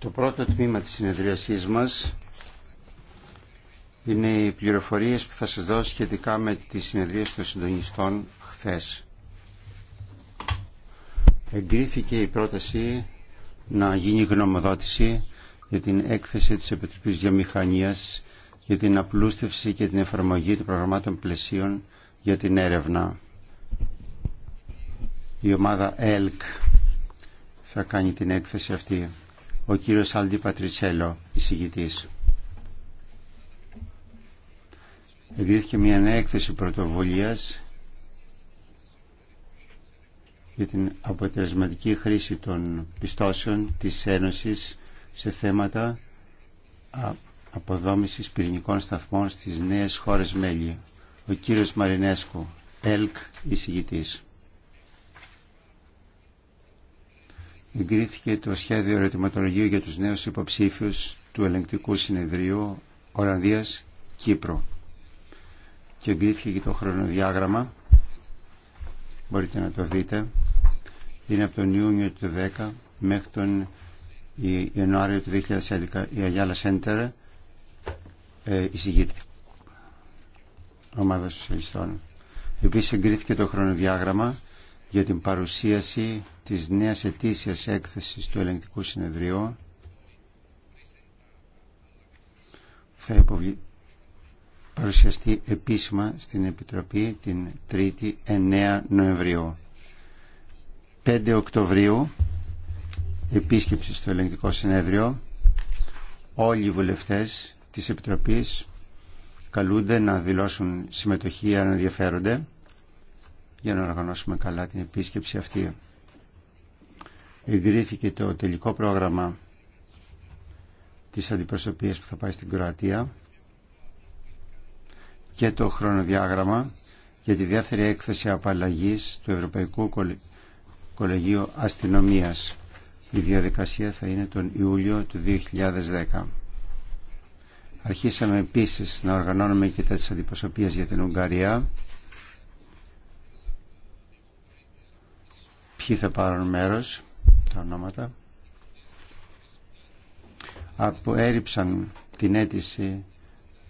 Το πρώτο τμήμα της συνεδρίασής μας είναι οι πληροφορίες που θα σας δώσω σχετικά με τη συνεδρίες των συντονιστών χθες. Εγκρίθηκε η πρόταση να γίνει γνωμοδότηση για την έκθεση της Επιτροπής Μηχανίας για την απλούστευση και την εφαρμογή των προγραμμάτων πλαισίων για την έρευνα. Η ομάδα ΕΛΚ θα κάνει την έκθεση αυτή ο κύριος Αλντι Πατριτσέλο, εισηγητής. Εγκρίθηκε μια νέα έκθεση πρωτοβουλίας για την αποτελεσματική χρήση των πιστώσεων της Ένωσης σε θέματα αποδόμησης πυρηνικών σταθμών στις νέες χώρες μέλη. Ο κύριος Μαρινέσκου, ΕΛΚ, εισηγητής. εγκρίθηκε το σχέδιο ερωτηματολογίου για τους νέους υποψήφιους του ελεγκτικού συνεδρίου Ολλανδίας Κύπρο και εγκρίθηκε και το χρονοδιάγραμμα μπορείτε να το δείτε είναι από τον Ιούνιο του 10 μέχρι τον Ιανουάριο του 2011 η Αγιάλα Σέντερ ε, εισηγείται ομάδα σοσιαλιστών επίσης εγκρίθηκε το χρονοδιάγραμμα για την παρουσίαση της νέας ετήσιας έκθεσης του ελεγκτικού συνεδρίου θα υποβλη... παρουσιαστεί επίσημα στην Επιτροπή την 3η 9 Νοεμβρίου. 5 Οκτωβρίου επίσκεψη στο ελεγκτικό συνέδριο όλοι οι βουλευτές της Επιτροπής καλούνται να δηλώσουν συμμετοχή αν ενδιαφέρονται για να οργανώσουμε καλά την επίσκεψη αυτή. Εγκρίθηκε το τελικό πρόγραμμα της αντιπροσωπείας που θα πάει στην Κροατία και το χρονοδιάγραμμα για τη δεύτερη έκθεση απαλλαγής του Ευρωπαϊκού Κολεγίου Αστυνομίας. Η διαδικασία θα είναι τον Ιούλιο του 2010. Αρχίσαμε επίσης να οργανώνουμε και τις αντιπροσωπείες για την Ουγγαρία ποιοι θα πάρουν μέρος, τα ονόματα, από, έριψαν την αίτηση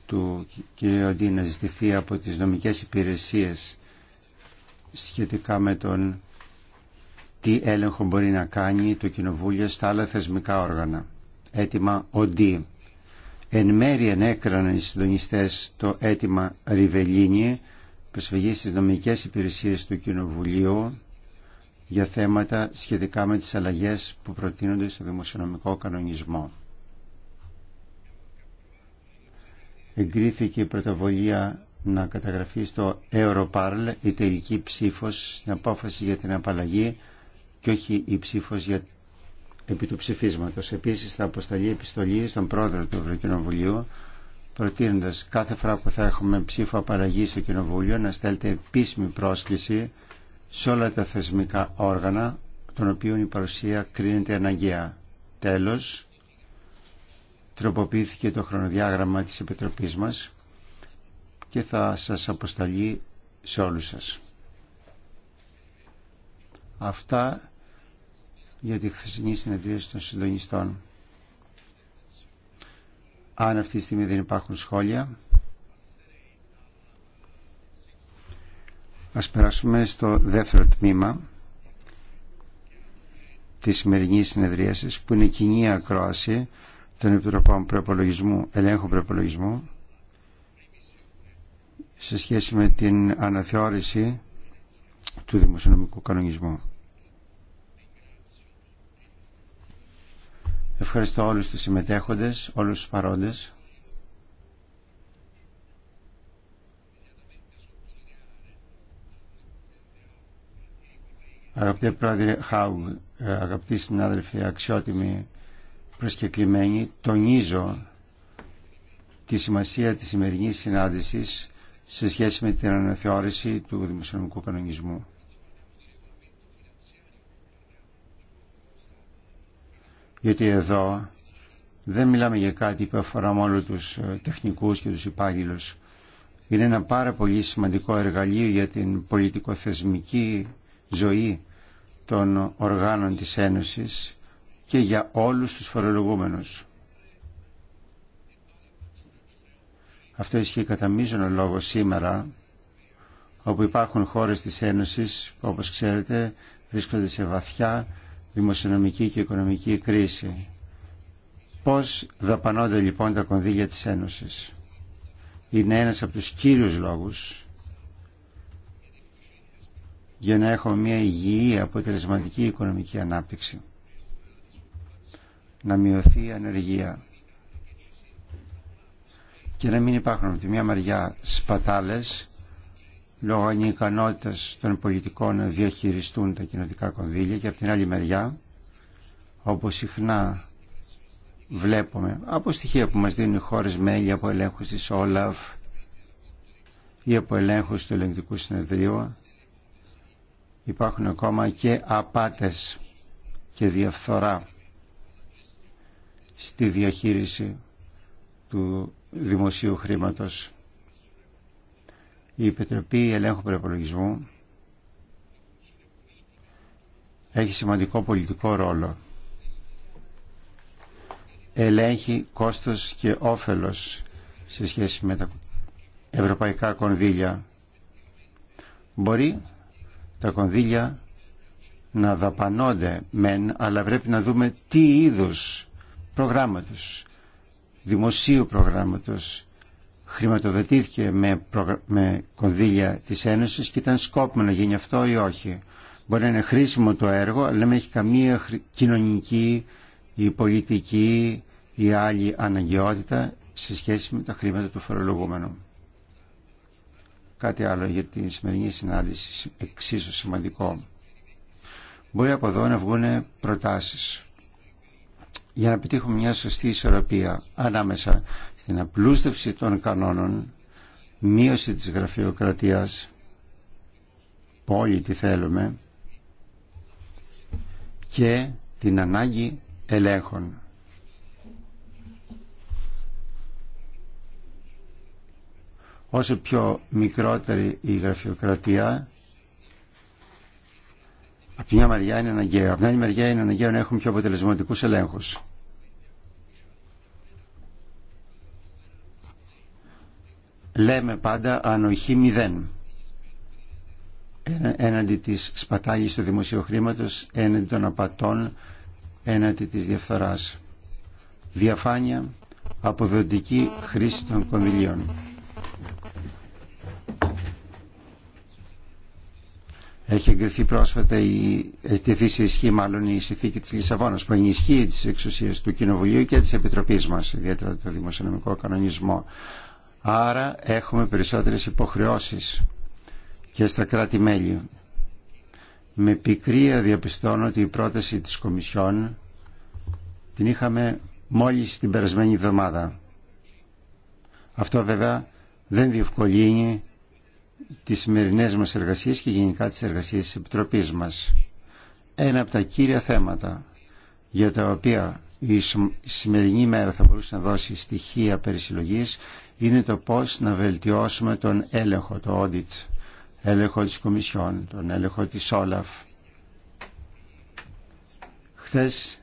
του κ. Αντί να ζητηθεί από τις νομικές υπηρεσίες σχετικά με τον τι έλεγχο μπορεί να κάνει το Κοινοβούλιο στα άλλα θεσμικά όργανα. Έτοιμα οντί. Εν μέρη ενέκραναν οι συντονιστέ το αίτημα Ριβελίνη προσφυγή στι νομικέ υπηρεσίε του Κοινοβουλίου για θέματα σχετικά με τις αλλαγές που προτείνονται στο δημοσιονομικό κανονισμό. Εγκρίθηκε η πρωτοβολία να καταγραφεί στο Europarl η τελική ψήφος στην απόφαση για την απαλλαγή και όχι η ψήφος για επί του ψηφίσματος. Επίσης θα αποσταλεί επιστολή στον πρόεδρο του Ευρωκοινοβουλίου προτείνοντας κάθε φορά που θα έχουμε ψήφο απαλλαγή στο Κοινοβούλιο να στέλνετε επίσημη πρόσκληση σε όλα τα θεσμικά όργανα των οποίων η παρουσία κρίνεται αναγκαία. Τέλος, τροποποιήθηκε το χρονοδιάγραμμα της Επιτροπής μας και θα σας αποσταλεί σε όλους σας. Αυτά για τη χθεσινή συνεδρίαση των συντονιστών. Αν αυτή τη στιγμή δεν υπάρχουν σχόλια... Ας περάσουμε στο δεύτερο τμήμα της σημερινής συνεδρίασης που είναι η κοινή ακρόαση των Επιτροπών Προπολογισμού, Ελέγχου Προπολογισμού σε σχέση με την αναθεώρηση του δημοσιονομικού κανονισμού. Ευχαριστώ όλους τους συμμετέχοντες, όλους τους παρόντες. Αγαπητέ Πρόεδρε Χάουγ, αγαπητοί συνάδελφοι, αξιότιμοι προσκεκλημένοι, τονίζω τη σημασία της σημερινής συνάντησης σε σχέση με την αναθεώρηση του δημοσιονομικού κανονισμού. Γιατί εδώ δεν μιλάμε για κάτι που αφορά μόνο τους ε, τεχνικούς και τους υπάγγελους. Είναι ένα πάρα πολύ σημαντικό εργαλείο για την πολιτικοθεσμική ζωή των οργάνων της Ένωσης και για όλους τους φορολογούμενους. Αυτό ισχύει κατά μείζονο λόγο σήμερα, όπου υπάρχουν χώρες της Ένωσης, που όπως ξέρετε βρίσκονται σε βαθιά δημοσιονομική και οικονομική κρίση. Πώς δαπανώνται λοιπόν τα κονδύλια της Ένωσης. Είναι ένας από τους κύριους λόγους για να έχουμε μια υγιή αποτελεσματική οικονομική ανάπτυξη. Να μειωθεί η ανεργία και να μην υπάρχουν από τη μια μεριά σπατάλες λόγω ανικανότητας των πολιτικών να διαχειριστούν τα κοινωτικά κονδύλια και από την άλλη μεριά όπως συχνά βλέπουμε από στοιχεία που μας δίνουν οι χώρες μέλη από ελέγχους της Όλαφ ή από ελέγχους του ελεγκτικού συνεδρίου υπάρχουν ακόμα και απάτες και διαφθορά στη διαχείριση του δημοσίου χρήματος. Η Επιτροπή Ελέγχου Προπολογισμού έχει σημαντικό πολιτικό ρόλο. Ελέγχει κόστος και όφελος σε σχέση με τα ευρωπαϊκά κονδύλια. Μπορεί τα κονδύλια να δαπανώνται μεν, αλλά πρέπει να δούμε τι είδους προγράμματος, δημοσίου προγράμματος, χρηματοδοτήθηκε με, προγρα... με κονδύλια της Ένωσης και ήταν σκόπιμο να γίνει αυτό ή όχι. Μπορεί να είναι χρήσιμο το έργο, αλλά δεν έχει καμία κοινωνική ή πολιτική ή άλλη αναγκαιότητα σε σχέση με τα χρήματα του φορολογούμενου. Κάτι άλλο για τη σημερινή συνάντηση εξίσου σημαντικό. Μπορεί από εδώ να βγουν προτάσεις για να πετύχουμε μια σωστή ισορροπία ανάμεσα στην απλούστευση των κανόνων, μείωση της γραφειοκρατίας, που όλοι τη θέλουμε, και την ανάγκη ελέγχων. όσο πιο μικρότερη η γραφειοκρατία από μια μεριά είναι αναγκαίο. Από μια άλλη μεριά είναι αναγκαίο να έχουμε πιο αποτελεσματικούς ελέγχους. Λέμε πάντα ανοχή μηδέν έναντι της σπατάλης του δημοσίου χρήματος, έναντι των απατών, έναντι της διαφθοράς. Διαφάνεια, αποδοτική χρήση των κονδυλίων. Έχει εγκριθεί πρόσφατα η τεθεί σε ισχύ μάλλον η συνθήκη της Λισαβόνας που ενισχύει τις εξουσίες του Κοινοβουλίου και της Επιτροπής μας, ιδιαίτερα το δημοσιονομικό κανονισμό. Άρα έχουμε περισσότερες υποχρεώσεις και στα κράτη-μέλη. Με πικρία διαπιστώνω ότι η πρόταση της Κομισιόν την είχαμε μόλις την περασμένη εβδομάδα. Αυτό βέβαια δεν διευκολύνει τις σημερινέ μας εργασίες και γενικά τις εργασίες της Επιτροπής μας. Ένα από τα κύρια θέματα για τα οποία η σημερινή μέρα θα μπορούσε να δώσει στοιχεία περισυλλογής είναι το πώς να βελτιώσουμε τον έλεγχο, το audit, έλεγχο της Κομισιόν, τον έλεγχο της Όλαφ. Χθες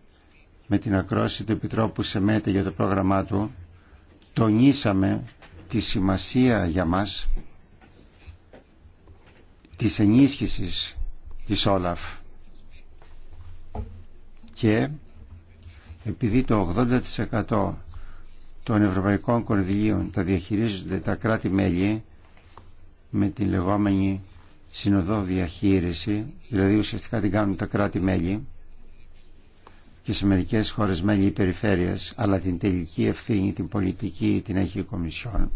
με την ακρόση του Επιτρόπου ΜΕΤΕ για το πρόγραμμά του τονίσαμε τη σημασία για μας της ενίσχυσης της Όλαφ και επειδή το 80% των ευρωπαϊκών κονδυλίων τα διαχειρίζονται τα κράτη-μέλη με τη λεγόμενη συνοδό διαχείριση, δηλαδή ουσιαστικά την κάνουν τα κράτη-μέλη και σε μερικές χώρες μέλη περιφέρειας, αλλά την τελική ευθύνη, την πολιτική την έχει η Κομισιόν.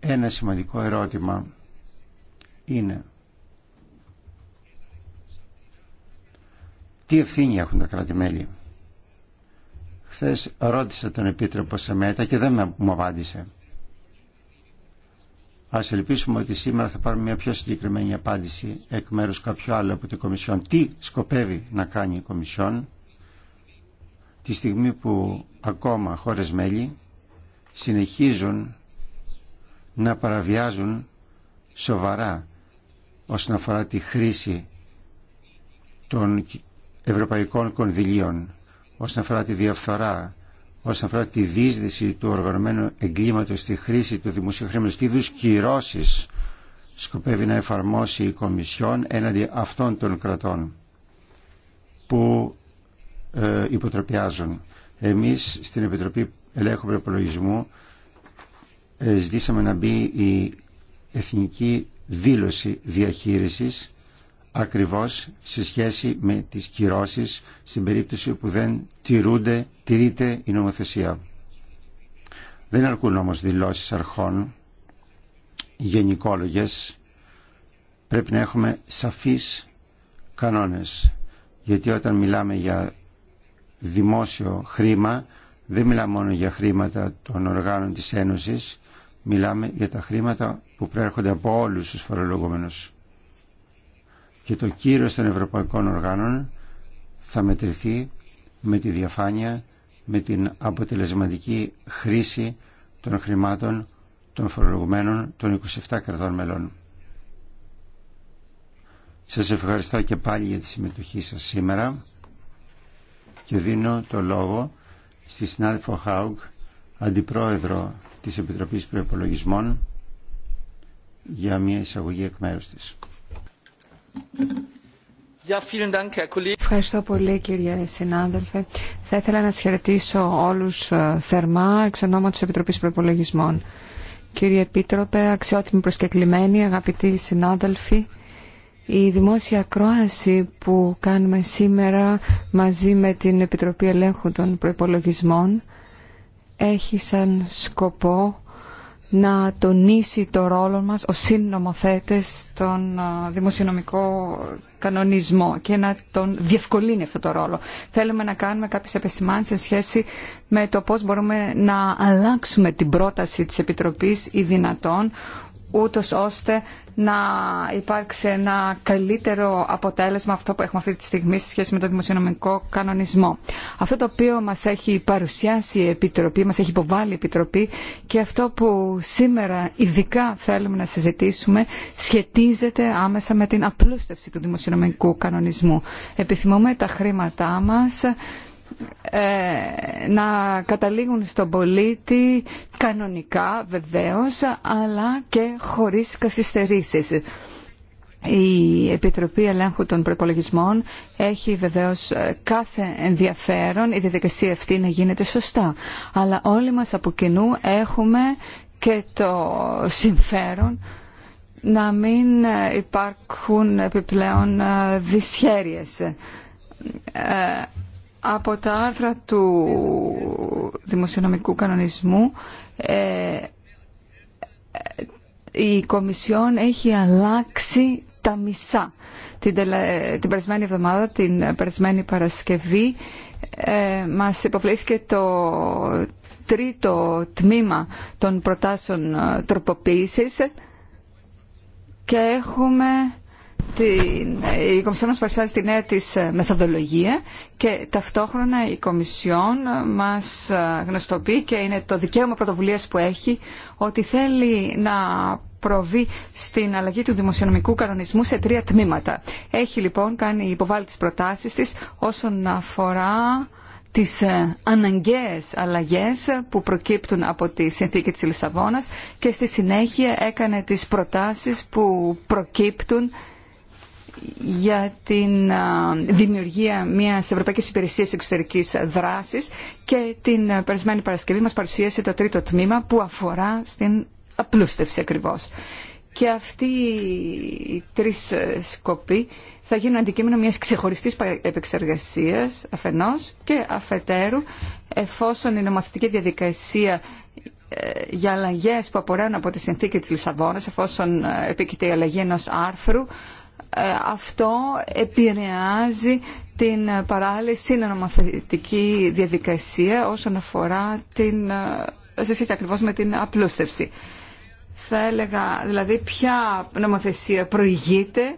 Ένα σημαντικό ερώτημα είναι τι ευθύνη έχουν τα κράτη-μέλη. Χθε ρώτησα τον Επίτροπο Σεμέτα και δεν μου απάντησε. Ας ελπίσουμε ότι σήμερα θα πάρουμε μια πιο συγκεκριμένη απάντηση εκ μέρους κάποιου άλλου από την Κομισιόν. Τι σκοπεύει να κάνει η Κομισιόν τη στιγμή που ακόμα χώρες μέλη συνεχίζουν να παραβιάζουν σοβαρά όσον αφορά τη χρήση των ευρωπαϊκών κονδυλίων, όσον αφορά τη διαφθορά, όσον αφορά τη δίσδυση του οργανωμένου εγκλήματος στη χρήση του δημοσίου χρήματος, και είδους κυρώσεις σκοπεύει να εφαρμόσει η Κομισιόν έναντι αυτών των κρατών που ε, υποτροπιάζουν. Εμείς στην Επιτροπή Ελέγχου Προπολογισμού ε, ζητήσαμε να μπει η εθνική δήλωση διαχείρισης ακριβώς σε σχέση με τις κυρώσεις στην περίπτωση που δεν τηρούνται, τηρείται η νομοθεσία. Δεν αρκούν όμως δηλώσεις αρχών γενικόλογες. Πρέπει να έχουμε σαφείς κανόνες. Γιατί όταν μιλάμε για δημόσιο χρήμα, δεν μιλάμε μόνο για χρήματα των οργάνων της Ένωσης, μιλάμε για τα χρήματα που προέρχονται από όλους τους φορολογούμενους. Και το κύριο των ευρωπαϊκών οργάνων θα μετρηθεί με τη διαφάνεια, με την αποτελεσματική χρήση των χρημάτων των φορολογουμένων των 27 κρατών μελών. Σας ευχαριστώ και πάλι για τη συμμετοχή σας σήμερα και δίνω το λόγο στη συνάδελφο Χάουγκ αντιπρόεδρο της Επιτροπής Προϋπολογισμών για μια εισαγωγή εκ μέρους της. Ευχαριστώ πολύ κύριε συνάδελφε. Θα ήθελα να σας χαιρετήσω όλους ε, θερμά εξ ονόματος της Επιτροπής Προϋπολογισμών. Κύριε Επίτροπε, αξιότιμοι προσκεκλημένοι, αγαπητοί συνάδελφοι, η δημόσια ακρόαση που κάνουμε σήμερα μαζί με την Επιτροπή Ελέγχου των Προϋπολογισμών έχει σαν σκοπό να τονίσει το ρόλο μας ως συνομοθέτες στον δημοσιονομικό κανονισμό και να τον διευκολύνει αυτό το ρόλο. Θέλουμε να κάνουμε κάποιες επισημάνσεις σε σχέση με το πώς μπορούμε να αλλάξουμε την πρόταση της Επιτροπής ή δυνατόν ούτως ώστε να υπάρξει ένα καλύτερο αποτέλεσμα αυτό που έχουμε αυτή τη στιγμή σε σχέση με το δημοσιονομικό κανονισμό. Αυτό το οποίο μας έχει παρουσιάσει η Επιτροπή, μας έχει υποβάλει η Επιτροπή και αυτό που σήμερα ειδικά θέλουμε να συζητήσουμε σχετίζεται άμεσα με την απλούστευση του δημοσιονομικού κανονισμού. Επιθυμούμε τα χρήματά μας ε, να καταλήγουν στον πολίτη κανονικά βεβαίως αλλά και χωρίς καθυστερήσεις. Η Επιτροπή Ελέγχου των Προπολογισμών έχει βεβαίως ε, κάθε ενδιαφέρον η διαδικασία αυτή να γίνεται σωστά. Αλλά όλοι μας από κοινού έχουμε και το συμφέρον να μην ε, υπάρχουν επιπλέον δυσχέρειες από τα άρθρα του δημοσιονομικού κανονισμού ε, ε, η Κομισιόν έχει αλλάξει τα μισά. Την, τελε... την περασμένη εβδομάδα, την περασμένη Παρασκευή, ε, μας υποβλήθηκε το τρίτο τμήμα των προτάσεων ε, τροποποίησης και έχουμε η Κομισιόν μας παρουσιάζει τη νέα της ε, μεθοδολογία και ταυτόχρονα η Κομισιόν ε, μας ε, γνωστοποιεί και είναι το δικαίωμα πρωτοβουλίας που έχει ότι θέλει να προβεί στην αλλαγή του δημοσιονομικού κανονισμού σε τρία τμήματα. Έχει λοιπόν κάνει υποβάλει τις προτάσεις της όσον αφορά τις αναγκαίες αλλαγές που προκύπτουν από τη συνθήκη της Λισαβόνας και στη συνέχεια έκανε τις προτάσεις που προκύπτουν για την δημιουργία μιας Ευρωπαϊκής Υπηρεσίας Εξωτερικής Δράσης και την περισμένη Παρασκευή μας παρουσίασε το τρίτο τμήμα που αφορά στην απλούστευση ακριβώς. Και αυτοί οι τρεις σκοποί θα γίνουν αντικείμενο μιας ξεχωριστής επεξεργασίας αφενός και αφετέρου εφόσον η νομοθετική διαδικασία ε, για αλλαγέ που απορρέουν από τη συνθήκη της Λισαβόνας εφόσον επίκειται η αλλαγή ενός άρθρου ε, αυτό επηρεάζει την ε, παράλληλη συνονομοθετική διαδικασία όσον αφορά την, ε, σε σχέση ακριβώς με την απλούστευση. Θα έλεγα, δηλαδή, ποια νομοθεσία προηγείται,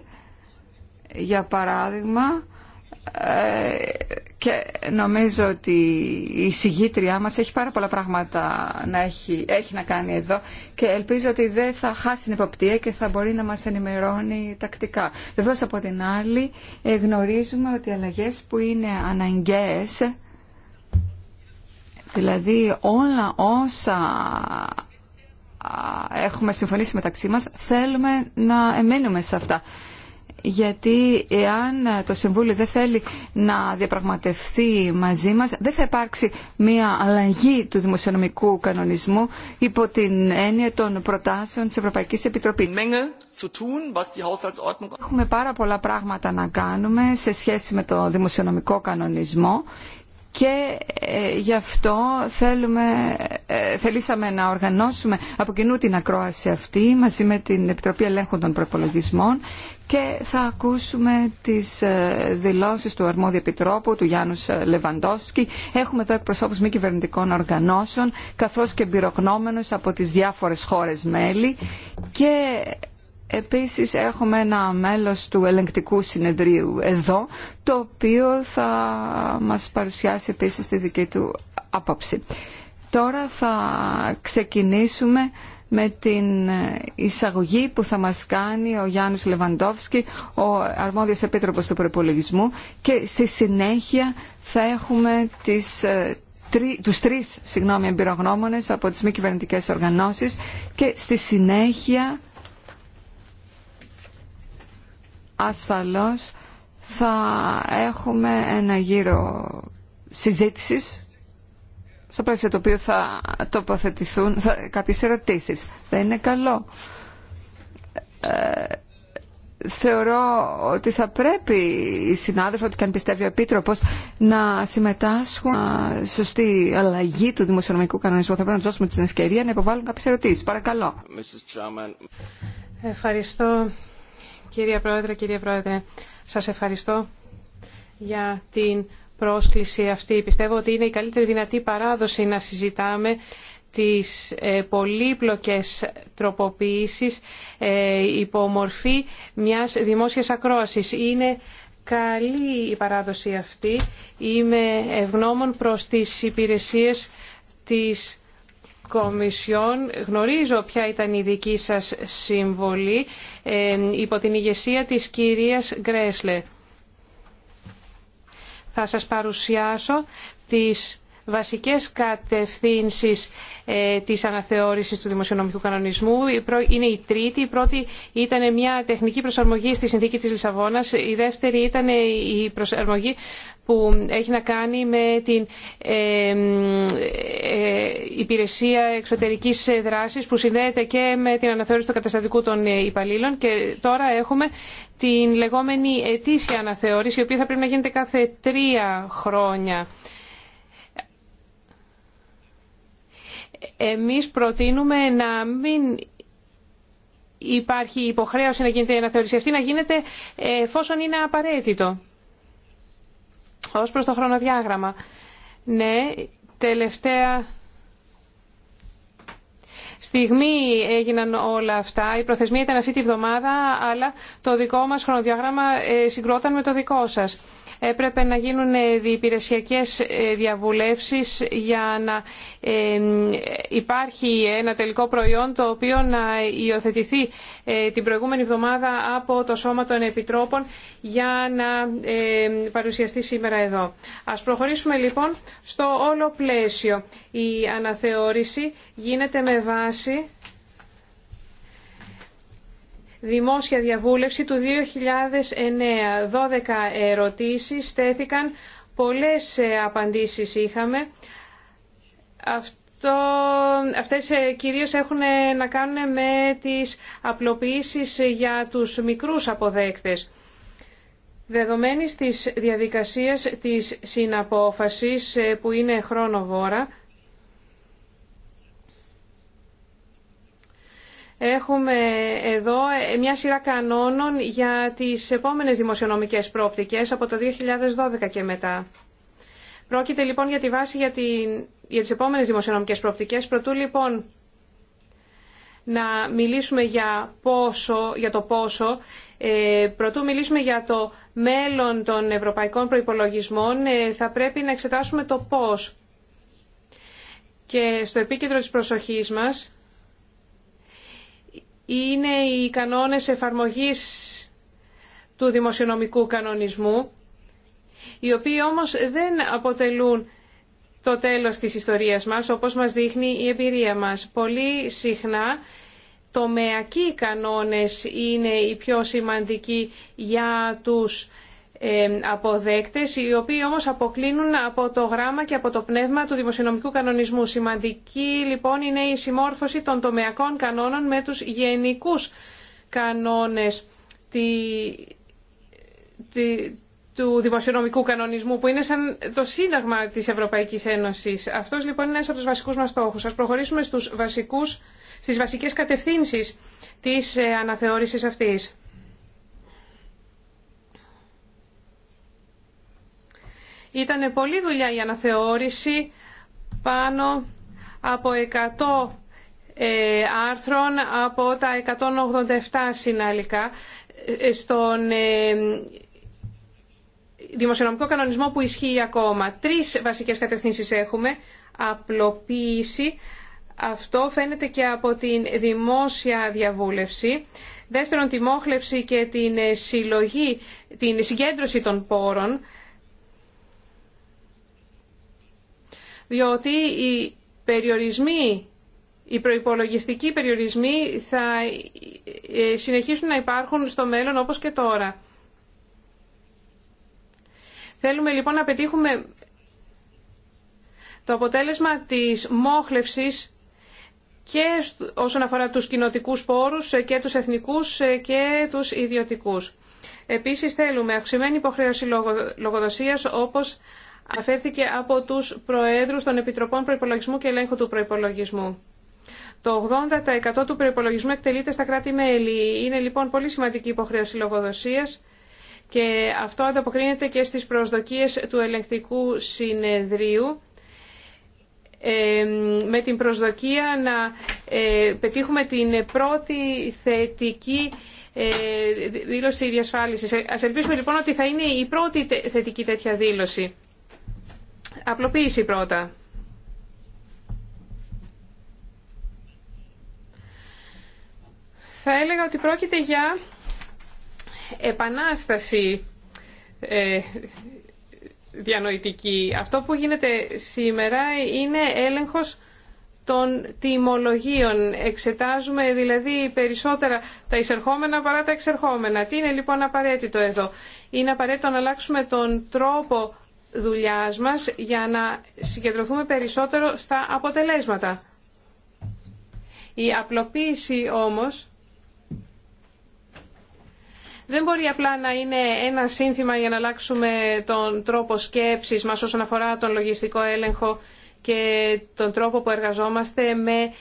για παράδειγμα, και νομίζω ότι η συγγήτριά μας έχει πάρα πολλά πράγματα να έχει, έχει να κάνει εδώ και ελπίζω ότι δεν θα χάσει την υποπτία και θα μπορεί να μας ενημερώνει τακτικά. Βεβαίως από την άλλη ε, γνωρίζουμε ότι οι αλλαγές που είναι αναγκαίες, δηλαδή όλα όσα έχουμε συμφωνήσει μεταξύ μας, θέλουμε να εμείνουμε σε αυτά γιατί εάν το Συμβούλιο δεν θέλει να διαπραγματευτεί μαζί μας, δεν θα υπάρξει μια αλλαγή του δημοσιονομικού κανονισμού υπό την έννοια των προτάσεων της Ευρωπαϊκής Επιτροπής. Έχουμε πάρα πολλά πράγματα να κάνουμε σε σχέση με το δημοσιονομικό κανονισμό και ε, γι' αυτό θέλουμε, ε, θελήσαμε να οργανώσουμε από κοινού την ακρόαση αυτή μαζί με την Επιτροπή Ελέγχου των Προπολογισμών και θα ακούσουμε τις ε, δηλώσεις του αρμόδιου επιτρόπου, του Γιάννου ε, Λεβαντόσκη. Έχουμε εδώ εκπροσώπους μη κυβερνητικών οργανώσεων, καθώς και εμπειροκνόμενους από τις διάφορες χώρες μέλη και Επίσης έχουμε ένα μέλος του ελεγκτικού συνεδρίου εδώ, το οποίο θα μας παρουσιάσει επίσης τη δική του άποψη. Τώρα θα ξεκινήσουμε με την εισαγωγή που θα μας κάνει ο Γιάννης Λεβαντόφσκι, ο αρμόδιος επίτροπος του προπολογισμού και στη συνέχεια θα έχουμε τις, ε, τρι, τους τρεις συγγνώμη, εμπειρογνώμονες από τις μη κυβερνητικέ οργανώσεις και στη συνέχεια ασφαλώς θα έχουμε ένα γύρο συζήτησης στο πλαίσιο το οποίο θα τοποθετηθούν θα, κάποιες ερωτήσεις. Δεν είναι καλό. Ε, θεωρώ ότι θα πρέπει οι συνάδελφοι, ότι και αν πιστεύει ο Επίτροπος, να συμμετάσχουν σωστή αλλαγή του δημοσιονομικού κανονισμού. Θα πρέπει να τους δώσουμε την ευκαιρία να υποβάλουν κάποιες ερωτήσεις. Παρακαλώ. Ευχαριστώ, κυρία Πρόεδρε, κύριε Πρόεδρε. Σας ευχαριστώ για την πρόσκληση αυτή. Πιστεύω ότι είναι η καλύτερη δυνατή παράδοση να συζητάμε τις ε, πολύπλοκες τροποποιήσεις ε, υπομορφή μιας δημόσιας ακρόασης. Είναι καλή η παράδοση αυτή. Είμαι ευγνώμων προς τις υπηρεσίες της Κομισιόν. Γνωρίζω ποια ήταν η δική σας συμβολή ε, υπό την ηγεσία της κυρίας Γκρέσλε θα σας παρουσιάσω τις βασικές κατευθύνσεις ε, της αναθεώρησης του δημοσιονομικού κανονισμού. Είναι η τρίτη. Η πρώτη ήταν μια τεχνική προσαρμογή στη συνθήκη της Λισαβόνας. Η δεύτερη ήταν η προσαρμογή που έχει να κάνει με την ε, ε, υπηρεσία εξωτερικής δράσης που συνδέεται και με την αναθεώρηση του καταστατικού των υπαλλήλων και τώρα έχουμε την λεγόμενη ετήσια αναθεώρηση, η οποία θα πρέπει να γίνεται κάθε τρία χρόνια. Εμείς προτείνουμε να μην υπάρχει υποχρέωση να γίνεται η αναθεώρηση αυτή, να γίνεται εφόσον είναι απαραίτητο. Ως προς το χρονοδιάγραμμα. Ναι, τελευταία στιγμή έγιναν όλα αυτά. Η προθεσμία ήταν αυτή τη βδομάδα, αλλά το δικό μας χρονοδιάγραμμα ε, συγκρόταν με το δικό σας. Έπρεπε να γίνουν ε, διυπηρεσιακές ε, διαβουλεύσεις για να υπάρχει ένα τελικό προϊόν το οποίο να υιοθετηθεί ε, την προηγούμενη εβδομάδα από το Σώμα των Επιτρόπων για να ε, παρουσιαστεί σήμερα εδώ. Ας προχωρήσουμε λοιπόν στο όλο πλαίσιο. Η αναθεώρηση γίνεται με βάση δημόσια διαβούλευση του 2009. 12 ερωτήσεις στέθηκαν, πολλές ε, απαντήσεις είχαμε αυτό, αυτές ε, κυρίως έχουν ε, να κάνουν με τις απλοποιήσεις για τους μικρούς αποδέκτες. Δεδομένης της διαδικασίας της συναπόφασης ε, που είναι χρονοβόρα, έχουμε εδώ μια σειρά κανόνων για τις επόμενες δημοσιονομικές πρόπτικες από το 2012 και μετά. Πρόκειται λοιπόν για τη βάση για την για τις επόμενες δημοσιονομικές προοπτικές. Προτού λοιπόν να μιλήσουμε για, πόσο, για το πόσο, ε, προτού μιλήσουμε για το μέλλον των ευρωπαϊκών προϋπολογισμών, ε, θα πρέπει να εξετάσουμε το πώς. Και στο επίκεντρο της προσοχής μας είναι οι κανόνες εφαρμογής του δημοσιονομικού κανονισμού, οι οποίοι όμως δεν αποτελούν το τέλος της ιστορίας μας, όπως μας δείχνει η εμπειρία μας. Πολύ συχνά τομεακοί κανόνες είναι οι πιο σημαντικοί για τους αποδέκτες, οι οποίοι όμως αποκλίνουν από το γράμμα και από το πνεύμα του δημοσιονομικού κανονισμού. Σημαντική λοιπόν είναι η συμμόρφωση των τομεακών κανόνων με τους γενικούς κανόνες του δημοσιονομικού κανονισμού που είναι σαν το σύνταγμα της Ευρωπαϊκής Ένωσης. Αυτός λοιπόν είναι ένα από του βασικούς μας στόχους. Ας προχωρήσουμε στι βασικέ στις βασικές κατευθύνσεις της ε, αναθεώρησης Ήταν πολλή δουλειά η αναθεώρηση πάνω από 100 ε, άρθρων από τα 187 συναλλικά ε, στον δημοσιονομικό κανονισμό που ισχύει ακόμα. Τρεις βασικές κατευθύνσεις έχουμε. Απλοποίηση. Αυτό φαίνεται και από την δημόσια διαβούλευση. Δεύτερον, τη μόχλευση και την συλλογή, την συγκέντρωση των πόρων. Διότι οι περιορισμοί, οι προϋπολογιστικοί περιορισμοί θα ε, συνεχίσουν να υπάρχουν στο μέλλον όπως και τώρα. Θέλουμε λοιπόν να πετύχουμε το αποτέλεσμα της μόχλευσης και όσον αφορά τους κοινοτικούς πόρους και τους εθνικούς και τους ιδιωτικούς. Επίσης θέλουμε αυξημένη υποχρέωση λογοδοσίας όπως αφέρθηκε από τους Προέδρους των Επιτροπών Προϋπολογισμού και Ελέγχου του Προϋπολογισμού. Το 80% του προϋπολογισμού εκτελείται στα κράτη-μέλη. Είναι λοιπόν πολύ σημαντική υποχρέωση λογοδοσίας και αυτό ανταποκρίνεται και στις προσδοκίες του ελεγκτικού συνεδρίου ε, με την προσδοκία να ε, πετύχουμε την πρώτη θετική ε, δήλωση διασφάλισης. Ας ελπίσουμε λοιπόν ότι θα είναι η πρώτη θετική τέτοια δήλωση. Απλοποίηση πρώτα. Θα έλεγα ότι πρόκειται για επανάσταση ε, διανοητική. Αυτό που γίνεται σήμερα είναι έλεγχος των τιμολογίων. Εξετάζουμε δηλαδή περισσότερα τα εισερχόμενα παρά τα εξερχόμενα. Τι είναι λοιπόν απαραίτητο εδώ. Είναι απαραίτητο να αλλάξουμε τον τρόπο δουλειάς μας για να συγκεντρωθούμε περισσότερο στα αποτελέσματα. Η απλοποίηση όμως δεν μπορεί απλά να είναι ένα σύνθημα για να αλλάξουμε τον τρόπο σκέψης μας όσον αφορά τον λογιστικό έλεγχο και τον τρόπο που εργαζόμαστε με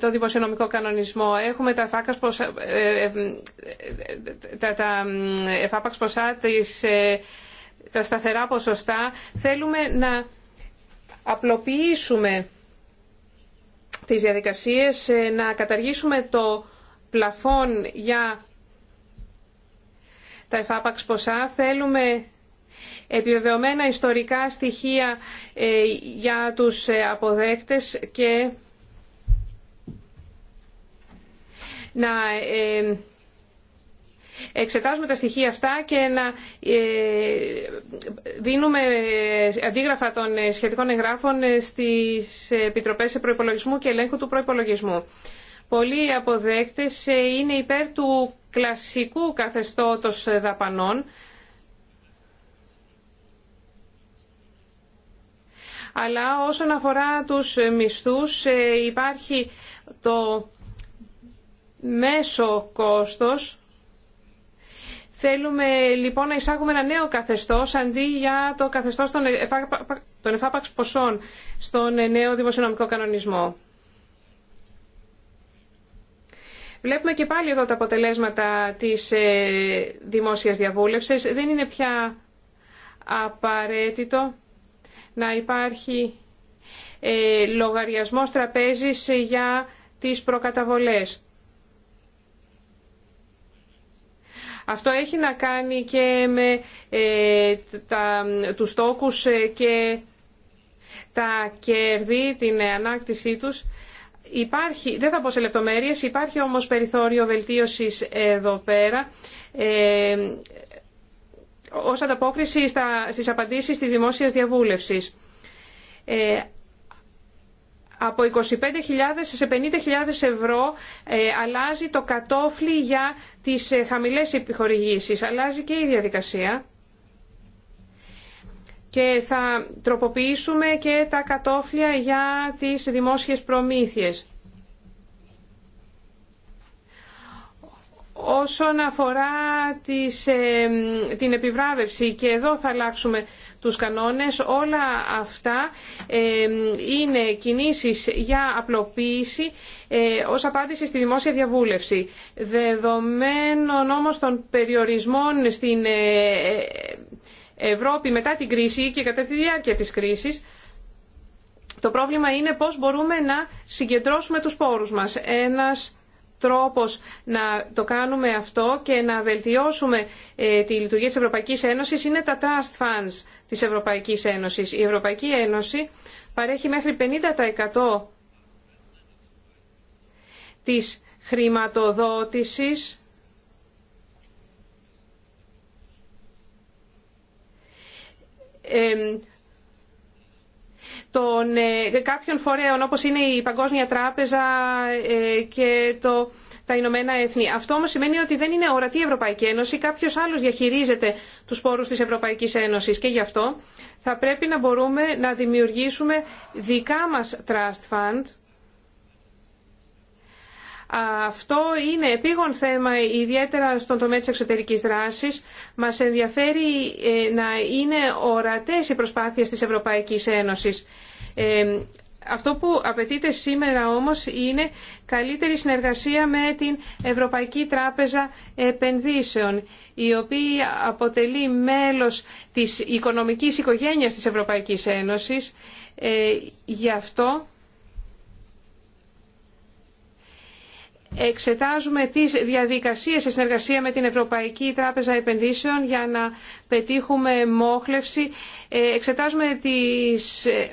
το δημοσιονομικό κανονισμό. Έχουμε τα, εφάπαξ ποσά, ε, ε, ε, τα, τα εφάπαξ ποσά, τα σταθερά ποσοστά. Θέλουμε να απλοποιήσουμε τις διαδικασίες, να καταργήσουμε το πλαφόν για τα εφάπαξ ποσά. Θέλουμε επιβεβαιωμένα ιστορικά στοιχεία ε, για τους ε, αποδέκτες και να ε, εξετάζουμε τα στοιχεία αυτά και να δίνουμε αντίγραφα των σχετικών εγγράφων στις Επιτροπές Προϋπολογισμού και Ελέγχου του Προϋπολογισμού. Πολλοί αποδέκτες είναι υπέρ του κλασικού καθεστώτος δαπανών, αλλά όσον αφορά τους μισθούς ε, υπάρχει το μέσο κόστος. Θέλουμε λοιπόν να εισάγουμε ένα νέο καθεστώς αντί για το καθεστώς των εφάπαξ ποσών στον νέο δημοσιονομικό κανονισμό. Βλέπουμε και πάλι εδώ τα αποτελέσματα της ε, δημόσιας διαβούλευσης. Δεν είναι πια απαραίτητο να υπάρχει ε, λογαριασμός τραπέζης για τις προκαταβολές. Αυτό έχει να κάνει και με ε, τα, τους τόκους και τα κέρδη, την ανάκτησή τους Υπάρχει, δεν θα πω σε λεπτομέρειες, υπάρχει όμως περιθώριο βελτίωσης εδώ πέρα ε, ως ανταπόκριση στι στις απαντήσεις της δημόσιας διαβούλευσης. Ε, από 25.000 σε 50.000 ευρώ ε, αλλάζει το κατόφλι για τις ε, χαμηλές επιχορηγήσεις. Αλλάζει και η διαδικασία και θα τροποποιήσουμε και τα κατόφλια για τις δημόσιες προμήθειες. Όσον αφορά τις, ε, την επιβράβευση και εδώ θα αλλάξουμε τους κανόνες, όλα αυτά ε, είναι κινήσεις για απλοποίηση ε, ως απάντηση στη δημόσια διαβούλευση. Δεδομένων όμως των περιορισμών στην Ευρώπη μετά την κρίση και κατά τη διάρκεια της κρίσης. Το πρόβλημα είναι πώς μπορούμε να συγκεντρώσουμε τους πόρους μας. Ένας τρόπος να το κάνουμε αυτό και να βελτιώσουμε ε, τη λειτουργία της Ευρωπαϊκής Ένωσης είναι τα Trust Funds της Ευρωπαϊκής Ένωσης. Η Ευρωπαϊκή Ένωση παρέχει μέχρι 50% της χρηματοδότησης των ε, κάποιων φορέων όπως είναι η Παγκόσμια Τράπεζα ε, και το, τα Ηνωμένα Έθνη. Αυτό όμως σημαίνει ότι δεν είναι ορατή η Ευρωπαϊκή Ένωση, κάποιος άλλος διαχειρίζεται τους πόρους της Ευρωπαϊκής Ένωσης και γι' αυτό θα πρέπει να μπορούμε να δημιουργήσουμε δικά μας trust fund αυτό είναι επίγον θέμα ιδιαίτερα στον τομέα της εξωτερικής δράσης. Μας ενδιαφέρει ε, να είναι ορατές οι προσπάθειες της Ευρωπαϊκής Ένωσης. Ε, αυτό που απαιτείται σήμερα όμως είναι καλύτερη συνεργασία με την Ευρωπαϊκή Τράπεζα Επενδύσεων, η οποία αποτελεί μέλος της οικονομικής οικογένειας της Ευρωπαϊκής Ένωσης. Ε, γι' αυτό εξετάζουμε τις διαδικασίες σε συνεργασία με την Ευρωπαϊκή Τράπεζα Επενδύσεων για να πετύχουμε μόχλευση. Ε, εξετάζουμε, τις, ε,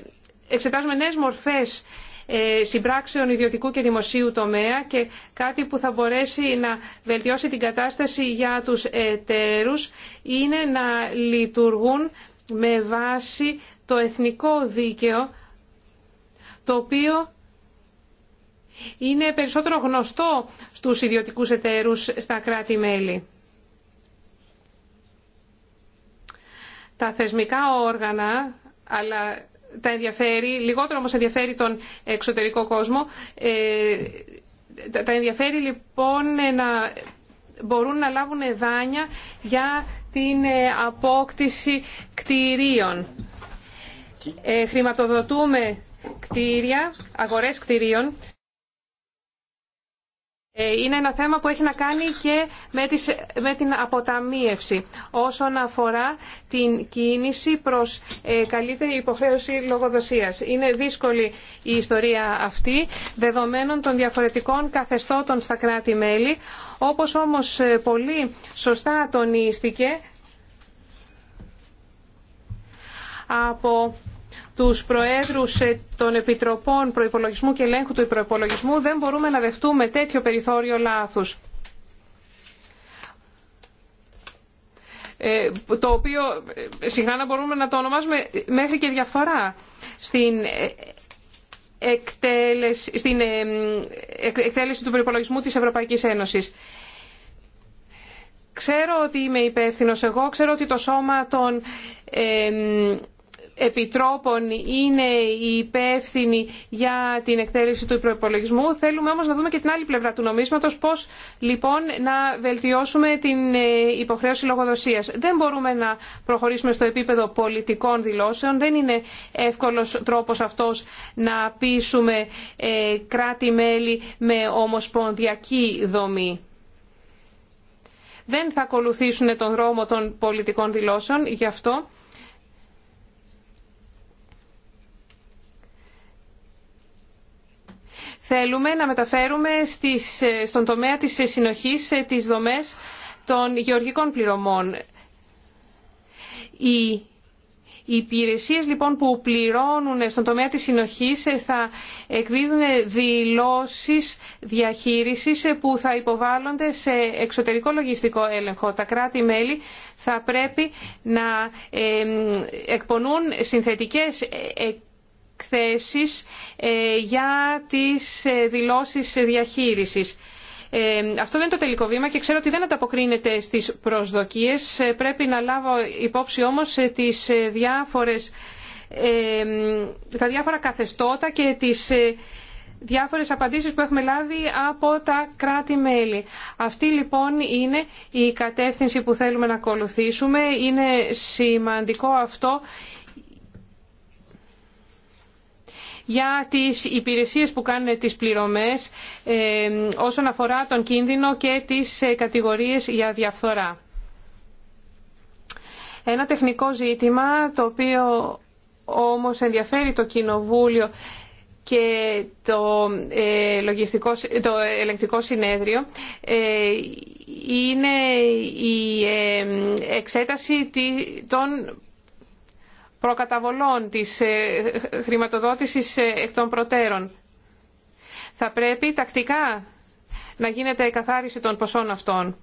εξετάζουμε νέες μορφές ε, συμπράξεων ιδιωτικού και δημοσίου τομέα και κάτι που θα μπορέσει να βελτιώσει την κατάσταση για τους εταίρους είναι να λειτουργούν με βάση το εθνικό δίκαιο το οποίο είναι περισσότερο γνωστό στους ιδιωτικούς εταίρους στα κράτη-μέλη. Τα θεσμικά όργανα, αλλά τα ενδιαφέρει, λιγότερο όμως ενδιαφέρει τον εξωτερικό κόσμο, ε, τα ενδιαφέρει λοιπόν να μπορούν να λάβουν δάνεια για την ε, απόκτηση κτηρίων. Ε, χρηματοδοτούμε κτίρια, αγορές κτηρίων ε, είναι ένα θέμα που έχει να κάνει και με την αποταμίευση όσον αφορά την κίνηση προς ε, καλύτερη υποχρέωση λογοδοσίας. Είναι δύσκολη η ιστορία αυτή δεδομένων των διαφορετικών καθεστώτων στα κράτη-μέλη όπως όμως ε, πολύ σωστά τονίστηκε από τους προέδρους ε, των Επιτροπών Προϋπολογισμού και Ελέγχου του Προϋπολογισμού δεν μπορούμε να δεχτούμε τέτοιο περιθώριο λάθους. Ε, το οποίο ε, συχνά μπορούμε να το ονομάζουμε μέχρι και διαφορά. Στην εκτέλεση, στην εκτέλεση του προϋπολογισμού της Ευρωπαϊκής Ένωσης. Ξέρω ότι είμαι υπεύθυνο εγώ, ξέρω ότι το σώμα των επιτρόπων είναι οι υπεύθυνοι για την εκτέλεση του προπολογισμού. Θέλουμε όμως να δούμε και την άλλη πλευρά του νομίσματος, πώς λοιπόν να βελτιώσουμε την ε, υποχρέωση λογοδοσίας. Δεν μπορούμε να προχωρήσουμε στο επίπεδο πολιτικών δηλώσεων. Δεν είναι εύκολος τρόπος αυτός να πείσουμε ε, κράτη-μέλη με ομοσπονδιακή δομή δεν θα ακολουθήσουν τον δρόμο των πολιτικών δηλώσεων. Γι' αυτό Θέλουμε να μεταφέρουμε στις, στον τομέα της συνοχής ε, τις δομές των γεωργικών πληρωμών. Οι, οι λοιπόν που πληρώνουν στον τομέα της συνοχής ε, θα εκδίδουν δηλώσεις διαχείρισης ε, που θα υποβάλλονται σε εξωτερικό λογιστικό έλεγχο. Τα κράτη-μέλη θα πρέπει να εκπονούν συνθετικές εκθέσεις ε, για τις ε, δηλώσεις διαχείρισης. Ε, αυτό δεν είναι το τελικό βήμα και ξέρω ότι δεν ανταποκρίνεται στις προσδοκίες. Πρέπει να λάβω υπόψη όμως τις διάφορες, τα διάφορα καθεστώτα και τις διάφορες απαντήσεις που έχουμε λάβει από τα κράτη-μέλη. Αυτή λοιπόν είναι η κατεύθυνση που θέλουμε να ακολουθήσουμε. Είναι σημαντικό αυτό για τις υπηρεσίες που κάνουν τις πληρωμές ε, όσον αφορά τον κίνδυνο και τις ε, κατηγορίες για διαφθορά. Ένα τεχνικό ζήτημα το οποίο όμως ενδιαφέρει το Κοινοβούλιο και το, ε, λογιστικό, το ελεκτικό συνέδριο ε, είναι η ε, εξέταση των προκαταβολών της ε, χρηματοδότησης ε, εκ των προτέρων. Θα πρέπει τακτικά να γίνεται εκαθάριση των ποσών αυτών.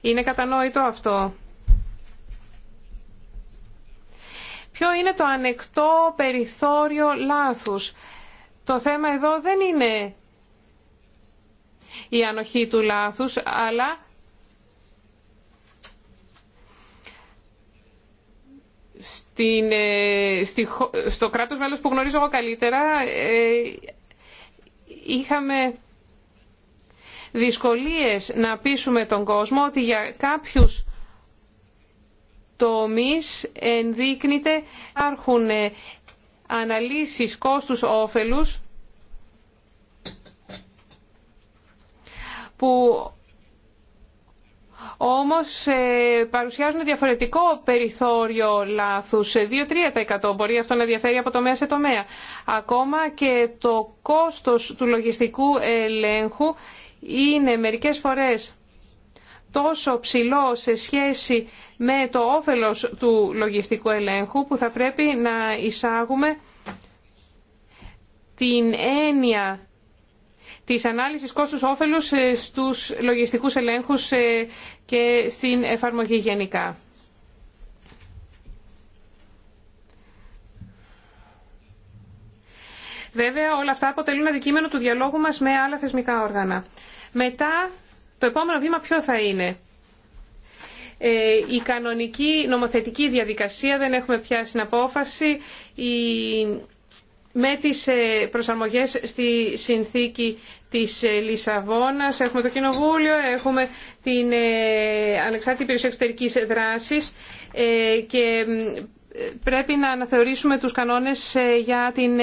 Είναι κατανόητο αυτό. Ποιο είναι το ανεκτό περιθώριο λάθους. Το θέμα εδώ δεν είναι η ανοχή του λάθους, αλλά Ε, στο κράτος μέλος που γνωρίζω εγώ καλύτερα ε, είχαμε δυσκολίες να πείσουμε τον κόσμο ότι για κάποιους τομείς ενδείκνυται υπάρχουν ε, αναλύσεις κόστους όφελους που όμως ε, παρουσιάζουν διαφορετικό περιθώριο λάθους, 2-3% ε, μπορεί αυτό να διαφέρει από τομέα σε τομέα. Ακόμα και το κόστος του λογιστικού ελέγχου είναι μερικές φορές τόσο ψηλό σε σχέση με το όφελος του λογιστικού ελέγχου που θα πρέπει να εισάγουμε την έννοια της ανάλυσης κόστους όφελους ε, στους λογιστικούς ελέγχους ε, και στην εφαρμογή γενικά. Βέβαια, όλα αυτά αποτελούν αντικείμενο του διαλόγου μας με άλλα θεσμικά όργανα. Μετά, το επόμενο βήμα ποιο θα είναι. Ε, η κανονική νομοθετική διαδικασία, δεν έχουμε πια απόφαση. η με τις ε, προσαρμογές στη συνθήκη της ε, Λισαβόνας. Έχουμε το Κοινοβούλιο, έχουμε την ε, Ανεξάρτητη Υπηρεσία Εξωτερικής Δράσης και πρέπει να αναθεωρήσουμε τους κανόνες για την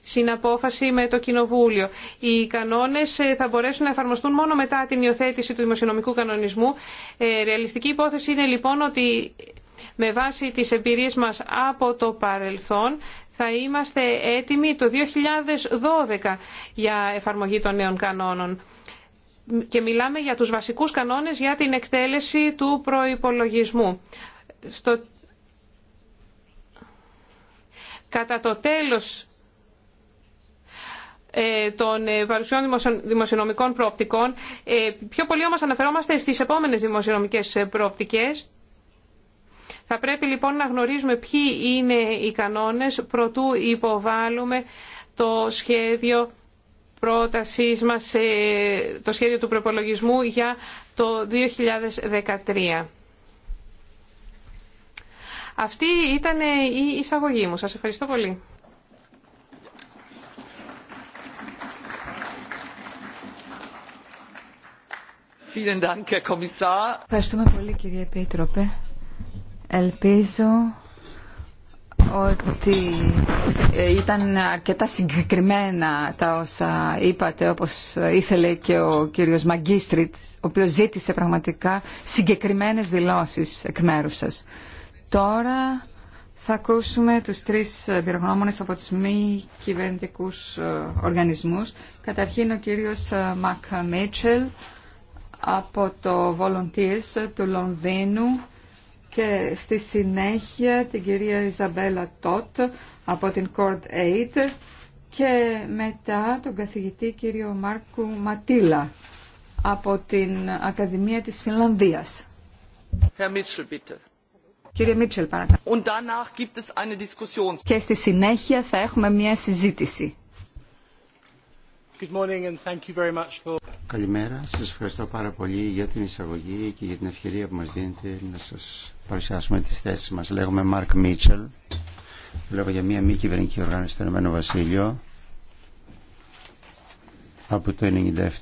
συναπόφαση με το Κοινοβούλιο. Οι κανόνες θα μπορέσουν να εφαρμοστούν μόνο μετά την υιοθέτηση του δημοσιονομικού κανονισμού. Ρεαλιστική υπόθεση είναι λοιπόν ότι με βάση τις εμπειρίες μας από το παρελθόν θα είμαστε έτοιμοι το 2012 για εφαρμογή των νέων κανόνων. Και μιλάμε για τους βασικούς κανόνες για την εκτέλεση του προϋπολογισμού. Στο... Κατά το τέλος ε, των ε, παρουσιών δημοσιονομικών προοπτικών, ε, πιο πολύ όμως αναφερόμαστε στις επόμενες δημοσιονομικές προοπτικές, θα πρέπει λοιπόν να γνωρίζουμε ποιοι είναι οι κανόνες προτού υποβάλλουμε το σχέδιο πρότασής μας, ε, το σχέδιο του προπολογισμού για το 2013. Αυτή ήταν ε, η εισαγωγή μου. Σας ευχαριστώ πολύ. Ευχαριστούμε πολύ κύριε Επίτροπε. Ελπίζω ότι ε, ήταν αρκετά συγκεκριμένα τα όσα είπατε όπως ήθελε και ο κύριος Μαγκίστριτ ο οποίος ζήτησε πραγματικά συγκεκριμένες δηλώσεις εκ μέρους σας. Τώρα θα ακούσουμε τους τρεις πυρογνώμονες από τους μη κυβερνητικούς ε, οργανισμούς. Καταρχήν ο κύριος ε, Μακ Μίτσελ από το Volunteers του Λονδίνου και στη συνέχεια την κυρία Ιζαμπέλα Τότ από την Court Aid και μετά τον καθηγητή κύριο Μάρκου Ματίλα από την Ακαδημία της Φινλανδίας. Κύριε Μίτσελ, παρακαλώ. Και στη συνέχεια θα έχουμε μια συζήτηση. Καλημέρα, σας ευχαριστώ πάρα πολύ για την εισαγωγή και για την ευκαιρία που μας δίνετε να σας παρουσιάσουμε τις θέσεις μας. Λέγομαι Μάρκ Μίτσελ, βλέπω για μια μη κυβερνική οργάνωση στο Ηνωμένο Βασίλειο. Από το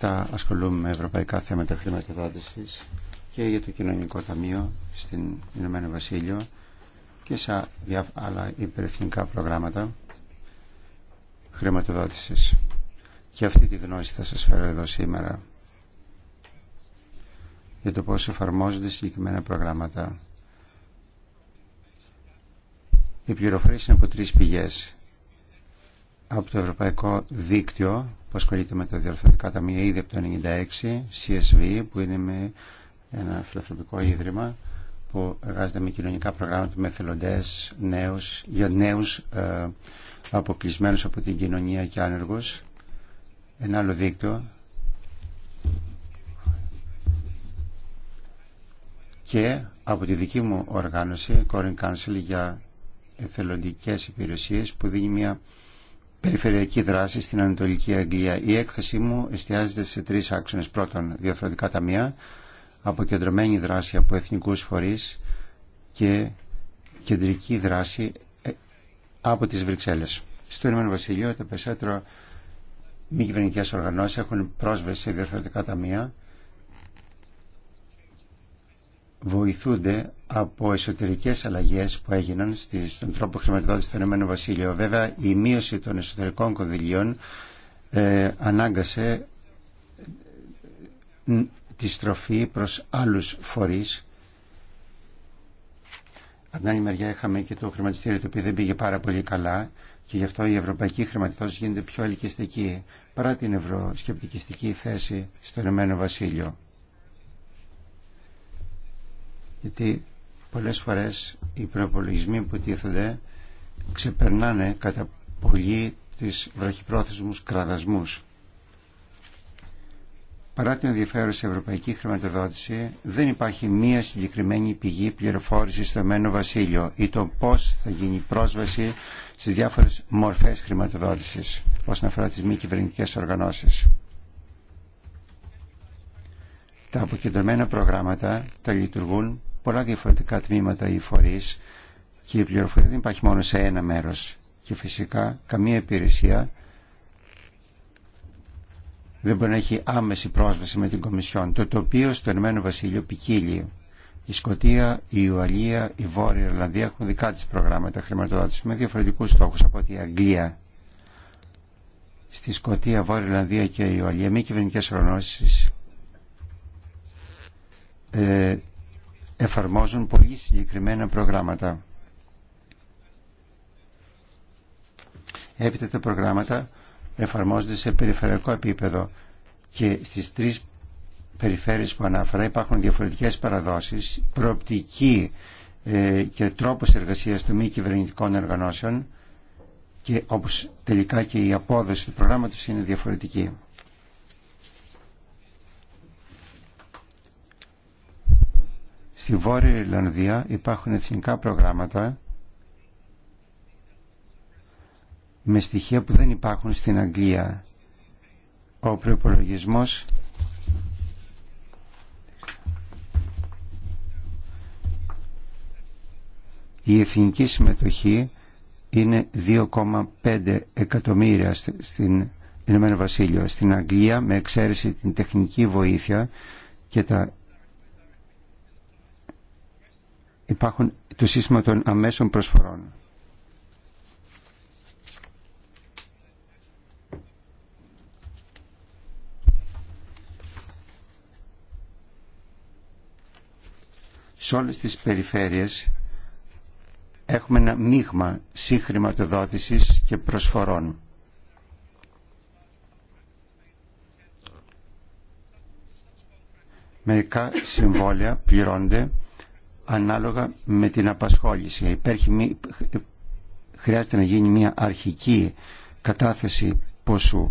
1997 ασχολούμαι με ευρωπαϊκά θέματα χρηματοδότησης και για το Κοινωνικό Ταμείο στην Ηνωμένο Βασίλειο και σε άλλα υπερεθνικά προγράμματα χρηματοδότησης και αυτή τη γνώση θα σας φέρω εδώ σήμερα για το πώς εφαρμόζονται συγκεκριμένα προγράμματα. Η πληροφόρηση είναι από τρεις πηγές. Από το Ευρωπαϊκό Δίκτυο που ασχολείται με τα διορθωτικά ταμεία ήδη από το 1996, CSV που είναι με ένα φιλοθροπικό ίδρυμα που εργάζεται με κοινωνικά προγράμματα με θελοντές νέους, για νέους ε, αποκλεισμένους από την κοινωνία και άνεργους ένα άλλο δίκτυο και από τη δική μου οργάνωση, Corin Council, για εθελοντικές υπηρεσίες που δίνει μια περιφερειακή δράση στην Ανατολική Αγγλία. Η έκθεσή μου εστιάζεται σε τρεις άξονες. Πρώτον, διαφορετικά ταμεία, αποκεντρωμένη δράση από εθνικούς φορείς και κεντρική δράση ε, από τις Βρυξέλλες. Στο Ηνωμένο Βασιλείο το Πεσέτρο μη κυβερνητικέ οργανώσεις έχουν πρόσβαση σε διευθυντικά ταμεία, βοηθούνται από εσωτερικές αλλαγές που έγιναν στον τρόπο χρηματοδότηση του Ε.Β. Βέβαια, η μείωση των εσωτερικών κονδυλίων ε, ανάγκασε ε, τη στροφή προς άλλους φορείς. Από την άλλη μεριά είχαμε και το χρηματιστήριο το οποίο δεν πήγε πάρα πολύ καλά και γι' αυτό η ευρωπαϊκή χρηματοδότηση γίνεται πιο ελκυστική παρά την ευρωσκεπτικιστική θέση στο Ηνωμένο Βασίλειο. Γιατί πολλές φορές οι προπολογισμοί που τίθονται ξεπερνάνε κατά πολύ τις βραχυπρόθεσμους κραδασμούς. Παρά την ενδιαφέρουσα ευρωπαϊκή χρηματοδότηση, δεν υπάρχει μία συγκεκριμένη πηγή πληροφόρηση στο Μένο Βασίλειο ή το πώ θα γίνει πρόσβαση στι διάφορε μορφέ χρηματοδότηση όσον αφορά τι μη κυβερνητικέ οργανώσει. Τα αποκεντρωμένα προγράμματα τα λειτουργούν πολλά διαφορετικά τμήματα ή φορεί και η πληροφορία δεν υπάρχει μόνο σε ένα μέρο. Και φυσικά καμία υπηρεσία δεν μπορεί να έχει άμεση πρόσβαση με την Κομισιόν. Το τοπίο στο Ενωμένο Βασίλειο ποικίλει. Η Σκοτία, η Ιουαλία, η Βόρεια Ιρλανδία έχουν δικά της προγράμματα χρηματοδότηση με διαφορετικούς στόχου από ότι η Αγγλία. Στη Σκοτία, Βόρεια Ιρλανδία και η Ιουαλία μη κυβερνητικέ οργανώσει. ε, εφαρμόζουν πολύ συγκεκριμένα προγράμματα. Έπειτα τα προγράμματα εφαρμόζονται σε περιφερειακό επίπεδο και στις τρεις περιφέρειες που ανάφερα υπάρχουν διαφορετικές παραδόσεις, προοπτική ε, και τρόπος εργασίας των μη κυβερνητικών οργανώσεων και όπως τελικά και η απόδοση του προγράμματος είναι διαφορετική. Στη Βόρεια Ιρλανδία υπάρχουν εθνικά προγράμματα με στοιχεία που δεν υπάρχουν στην Αγγλία. Ο προπολογισμό η εθνική συμμετοχή είναι 2,5 εκατομμύρια στην Ηνωμένο Βασίλειο. Στην Αγγλία, με εξαίρεση την τεχνική βοήθεια και τα υπάρχουν το σύστημα των αμέσων προσφορών. σε όλες τις περιφέρειες έχουμε ένα μείγμα συγχρηματοδότησης και προσφορών. Μερικά συμβόλαια πληρώνται ανάλογα με την απασχόληση. Υπάρχει, χρειάζεται να γίνει μια αρχική κατάθεση ποσού.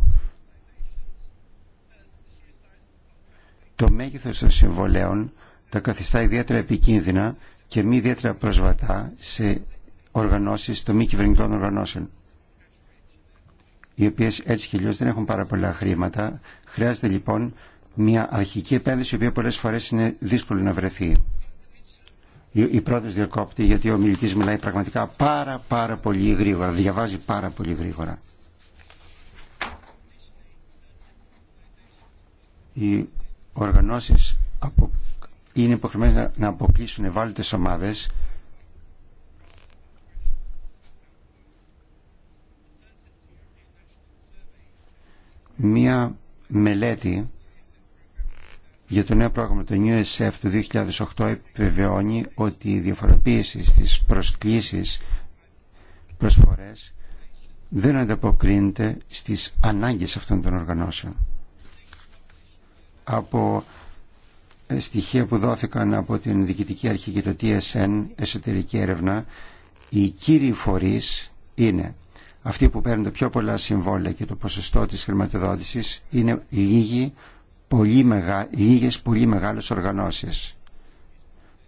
Το μέγεθος των συμβολέων τα καθιστά ιδιαίτερα επικίνδυνα και μη ιδιαίτερα προσβατά σε οργανώσεις το μη κυβερνητών οργανώσεων οι οποίες έτσι και δεν έχουν πάρα πολλά χρήματα. Χρειάζεται λοιπόν μια αρχική επένδυση η οποία πολλές φορές είναι δύσκολη να βρεθεί. Η πρόεδρος διακόπτει γιατί ο μιλητής μιλάει πραγματικά πάρα πάρα πολύ γρήγορα, διαβάζει πάρα πολύ γρήγορα. Οι οργανώσεις από είναι υποχρεωμένες να αποκλείσουν ευάλωτες ομάδες μία μελέτη για το νέο πρόγραμμα το SF του 2008 επιβεβαιώνει ότι η διαφοροποίηση στις προσκλήσεις προσφορές δεν ανταποκρίνεται στις ανάγκες αυτών των οργανώσεων. Από στοιχεία που δόθηκαν από την Διοικητική Αρχή και το TSN, εσωτερική έρευνα, οι κύριοι φορείς είναι αυτοί που παίρνουν τα πιο πολλά συμβόλαια και το ποσοστό της χρηματοδότησης είναι λίγοι, πολύ μεγα, λίγες πολύ μεγάλες οργανώσεις.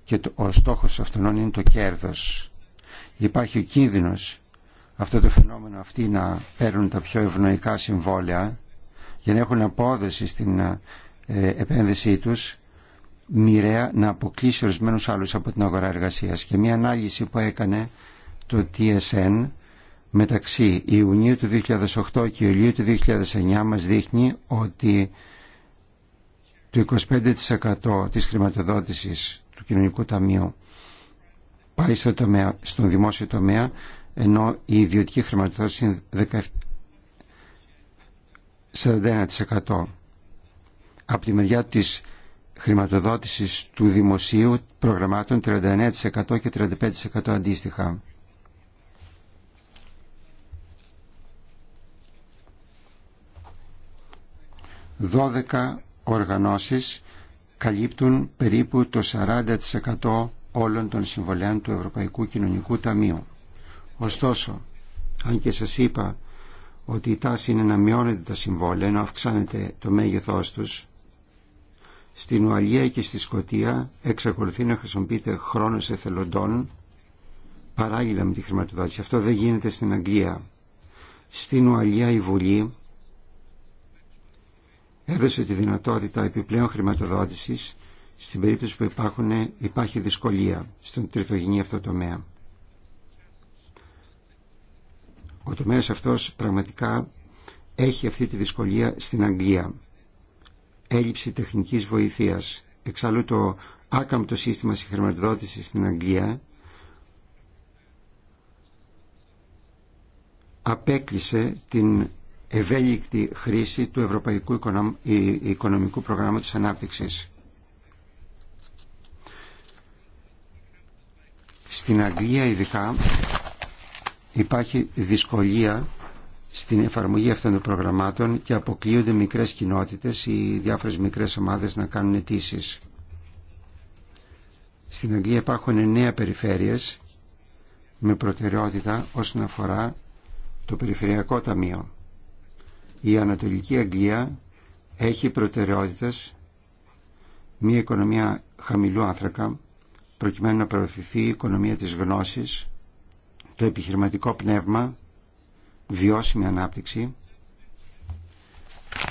Και το, ο στόχος αυτών είναι το κέρδος. Υπάρχει ο κίνδυνος αυτό το φαινόμενο αυτοί να παίρνουν τα πιο ευνοϊκά συμβόλαια για να έχουν απόδοση στην ε, επένδυσή τους μοιραία να αποκλείσει ορισμένου άλλου από την αγορά εργασία. Και μια ανάλυση που έκανε το TSN μεταξύ Ιουνίου του 2008 και Ιουλίου του 2009 μας δείχνει ότι το 25% της χρηματοδότησης του Κοινωνικού Ταμείου πάει στο στον δημόσιο τομέα ενώ η ιδιωτική χρηματοδότηση είναι 41%. Από τη μεριά της χρηματοδότησης του δημοσίου προγραμμάτων 39% και 35% αντίστοιχα. Δώδεκα οργανώσεις καλύπτουν περίπου το 40% όλων των συμβολέων του Ευρωπαϊκού Κοινωνικού Ταμείου. Ωστόσο, αν και σας είπα ότι η τάση είναι να μειώνεται τα συμβόλαια, να αυξάνεται το μέγεθός τους, στην Ουαλία και στη Σκοτία εξακολουθεί να χρησιμοποιείται χρόνος εθελοντών παράλληλα με τη χρηματοδότηση. Αυτό δεν γίνεται στην Αγγλία. Στην Ουαλία η Βουλή έδωσε τη δυνατότητα επιπλέον χρηματοδότησης στην περίπτωση που υπάρχουν, υπάρχει δυσκολία στον τριτογενή αυτό τομέα. Ο τομέας αυτός πραγματικά έχει αυτή τη δυσκολία στην Αγγλία έλλειψη τεχνικής βοηθείας. Εξάλλου το άκαμπτο σύστημα συγχρηματοδότησης στην Αγγλία απέκλεισε την ευέλικτη χρήση του Ευρωπαϊκού Οικονομικού Προγράμματος Ανάπτυξης. Στην Αγγλία ειδικά υπάρχει δυσκολία στην εφαρμογή αυτών των προγραμμάτων και αποκλείονται μικρές κοινότητες ή διάφορες μικρές ομάδες να κάνουν αιτήσει. Στην Αγγλία υπάρχουν νέα περιφέρειες με προτεραιότητα όσον αφορά το Περιφερειακό Ταμείο. Η Ανατολική Αγγλία έχει προτεραιότητες μια οικονομία χαμηλού άνθρακα προκειμένου να προωθηθεί η οικονομία της γνώσης, το επιχειρηματικό πνεύμα βιώσιμη ανάπτυξη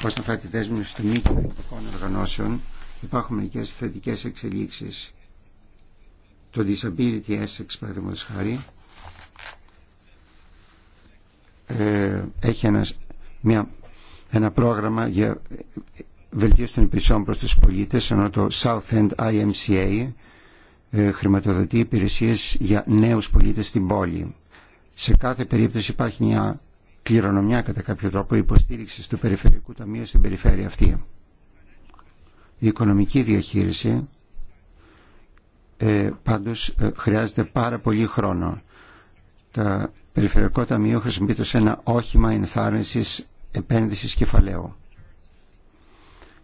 όσον αφορά τη δέσμευση των μη κυβερνητικών οργανώσεων υπάρχουν μερικές θετικές εξελίξεις το Disability Essex παραδείγματος χάρη ε, έχει ένα, μια, ένα πρόγραμμα για βελτίωση των υπηρεσιών προς τους πολίτες ενώ το South End IMCA ε, χρηματοδοτεί υπηρεσίες για νέους πολίτες στην πόλη. Σε κάθε περίπτωση υπάρχει μια κληρονομιά κατά κάποιο τρόπο υποστήριξη του Περιφερειακού Ταμείου στην περιφέρεια αυτή. Η οικονομική διαχείριση ε, πάντως ε, χρειάζεται πάρα πολύ χρόνο. Το Περιφερειακό Ταμείο χρησιμοποιείται σε ένα όχημα ενθάρρυνσης επένδυσης κεφαλαίου.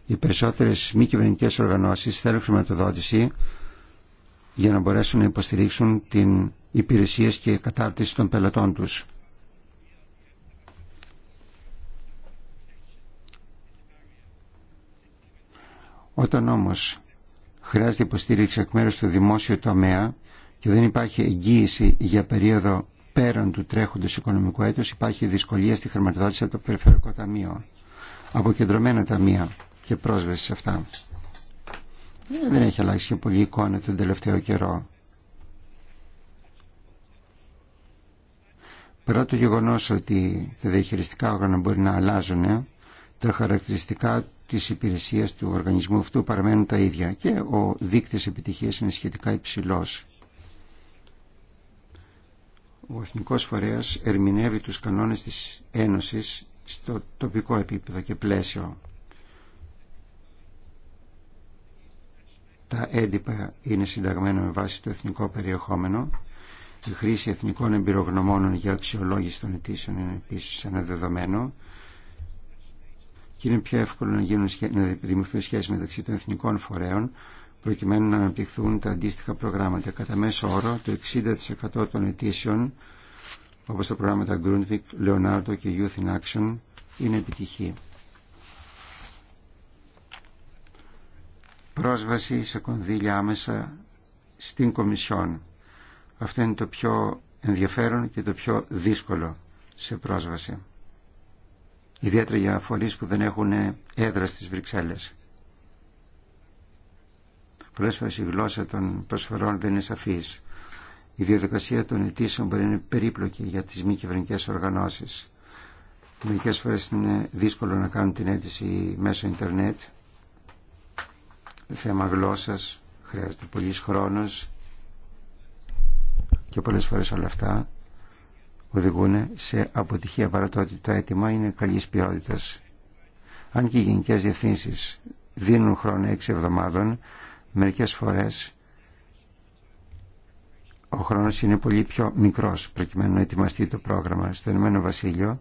Οι περισσότερες μη κυβερνητικές οργανώσεις θέλουν χρηματοδότηση για να μπορέσουν να υποστηρίξουν την υπηρεσίες και κατάρτιση των πελατών τους. Όταν όμως χρειάζεται υποστήριξη εκ μέρους του δημόσιου τομέα και δεν υπάρχει εγγύηση για περίοδο πέραν του τρέχοντος οικονομικού έτους υπάρχει δυσκολία στη χρηματοδότηση από το Περιφερειακό Ταμείο, αποκεντρωμένα ταμεία και πρόσβαση σε αυτά. Δεν έχει αλλάξει και πολύ εικόνα τον τελευταίο καιρό. Παρά το γεγονός ότι τα διαχειριστικά όργανα μπορεί να αλλάζουν, τα χαρακτηριστικά της υπηρεσίας του οργανισμού αυτού παραμένουν τα ίδια και ο δείκτης επιτυχίας είναι σχετικά υψηλός. Ο Εθνικός Φορέας ερμηνεύει τους κανόνες της Ένωσης στο τοπικό επίπεδο και πλαίσιο. Τα έντυπα είναι συνταγμένα με βάση το εθνικό περιεχόμενο. Η χρήση εθνικών εμπειρογνωμόνων για αξιολόγηση των αιτήσεων είναι επίσης ένα δεδομένο και είναι πιο εύκολο να, γίνουν, να δημιουργηθούν σχέσεις μεταξύ των εθνικών φορέων προκειμένου να αναπτυχθούν τα αντίστοιχα προγράμματα. Κατά μέσο όρο, το 60% των αιτήσεων, όπως τα προγράμματα Grundvik, Leonardo και Youth in Action, είναι επιτυχή. Πρόσβαση σε κονδύλια άμεσα στην Κομισιόν. Αυτό είναι το πιο ενδιαφέρον και το πιο δύσκολο σε πρόσβαση ιδιαίτερα για φορείς που δεν έχουν έδρα στις Βρυξέλλες. Πολλές φορές η γλώσσα των προσφορών δεν είναι σαφής. Η διαδικασία των αιτήσεων μπορεί να είναι περίπλοκη για τις μη κυβερνικέ οργανώσεις. Μερικέ φορές είναι δύσκολο να κάνουν την αίτηση μέσω ίντερνετ. Θέμα γλώσσας, χρειάζεται πολλής χρόνος και πολλές φορές όλα αυτά οδηγούν σε αποτυχία παρά το ότι το αίτημα είναι καλής ποιότητας. Αν και οι γενικέ διευθύνσει δίνουν χρόνο 6 εβδομάδων, μερικές φορές ο χρόνος είναι πολύ πιο μικρός προκειμένου να ετοιμαστεί το πρόγραμμα. Στο Ηνωμένο Βασίλειο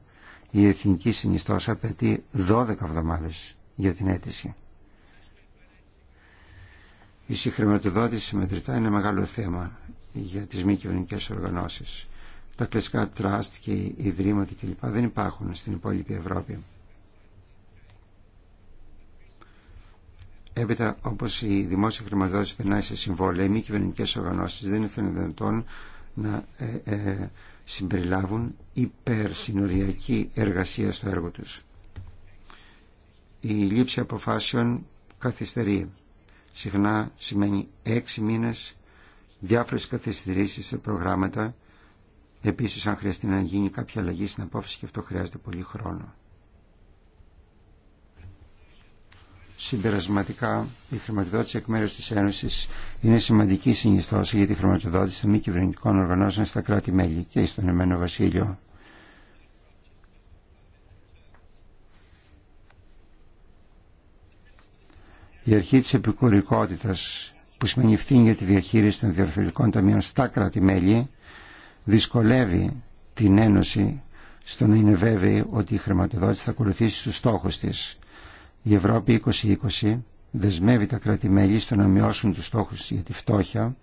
η εθνική Συνιστός απαιτεί 12 εβδομάδες για την αίτηση. Η συγχρηματοδότηση μετρητά είναι μεγάλο θέμα για τις μη κυβερνικές οργανώσεις τα κλασικά τραστ και ιδρύματα κλπ. δεν υπάρχουν στην υπόλοιπη Ευρώπη. Έπειτα, όπω η δημόσια χρηματοδότηση περνάει σε συμβόλαια, οι μη κυβερνητικέ οργανώσει δεν είναι δυνατόν να ε, ε, συμπεριλάβουν υπερσυνοριακή εργασία στο έργο τους. Η λήψη αποφάσεων καθυστερεί. Συχνά σημαίνει έξι μήνες, διάφορες καθυστερήσεις σε προγράμματα Επίσης, αν χρειαστεί να γίνει κάποια αλλαγή στην απόφαση και αυτό χρειάζεται πολύ χρόνο. Συμπερασματικά, η χρηματοδότηση εκ μέρους της Ένωσης είναι σημαντική συνιστόση για τη χρηματοδότηση των μη κυβερνητικών οργανώσεων στα κράτη-μέλη και στον Ηνωμένο Βασίλειο. Η αρχή της επικουρικότητας που σημαίνει ευθύνη για τη διαχείριση των διορθωτικών ταμείων στα κράτη-μέλη δυσκολεύει την Ένωση στο να είναι βέβαιη ότι η χρηματοδότηση θα ακολουθήσει στους στόχους της. Η Ευρώπη 2020 δεσμεύει τα κρατη στο να μειώσουν τους στόχους για τη φτώχεια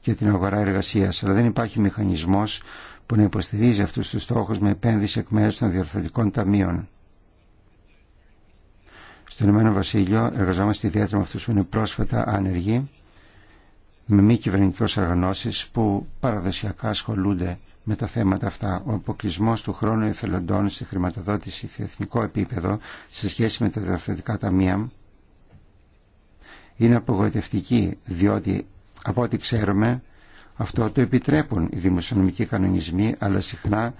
και την αγορά εργασίας, αλλά δεν υπάρχει μηχανισμός που να υποστηρίζει αυτούς τους στόχους με επένδυση εκ μέρους των διορθωτικών ταμείων. Στον Ηνωμένο Βασίλειο εργαζόμαστε ιδιαίτερα με αυτούς που είναι πρόσφατα άνεργοι με μη κυβερνητικέ οργανώσει που παραδοσιακά ασχολούνται με τα θέματα αυτά. Ο αποκλεισμό του χρόνου εθελοντών στη χρηματοδότηση σε εθνικό επίπεδο σε σχέση με τα διαφορετικά ταμεία είναι απογοητευτική, διότι από ό,τι ξέρουμε αυτό το επιτρέπουν οι δημοσιονομικοί κανονισμοί, αλλά συχνά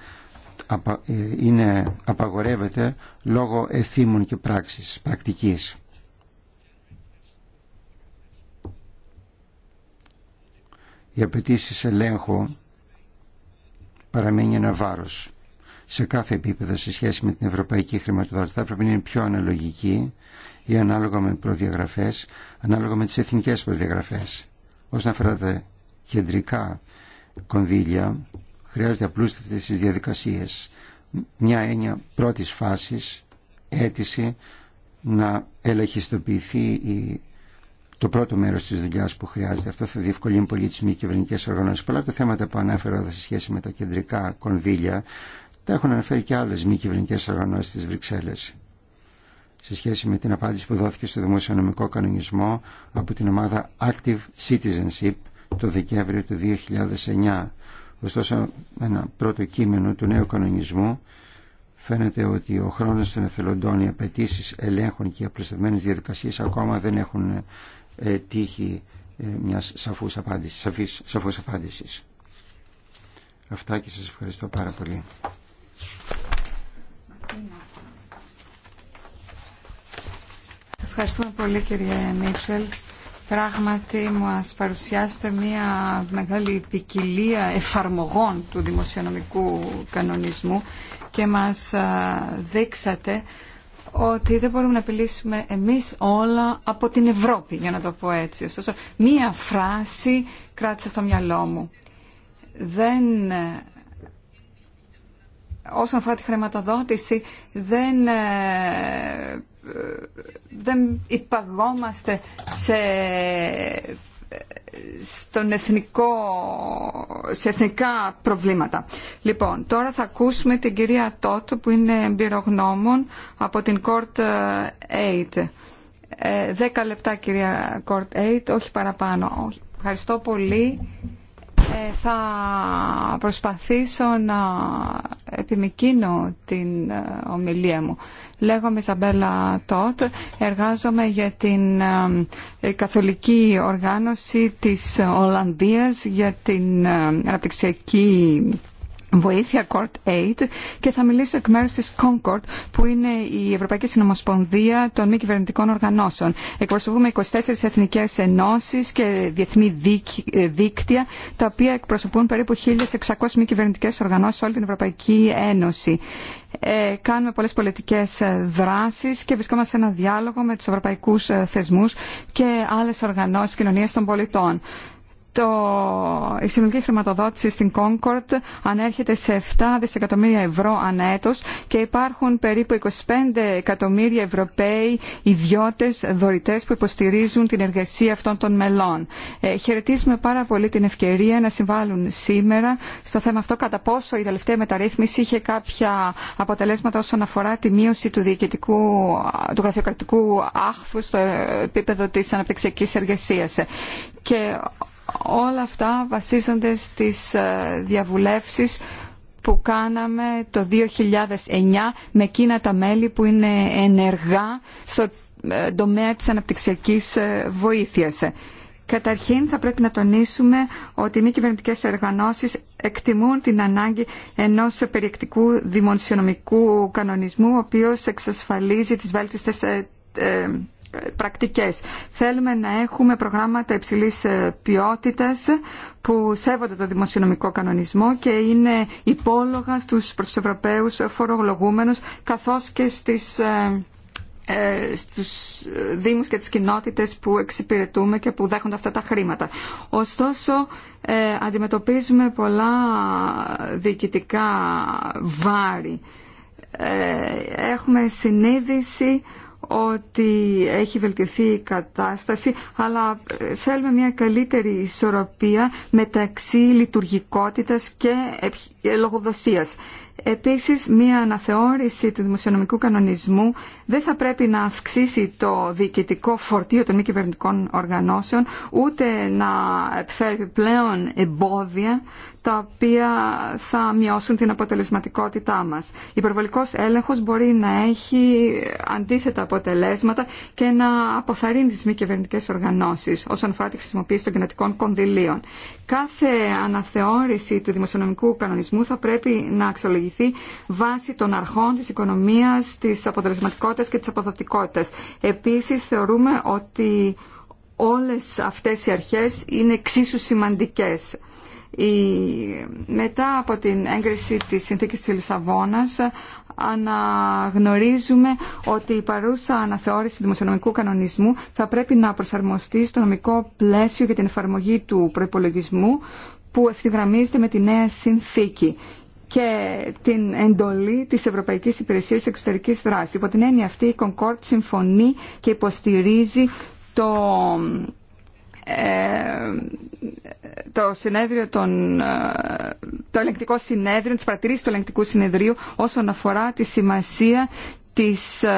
ε, είναι, απαγορεύεται λόγω εθήμων και πράξης, πρακτικής. οι απαιτήσει ελέγχου παραμένει ένα βάρο σε κάθε επίπεδο σε σχέση με την ευρωπαϊκή χρηματοδότηση. Θα πρέπει να είναι πιο αναλογική ή ανάλογα με προδιαγραφές, ανάλογα με τις εθνικές προδιαγραφές. Όσον αφορά τα κεντρικά κονδύλια, χρειάζεται απλούστευτε τι διαδικασίε. Μια έννοια πρώτης φάση αίτηση να ελαχιστοποιηθεί η το πρώτο μέρο τη δουλειά που χρειάζεται. Αυτό θα διευκολύνει πολύ τι μη κυβερνητικέ οργανώσει. Πολλά από τα θέματα που ανέφερα εδώ σε σχέση με τα κεντρικά κονδύλια τα έχουν αναφέρει και άλλε μη κυβερνητικέ οργανώσει τη Βρυξέλλε. Σε σχέση με την απάντηση που δόθηκε στο δημοσιονομικό κανονισμό από την ομάδα Active Citizenship το Δεκέμβριο του 2009. Ωστόσο, ένα πρώτο κείμενο του νέου κανονισμού φαίνεται ότι ο χρόνος των εθελοντών, οι απαιτήσει ελέγχων και οι απλουστευμένες διαδικασίες ακόμα δεν έχουν ε, τύχη ε, μιας σαφούς απάντησης, σαφούς Αυτά και σας ευχαριστώ πάρα πολύ. Ευχαριστούμε πολύ κύριε Μίτσελ. Πράγματι μας παρουσιάσετε μια μεγάλη ποικιλία εφαρμογών του δημοσιονομικού κανονισμού και μας ε, δείξατε ότι δεν μπορούμε να απειλήσουμε εμείς όλα από την Ευρώπη, για να το πω έτσι. Ωστόσο, μία φράση κράτησα στο μυαλό μου. Δεν όσον αφορά τη χρηματοδότηση δεν, ε, ε, δεν υπαγόμαστε σε στον εθνικό, σε εθνικά προβλήματα. Λοιπόν, τώρα θα ακούσουμε την κυρία Τότ που είναι εμπειρογνώμων από την Court 8. Ε, δέκα λεπτά κυρία Court 8, όχι παραπάνω. Ευχαριστώ πολύ. Ε, θα προσπαθήσω να επιμικρύνω την ε, ομιλία μου. Λέγομαι Σαμπέλα Τότ, εργάζομαι για την ε, καθολική οργάνωση της Ολλανδίας για την ε, αναπτυξιακή βοήθεια Court Aid και θα μιλήσω εκ μέρους της Concord που είναι η Ευρωπαϊκή Συνομοσπονδία των Μη Κυβερνητικών Οργανώσεων. Εκπροσωπούμε 24 εθνικές ενώσεις και διεθνή ε, δίκτυα τα οποία εκπροσωπούν περίπου 1.600 μη κυβερνητικές οργανώσεις σε όλη την Ευρωπαϊκή Ένωση. Ε, κάνουμε πολλές πολιτικές ε, δράσεις και βρισκόμαστε σε ένα διάλογο με τους ευρωπαϊκούς ε, θεσμούς και άλλες οργανώσεις κοινωνίας των πολιτών το, η συνολική χρηματοδότηση στην Concord ανέρχεται σε 7 δισεκατομμύρια ευρώ ανέτος και υπάρχουν περίπου 25 εκατομμύρια Ευρωπαίοι ιδιώτες δωρητές που υποστηρίζουν την εργασία αυτών των μελών. Ε, χαιρετίζουμε πάρα πολύ την ευκαιρία να συμβάλλουν σήμερα στο θέμα αυτό κατά πόσο η τελευταία μεταρρύθμιση είχε κάποια αποτελέσματα όσον αφορά τη μείωση του, διοικητικού, του γραφειοκρατικού άχθου στο επίπεδο της αναπτυξιακής εργασίας. Και όλα αυτά βασίζονται στις ε, διαβουλεύσεις που κάναμε το 2009 με εκείνα τα μέλη που είναι ενεργά στο ε, τομέα της αναπτυξιακής ε, βοήθειας. Καταρχήν θα πρέπει να τονίσουμε ότι οι μη κυβερνητικές οργανώσεις εκτιμούν την ανάγκη ενός περιεκτικού δημοσιονομικού κανονισμού ο οποίος εξασφαλίζει τις βέλτιστες πρακτικές. Θέλουμε να έχουμε προγράμματα υψηλής ε, ποιότητας που σέβονται το δημοσιονομικό κανονισμό και είναι υπόλογα στους προς τους Ευρωπαίους φορολογούμενους καθώς και στις ε, ε, στους δήμους και τις κοινότητες που εξυπηρετούμε και που δέχονται αυτά τα χρήματα. Ωστόσο, αντιμετωπίζουμε πολλά διοικητικά βάρη. Έχουμε συνείδηση ότι έχει βελτιωθεί η κατάσταση, αλλά ε, θέλουμε μια καλύτερη ισορροπία μεταξύ λειτουργικότητας και ε, λογοδοσίας. Επίσης, μια αναθεώρηση του δημοσιονομικού κανονισμού δεν θα πρέπει να αυξήσει το διοικητικό φορτίο των μη κυβερνητικών οργανώσεων, ούτε να επιφέρει πλέον εμπόδια τα οποία θα μειώσουν την αποτελεσματικότητά μας. Υπερβολικός έλεγχος μπορεί να έχει αντίθετα αποτελέσματα και να αποθαρρύνει τις μη κυβερνητικέ οργανώσεις όσον αφορά τη χρησιμοποίηση των κοινωτικών κονδυλίων. Κάθε αναθεώρηση του δημοσιονομικού κανονισμού θα πρέπει να αξιολογηθεί βάσει των αρχών της οικονομίας, της αποτελεσματικότητας και της αποδοτικότητας. Επίσης θεωρούμε ότι όλες αυτές οι αρχές είναι εξίσου σημαντικές μετά από την έγκριση της συνθήκης της Λισαβόνας αναγνωρίζουμε ότι η παρούσα αναθεώρηση του δημοσιονομικού κανονισμού θα πρέπει να προσαρμοστεί στο νομικό πλαίσιο για την εφαρμογή του προϋπολογισμού που ευθυγραμμίζεται με τη νέα συνθήκη και την εντολή της Ευρωπαϊκής Υπηρεσίας Εξωτερικής Δράσης. Υπό την έννοια αυτή η Concord συμφωνεί και υποστηρίζει το ε, το, συνέδριο των, ε, το ελεγκτικό συνέδριο, τις παρατηρήσεις του ελεγκτικού συνεδρίου όσον αφορά τη σημασία της ε,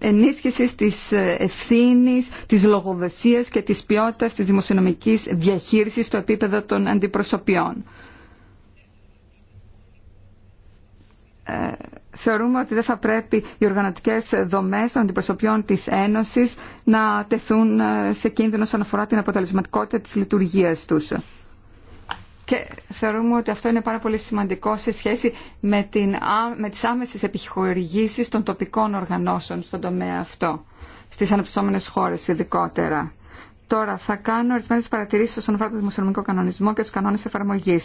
ενίσχυσης της ευθύνης, της λογοδοσίας και της ποιότητας της δημοσιονομικής διαχείρισης στο επίπεδο των αντιπροσωπιών θεωρούμε ότι δεν θα πρέπει οι οργανωτικές δομές των αντιπροσωπιών της Ένωσης να τεθούν ε, σε κίνδυνο όσον αφορά την αποτελεσματικότητα της λειτουργίας τους. Και θεωρούμε ότι αυτό είναι πάρα πολύ σημαντικό σε σχέση με, την, με τις άμεσες επιχορηγήσεις των τοπικών οργανώσεων στον τομέα αυτό, στις αναπτυσσόμενες χώρες ειδικότερα. Τώρα θα κάνω ορισμένε παρατηρήσει όσον αφορά το δημοσιονομικό κανονισμό και του κανόνε εφαρμογή.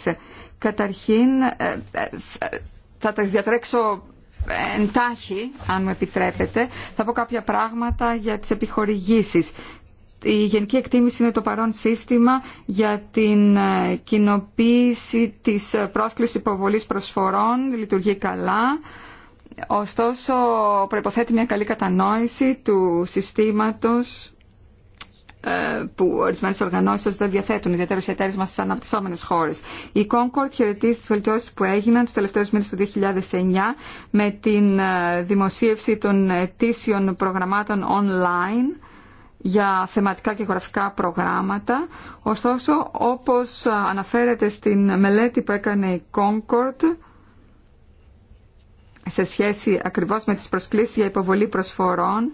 Καταρχήν, ε, ε, θα τα διατρέξω εντάχει, αν μου επιτρέπετε, θα πω κάποια πράγματα για τις επιχορηγήσεις. Η γενική εκτίμηση είναι το παρόν σύστημα για την ε, κοινοποίηση της ε, πρόσκλησης υποβολής προσφορών, λειτουργεί καλά. Ωστόσο, προϋποθέτει μια καλή κατανόηση του συστήματος ε, που ορισμένε οργανώσει δεν διαθέτουν, ιδιαίτερα οι εταίρε μα στι αναπτυσσόμενε χώρε. Η Concord χαιρετίζει τι βελτιώσει που έγιναν του τελευταίου μήνε του 2009 με την ε, δημοσίευση των ετήσιων προγραμμάτων online για θεματικά και γραφικά προγράμματα. Ωστόσο, όπως αναφέρεται στην μελέτη που έκανε η Concord, σε σχέση ακριβώς με τις προσκλήσεις για υποβολή προσφορών,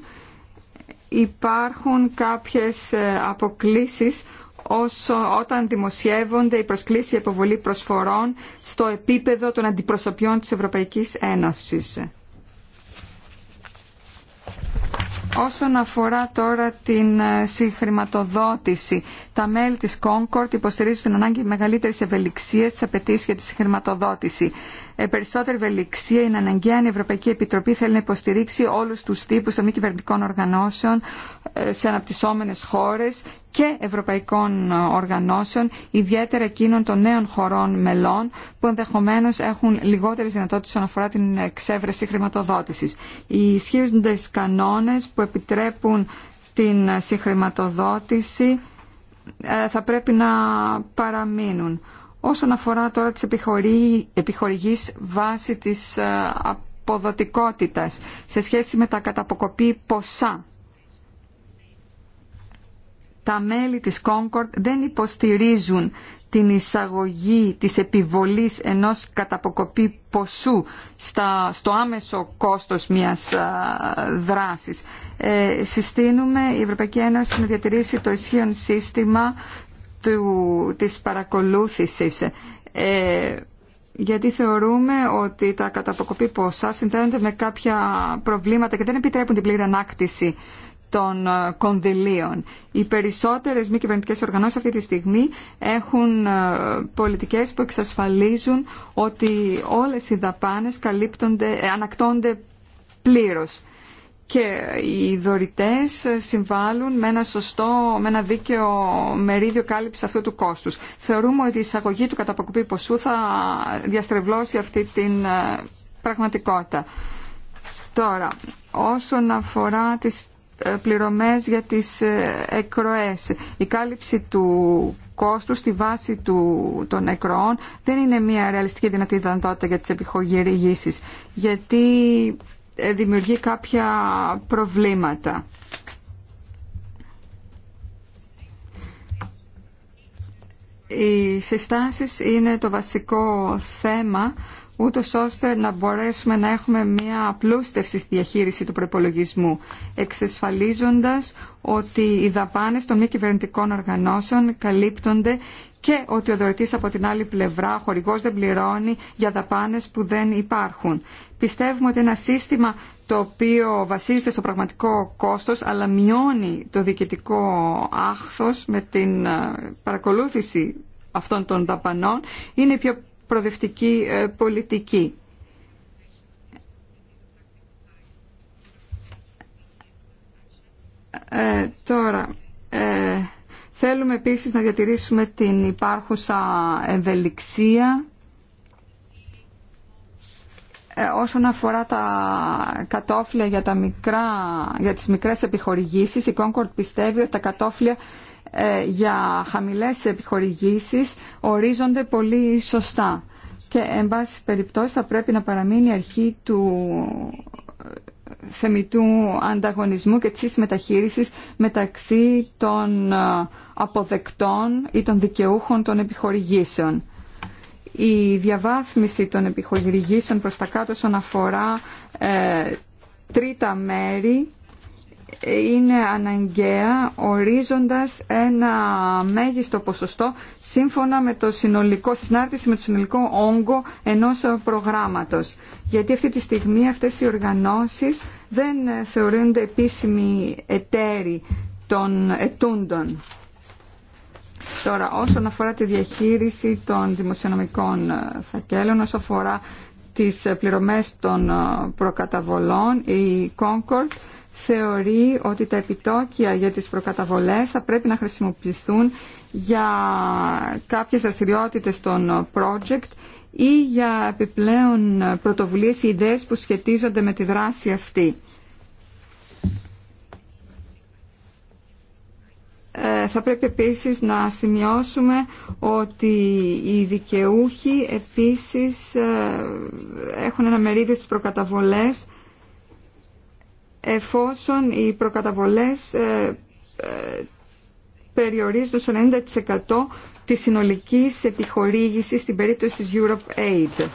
υπάρχουν κάποιες ε, αποκλίσεις όσο, όταν δημοσιεύονται οι προσκλήσεις υποβολή προσφορών στο επίπεδο των αντιπροσωπιών της Ευρωπαϊκής Ένωσης. Όσον αφορά τώρα την ε, συγχρηματοδότηση, τα μέλη της Concord υποστηρίζουν την ανάγκη μεγαλύτερης ευελιξίας της απαιτήσεις για τη συγχρηματοδότηση. Ε, περισσότερη ευελιξία είναι αναγκαία αν η Ευρωπαϊκή Επιτροπή θέλει να υποστηρίξει όλους τους τύπους των μη κυβερνητικών οργανώσεων ε, σε αναπτυσσόμενες χώρες και ευρωπαϊκών ε, οργανώσεων, ιδιαίτερα εκείνων των νέων χωρών μελών, που ενδεχομένω έχουν λιγότερε δυνατότητε όσον αφορά την εξέβρεση χρηματοδότηση. Οι ισχύοντε κανόνε που επιτρέπουν την συγχρηματοδότηση θα πρέπει να παραμείνουν. Όσον αφορά τώρα τις επιχορηγείς βάση της ε, αποδοτικότητας σε σχέση με τα καταποκοπή ποσά, τα μέλη της Concord δεν υποστηρίζουν την εισαγωγή της επιβολής ενός καταποκοπή ποσού στα, στο άμεσο κόστος μιας α, ε, δράσης. Ε, συστήνουμε η Ευρωπαϊκή Ένωση να διατηρήσει το ισχύον σύστημα του, της παρακολούθησης ε, γιατί θεωρούμε ότι τα καταποκοπή ποσά συνδέονται με κάποια προβλήματα και δεν επιτρέπουν την πλήρη ανάκτηση των ε, κονδυλίων. Οι περισσότερες μη κυβερνητικέ οργανώσεις αυτή τη στιγμή έχουν ε, πολιτικές που εξασφαλίζουν ότι όλες οι δαπάνες καλύπτονται, ε, ανακτώνται πλήρως και οι δωρητές συμβάλλουν με ένα σωστό, με ένα δίκαιο μερίδιο κάλυψη αυτού του κόστους. Θεωρούμε ότι η εισαγωγή του καταποκοπή ποσού θα διαστρεβλώσει αυτή την ε, πραγματικότητα. Τώρα, όσον αφορά τις ε, πληρωμές για τις ε, εκροές, η κάλυψη του κόστου στη βάση του, των εκροών δεν είναι μια ρεαλιστική δυνατή δυνατότητα για τις επιχογυρηγήσεις γιατί ε, δημιουργεί κάποια προβλήματα. Οι συστάσεις είναι το βασικό θέμα ούτω ώστε να μπορέσουμε να έχουμε μια απλούστευση στη διαχείριση του προπολογισμού, εξασφαλίζοντα ότι οι δαπάνε των μη κυβερνητικών οργανώσεων καλύπτονται και ότι ο δωρητή από την άλλη πλευρά, ο χορηγό, δεν πληρώνει για δαπάνε που δεν υπάρχουν πιστεύουμε ότι ένα σύστημα το οποίο βασίζεται στο πραγματικό κόστος αλλά μειώνει το διοικητικό άχθος με την ε, παρακολούθηση αυτών των δαπανών είναι η πιο προοδευτική ε, πολιτική. Ε, τώρα, θέλουμε επίσης να διατηρήσουμε την υπάρχουσα ευελιξία ε, όσον αφορά τα κατόφλια για, τα μικρά, για τις μικρές επιχορηγήσεις, η Concord πιστεύει ότι τα κατόφλια ε, για χαμηλές επιχορηγήσεις ορίζονται πολύ σωστά. Και, εν πάση περιπτώσει, θα πρέπει να παραμείνει αρχή του ε, θεμητού ανταγωνισμού και της μεταχείρισης μεταξύ των αποδεκτών ή των δικαιούχων των επιχορηγήσεων η διαβάθμιση των επιχορηγήσεων προς τα κάτω όσον αφορά ε, τρίτα μέρη είναι αναγκαία ορίζοντας ένα μέγιστο ποσοστό σύμφωνα με το συνολικό, συνάρτηση με το συνολικό όγκο ενός προγράμματος. Γιατί αυτή τη στιγμή αυτές οι οργανώσεις δεν θεωρούνται επίσημοι εταίροι των ετούντων. Τώρα, όσον αφορά τη διαχείριση των δημοσιονομικών ε, φακέλων, όσον αφορά τις ε, πληρωμές των ε, προκαταβολών, η Concord θεωρεί ότι τα επιτόκια για τις προκαταβολές θα πρέπει να χρησιμοποιηθούν για κάποιες δραστηριότητε των project ή για επιπλέον πρωτοβουλίες ή ιδέες που σχετίζονται με τη δράση αυτή. Ε, θα πρέπει επίσης να σημειώσουμε ότι οι δικαιούχοι επίσης ε, έχουν ένα μερίδιο στις προκαταβολές εφόσον οι προκαταβολές ε, περιορίζονται στο 90% της συνολικής επιχορήγησης στην περίπτωση της Europe Aid.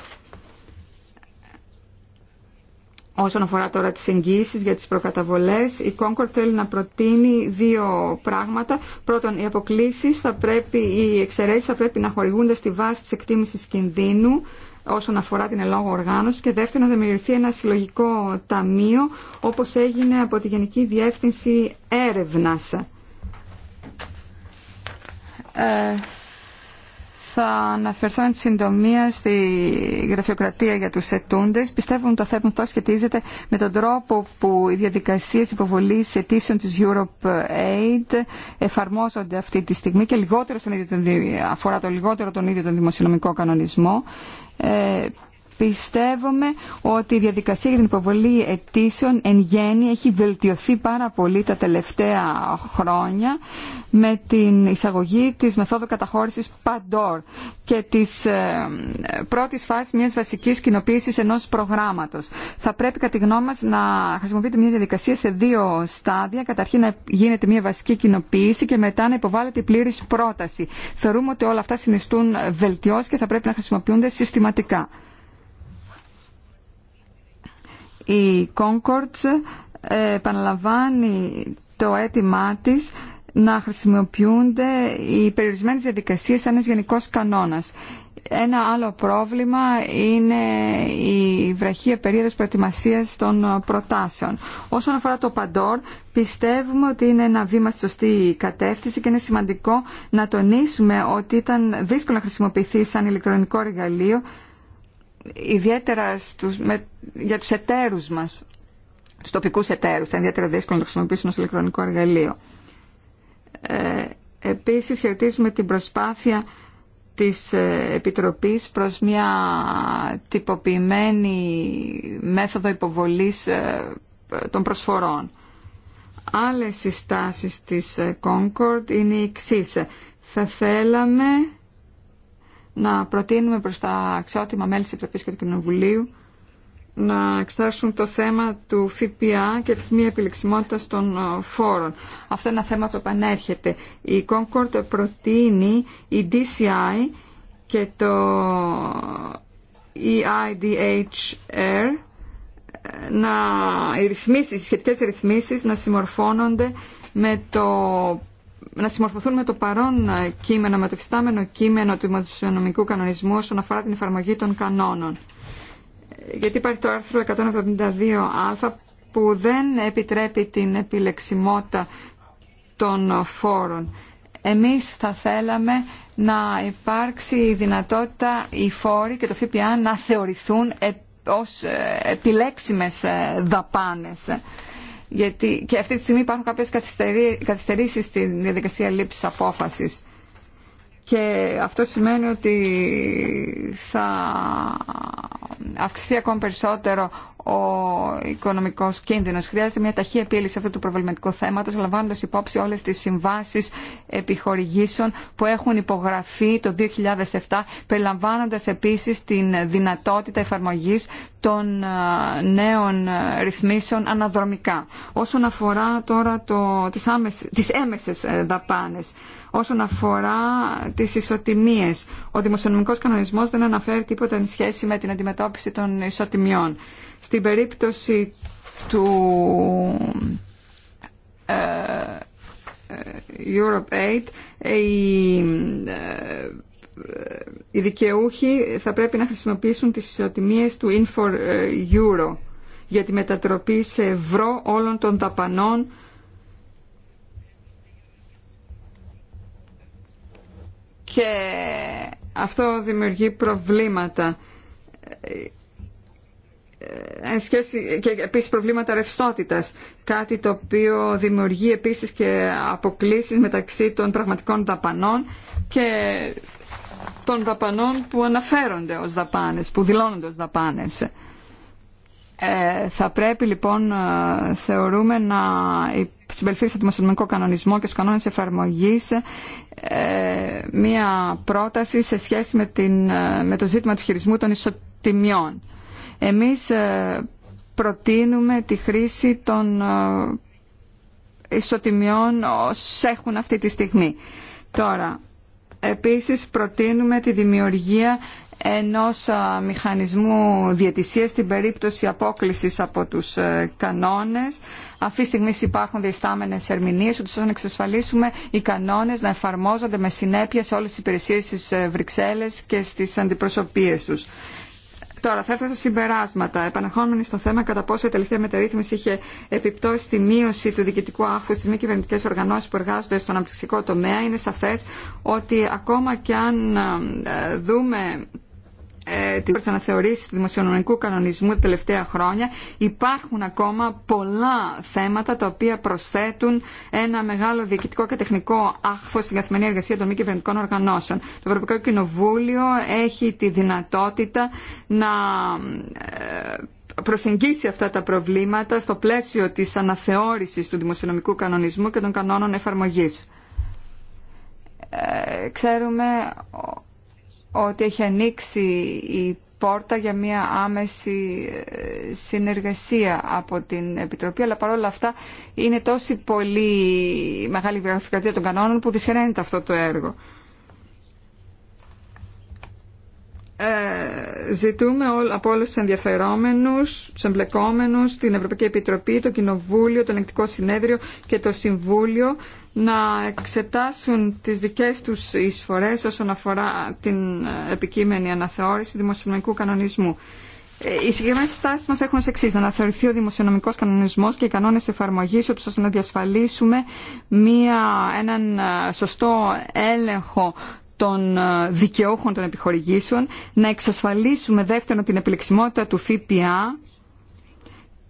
Όσον αφορά τώρα τις εγγύησει για τις προκαταβολές, η Concord θέλει να προτείνει δύο πράγματα. Πρώτον, οι αποκλήσεις, θα πρέπει, οι εξαιρέσεις θα πρέπει να χορηγούνται στη βάση της εκτίμησης κινδύνου όσον αφορά την ελόγω οργάνωση και δεύτερον να δημιουργηθεί ένα συλλογικό ταμείο όπως έγινε από τη Γενική Διεύθυνση Έρευνας. Ε, θα αναφερθώ εν συντομία στη γραφειοκρατία για τους ετούντες. Πιστεύω ότι το θέμα αυτό σχετίζεται με τον τρόπο που οι διαδικασίες υποβολής αιτήσεων της Europe Aid εφαρμόζονται αυτή τη στιγμή και λιγότερο στον ίδιο αφορά το λιγότερο τον ίδιο τον δημοσιονομικό κανονισμό. Ε, Πιστεύουμε ότι η διαδικασία για την υποβολή αιτήσεων εν γέννη έχει βελτιωθεί πάρα πολύ τα τελευταία χρόνια με την εισαγωγή της μεθόδου καταχώρησης Παντορ και της ε, πρώτης φάσης μιας βασικής κοινοποίησης ενός προγράμματος. Θα πρέπει κατά τη γνώμη μας να χρησιμοποιείται μια διαδικασία σε δύο στάδια. Καταρχήν να γίνεται μια βασική κοινοποίηση και μετά να υποβάλλεται η πλήρης πρόταση. Θεωρούμε ότι όλα αυτά συνιστούν βελτιώσεις και θα πρέπει να χρησιμοποιούνται συστηματικά. Η Concord ε, επαναλαμβάνει το αίτημά της να χρησιμοποιούνται οι περιορισμένες διαδικασίες σαν ένας γενικός κανόνας. Ένα άλλο πρόβλημα είναι η βραχία περίοδος προετοιμασίας των προτάσεων. Όσον αφορά το Παντόρ, πιστεύουμε ότι είναι ένα βήμα στη σωστή κατεύθυνση και είναι σημαντικό να τονίσουμε ότι ήταν δύσκολο να χρησιμοποιηθεί σαν ηλεκτρονικό εργαλείο ιδιαίτερα με, για τους εταίρους μας, τους τοπικούς εταίρους, θα ιδιαίτερα δύσκολο να το χρησιμοποιήσουν ως ηλεκτρονικό εργαλείο. Ε, επίσης χαιρετίζουμε την προσπάθεια της ε, Επιτροπής προς μια τυποποιημένη μέθοδο υποβολής ε, των προσφορών. Άλλες συστάσεις της ε, Concord είναι οι εξής. Θα θέλαμε να προτείνουμε προς τα αξιότιμα μέλη της Επιτροπής και του Κοινοβουλίου να εξετάσουν το θέμα του ΦΠΑ και της μη επιλεξιμότητας των ε, φόρων. Αυτό είναι ένα θέμα που επανέρχεται. Η Concord προτείνει η DCI και το EIDHR ε, να οι, ρυθμίσεις, οι σχετικές ρυθμίσεις να συμμορφώνονται με το να συμμορφωθούν με το παρόν κείμενο, με το φυστάμενο κείμενο του δημοσιονομικού κανονισμού όσον αφορά την εφαρμογή των κανόνων. Γιατί υπάρχει το άρθρο 172α που δεν επιτρέπει την επιλεξιμότητα των φόρων. Εμείς θα θέλαμε να υπάρξει η δυνατότητα οι φόροι και το ΦΠΑ να θεωρηθούν ε, ως ε, επιλέξιμες ε, δαπάνες γιατί και αυτή τη στιγμή υπάρχουν κάποιες καθυστερήσεις στην διαδικασία λήψης απόφασης και αυτό σημαίνει ότι θα αυξηθεί ακόμη περισσότερο ο οικονομικό κίνδυνο. Χρειάζεται μια ταχεία επίλυση αυτού του προβληματικού θέματο, λαμβάνοντα υπόψη όλε τι συμβάσει επιχορηγήσεων που έχουν υπογραφεί το 2007, περιλαμβάνοντα επίση την δυνατότητα εφαρμογή των νέων ρυθμίσεων αναδρομικά. Όσον αφορά τώρα το, τις, άμεσες, τις έμεσες ε, δαπάνες, όσον αφορά τις ισοτιμίες, ο δημοσιονομικός κανονισμός δεν αναφέρει τίποτα εν σχέση με την αντιμετώπιση των ισοτιμιών. Στην περίπτωση του ε, ε, Europe Aid, ε, οι, οι δικαιούχοι θα πρέπει να χρησιμοποιήσουν τις ισοτιμίες του Infor Euro για τη μετατροπή σε ευρώ όλων των δαπανών και αυτό δημιουργεί προβλήματα ε, σχέση, και επίσης προβλήματα ρευστότητας, κάτι το οποίο δημιουργεί επίσης και αποκλήσεις μεταξύ των πραγματικών δαπανών και των δαπανών που αναφέρονται ως δαπάνες, που δηλώνονται ως δαπάνες. Ε, θα πρέπει λοιπόν, ε, θεωρούμε, να συμπεριφθεί στο δημοσιονομικό κανονισμό και στους κανόνες εφαρμογής μία πρόταση σε σχέση με, την, με το ζήτημα του χειρισμού των ισοτιμιών. Εμείς ε, προτείνουμε τη χρήση των ε, ισοτιμιών όσοι έχουν αυτή τη στιγμή. Τώρα, επίσης προτείνουμε τη δημιουργία ενός ε, μηχανισμού διαιτησίας στην περίπτωση απόκλησης από τους κανόνες. Αυτή τη στιγμή υπάρχουν διστάμενες ερμηνείες, ούτως ώστε να εξασφαλίσουμε οι κανόνες να εφαρμόζονται με συνέπεια σε όλες τις υπηρεσίες στις Βρυξέλλες και στις αντιπροσωπείες τους. Τώρα, θα έρθω στα συμπεράσματα. Επαναρχόμενοι στο θέμα κατά πόσο η τελευταία μεταρρύθμιση είχε επιπτώσει στη μείωση του διοικητικού άφου στι μη κυβερνητικέ οργανώσει που εργάζονται στον αναπτυξικό τομέα, είναι σαφέ ότι ακόμα και αν ε, δούμε ε, την πρώτη του δημοσιονομικού κανονισμού τα τελευταία χρόνια υπάρχουν ακόμα πολλά θέματα τα οποία προσθέτουν ένα μεγάλο διοικητικό και τεχνικό άχθο στην καθημερινή εργασία των μη κυβερνητικών οργανώσεων. Το Ευρωπαϊκό Κοινοβούλιο έχει τη δυνατότητα να ε, προσεγγίσει αυτά τα προβλήματα στο πλαίσιο της αναθεώρησης του δημοσιονομικού κανονισμού και των κανόνων εφαρμογής. Ε, ξέρουμε ότι έχει ανοίξει η πόρτα για μια άμεση ε, συνεργασία από την Επιτροπή, αλλά παρόλα αυτά είναι τόση πολύ μεγάλη γραφειοκρατία των κανόνων που δυσχεραίνεται αυτό το έργο. Ε, ζητούμε από όλου του ενδιαφερόμενου, του εμπλεκόμενου, την Ευρωπαϊκή Επιτροπή, το Κοινοβούλιο, το Ελεγκτικό Συνέδριο και το Συμβούλιο να εξετάσουν τις δικές τους εισφορές όσον αφορά την επικείμενη αναθεώρηση δημοσιονομικού κανονισμού. Ε, οι συγκεκριμένε στάσει μα έχουν ω εξή: να αναθεωρηθεί ο δημοσιονομικό κανονισμό και οι κανόνε εφαρμογή, ώστε να διασφαλίσουμε μία, έναν ε, σωστό έλεγχο των ε, δικαιούχων των επιχορηγήσεων, να εξασφαλίσουμε δεύτερον την επιλεξιμότητα του ΦΠΑ,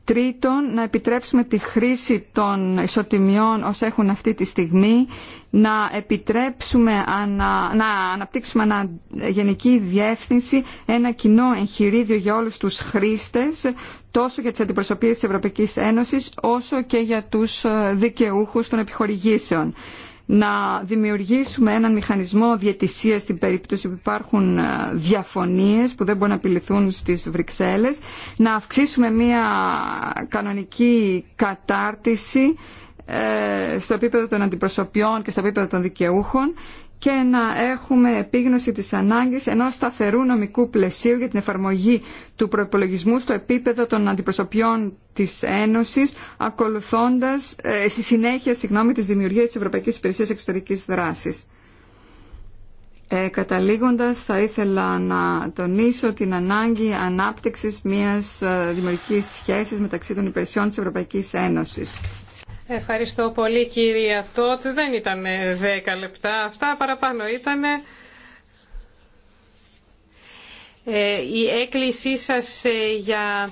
τρίτον να επιτρέψουμε τη χρήση των ισοτιμιών όσα έχουν αυτή τη στιγμή, να επιτρέψουμε να αναπτύξουμε ένα γενική διεύθυνση, ένα κοινό εγχειρίδιο για όλους τους χρήστες, τόσο για τις αντιπροσωπείες της Ευρωπαϊκής Ένωσης, όσο και για τους ε, δικαιούχους των επιχορηγήσεων να δημιουργήσουμε έναν μηχανισμό διαιτησία στην περίπτωση που υπάρχουν ε, διαφωνίες που δεν μπορούν να επιληθούν στις Βρυξέλλες, να αυξήσουμε μια κανονική κατάρτιση ε, στο επίπεδο των αντιπροσωπιών και στο επίπεδο των δικαιούχων και να έχουμε επίγνωση της ανάγκης ενός σταθερού νομικού πλαισίου για την εφαρμογή του προπολογισμού στο επίπεδο των αντιπροσωπιών της Ένωσης, ακολουθώντας ε, στη συνέχεια συγγνώμη, της δημιουργίας της Ευρωπαϊκής Υπηρεσίας Εξωτερικής Δράσης. Ε, καταλήγοντας, θα ήθελα να τονίσω την ανάγκη ανάπτυξης μιας ε, δημιουργικής σχέσης μεταξύ των υπηρεσιών της Ευρωπαϊκής Ένωσης. Ευχαριστώ πολύ κύριε Τότ. Δεν ήταν 10 λεπτά αυτά, παραπάνω ήταν. Ε, η έκκλησή σας ε, για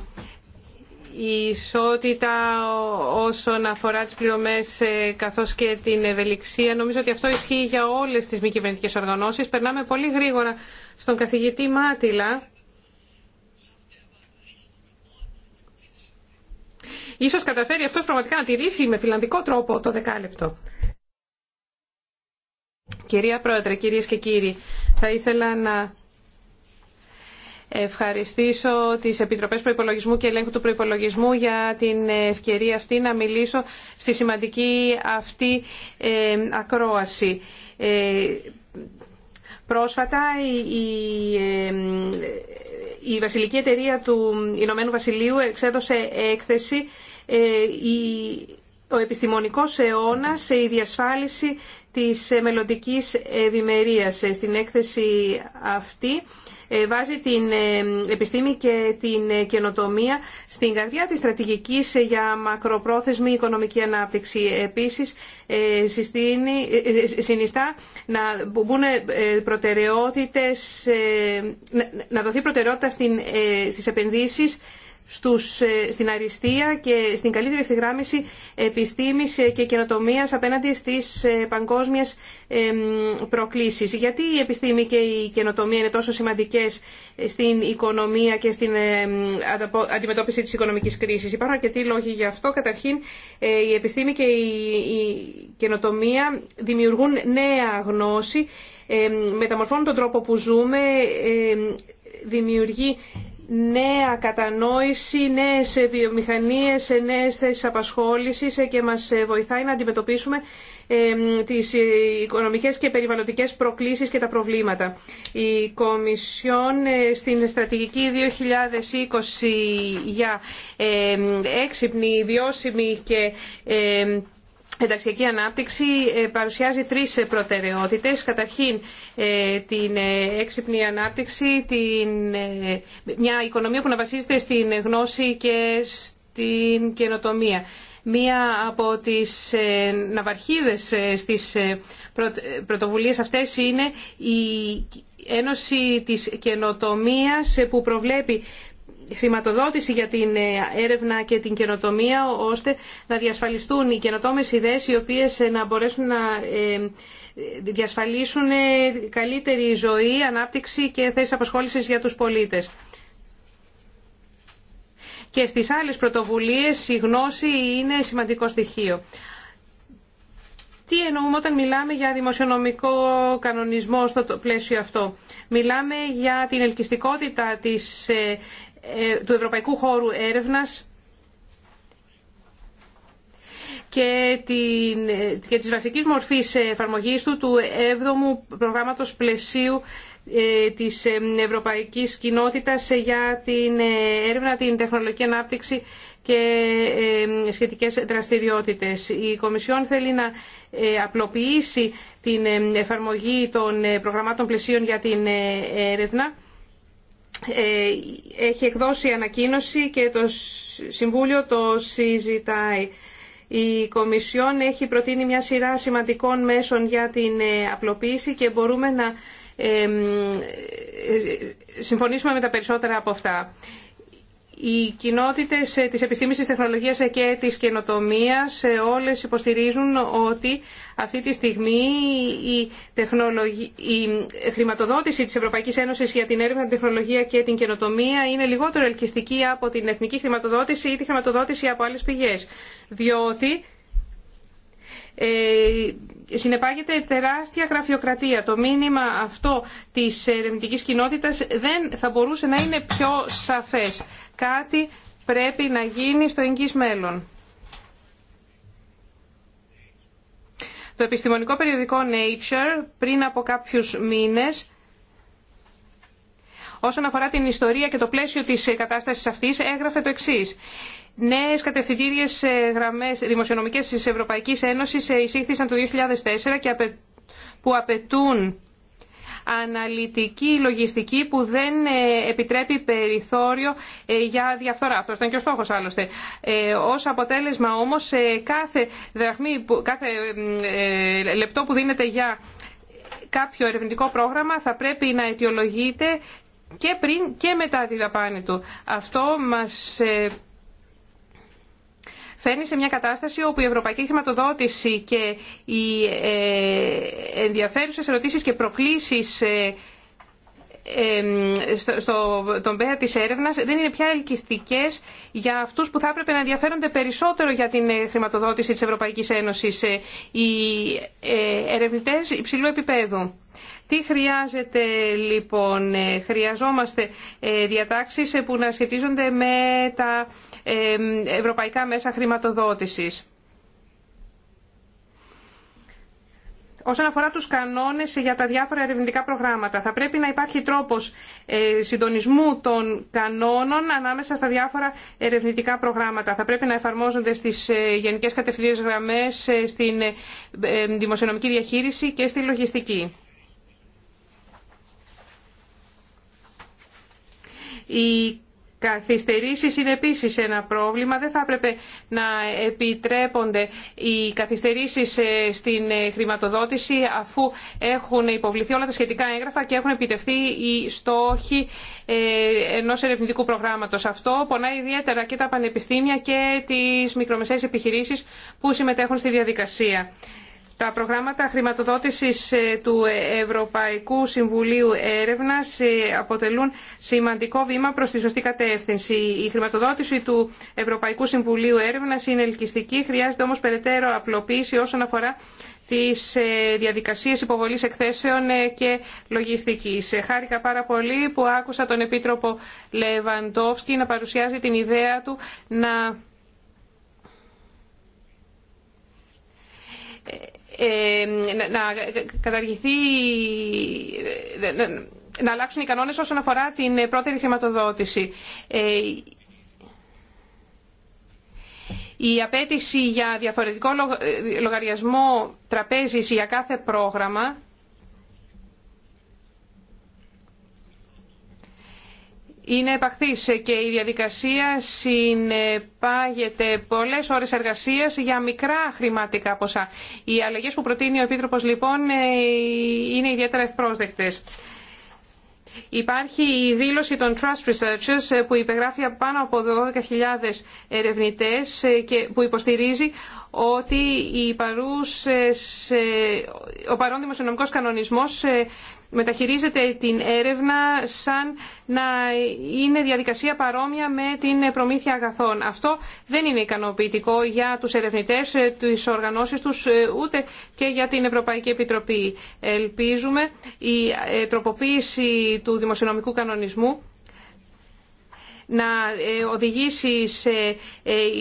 ισότητα όσον αφορά τις πληρωμές ε, καθώς και την ευελιξία. Νομίζω ότι αυτό ισχύει για όλες τις μη κυβερνητικές οργανώσεις. Περνάμε πολύ γρήγορα στον καθηγητή Μάτιλα Ίσως καταφέρει αυτό πραγματικά να τηρήσει με φιλανδικό τρόπο το δεκάλεπτο. Κυρία Πρόεδρε, κυρίες και κύριοι, θα ήθελα να ευχαριστήσω τις Επιτροπές Προϋπολογισμού και Ελέγχου του Προϋπολογισμού για την ευκαιρία αυτή να μιλήσω στη σημαντική αυτή ε, ακρόαση. Ε, πρόσφατα ε, η Βασιλική Εταιρεία του Ηνωμένου Βασιλείου εξέδωσε έκθεση ε, ο επιστημονικός αιώνας, η διασφάλιση της μελλοντική ευημερία. Ε, στην έκθεση αυτή ε, βάζει την επιστήμη και την καινοτομία στην καρδιά της στρατηγικής για μακροπρόθεσμη οικονομική ανάπτυξη. Επίσης, συστήνει, συνιστά να μπουν προτεραιότητες, να δοθεί προτεραιότητα στις επενδύσεις στους, ε, στην αριστεία και στην καλύτερη ευθυγράμμιση επιστήμης ε, και καινοτομίας απέναντι στις ε, παγκόσμιες προκλήσεις. Γιατί η επιστήμη και η καινοτομία είναι τόσο σημαντικές στην οικονομία και στην αντιμετώπιση της οικονομικής κρίσης. Υπάρχουν αρκετοί λόγοι γι' αυτό. Καταρχήν, η επιστήμη και η καινοτομία δημιουργούν νέα γνώση, μεταμορφώνουν τον τρόπο που ζούμε, δημιουργεί νέα κατανόηση, νέες βιομηχανίες, νέες θέσεις απασχόλησης και μας βοηθάει να αντιμετωπίσουμε τις οικονομικές και περιβαλλοντικές προκλήσεις και τα προβλήματα. Η Κομισιόν ε, στην στρατηγική 2020 για έξυπνη, βιώσιμη και ενταξιακή ανάπτυξη ε, παρουσιάζει τρεις ε, προτεραιότητες. Καταρχήν ε, την έξυπνη ανάπτυξη, την, μια οικονομία που να βασίζεται στην γνώση και στην καινοτομία. Μία από τις ναυαρχίδες στις πρωτοβουλίες αυτές είναι η Ένωση της Καινοτομίας που προβλέπει χρηματοδότηση για την ε, έρευνα και την καινοτομία ώστε να διασφαλιστούν οι καινοτόμες ιδέες οι οποίες ε, να μπορέσουν να ε, διασφαλίσουν καλύτερη ζωή, ανάπτυξη και θέσεις απασχόλησης για τους πολίτες. Και στις άλλες πρωτοβουλίες η γνώση είναι σημαντικό στοιχείο. Τι εννοούμε όταν μιλάμε για δημοσιονομικό κανονισμό στο πλαίσιο αυτό. Μιλάμε για την ελκυστικότητα της ε, του Ευρωπαϊκού Χώρου Έρευνας και, την, ε, και της βασικής μορφής εφαρμογής του του 7ου προγράμματος πλαισίου ε, της Ευρωπαϊκής Κοινότητας για την έρευνα, την τεχνολογική ανάπτυξη και σχετικές δραστηριότητες. Η Κομισιόν θέλει να απλοποιήσει την εφαρμογή των προγραμμάτων πλαισίων για την έρευνα ε, έχει εκδώσει ανακοίνωση και το Συμβούλιο το συζητάει. Η Κομισιόν έχει προτείνει μια σειρά σημαντικών μέσων για την ε, απλοποίηση και μπορούμε να ε, συμφωνήσουμε με τα περισσότερα από αυτά. Οι κοινότητες της επιστήμης, της τεχνολογίας και της καινοτομίας όλες υποστηρίζουν ότι αυτή τη στιγμή η, η χρηματοδότηση της Ευρωπαϊκής Ένωσης για την έρευνα, την τεχνολογία και την καινοτομία είναι λιγότερο ελκυστική από την εθνική χρηματοδότηση ή τη χρηματοδότηση από άλλες πηγές. Διότι ε, συνεπάγεται τεράστια γραφειοκρατία. Το μήνυμα αυτό της ερευνητικής κοινότητας δεν θα μπορούσε να είναι πιο σαφές. Κάτι πρέπει να γίνει στο εγγύς μέλλον. Το επιστημονικό περιοδικό Nature πριν από κάποιους μήνες όσον αφορά την ιστορία και το πλαίσιο της κατάστασης αυτής έγραφε το εξής. Νέε κατευθυντήριε ε, γραμμέ δημοσιονομικέ τη Ευρωπαϊκή Ένωση ε, εισήχθησαν το 2004 και που απαιτούν αναλυτική λογιστική που δεν ε, επιτρέπει περιθώριο ε, για διαφθορά. Αυτό ήταν και ο στόχο άλλωστε. Ε, Ω αποτέλεσμα όμω, κάθε, δραχμή, κάθε λεπτό που δίνεται για κάποιο ερευνητικό πρόγραμμα θα πρέπει να αιτιολογείται και πριν και μετά τη δαπάνη του. Αυτό μας φέρνει σε μια κατάσταση όπου η ευρωπαϊκή χρηματοδότηση και οι ε, ενδιαφέρουσες ερωτήσεις και προκλήσεις ε, ε, στο, στον πέρα της έρευνας δεν είναι πια ελκυστικές για αυτούς που θα έπρεπε να ενδιαφέρονται περισσότερο για την χρηματοδότηση της Ευρωπαϊκής Ένωσης οι ερευνητές υψηλού επίπεδου. Τι χρειάζεται λοιπόν. Ε, χρειαζόμαστε ε, διατάξεις ε, που να σχετίζονται με τα ευρωπαϊκά μέσα χρηματοδότησης. Όσον αφορά τους κανόνες για τα διάφορα ερευνητικά προγράμματα, θα πρέπει να υπάρχει τρόπος συντονισμού των κανόνων ανάμεσα στα διάφορα ερευνητικά προγράμματα. Θα πρέπει να εφαρμόζονται στις γενικές κατευθυντήριες γραμμές, στην δημοσιονομική διαχείριση και στη λογιστική. Οι καθυστερήσεις είναι επίσης ένα πρόβλημα. Δεν θα έπρεπε να επιτρέπονται οι καθυστερήσεις ε, στην ε, χρηματοδότηση αφού έχουν υποβληθεί όλα τα σχετικά έγγραφα και έχουν επιτευχθεί οι στόχοι ε, ενός ερευνητικού προγράμματος. Αυτό πονάει ιδιαίτερα και τα πανεπιστήμια και τις μικρομεσαίες επιχειρήσεις που συμμετέχουν στη διαδικασία. Τα προγράμματα χρηματοδότησης ε, του Ευρωπαϊκού Συμβουλίου Έρευνας ε, αποτελούν σημαντικό βήμα προς τη σωστή κατεύθυνση. Η χρηματοδότηση του Ευρωπαϊκού Συμβουλίου Έρευνας είναι ελκυστική, χρειάζεται όμως περαιτέρω απλοποίηση όσον αφορά τις ε, διαδικασίες υποβολής εκθέσεων και λογιστικής. Χάρηκα πάρα πολύ που άκουσα τον Επίτροπο Λεβαντόφσκι να παρουσιάζει την ιδέα του να ε, να καταργηθεί, να αλλάξουν οι κανόνες όσον αφορά την πρώτερη χρηματοδότηση. Ε, η απέτηση για διαφορετικό ε, λογαριασμό τραπέζης για κάθε πρόγραμμα είναι επαχθής και η διαδικασία συνεπάγεται πολλές ώρες εργασίας για μικρά χρηματικά ποσά. Οι αλλαγές που προτείνει ο Επίτροπος λοιπόν ε, είναι ιδιαίτερα ευπρόσδεκτες. Υπάρχει η δήλωση των Trust Researchers ε, που υπεγράφει από πάνω από 12.000 ερευνητές ε, και που υποστηρίζει ότι οι παρούσες, ο παρόν δημοσιονομικός κανονισμός μεταχειρίζεται την έρευνα σαν να είναι διαδικασία παρόμοια με την προμήθεια αγαθών. Αυτό δεν είναι ικανοποιητικό για τους ερευνητές, ε, τις οργανώσεις τους, ε, ούτε και για την Ευρωπαϊκή Επιτροπή. Ελπίζουμε η ε, τροποποίηση του δημοσιονομικού κανονισμού να οδηγήσει σε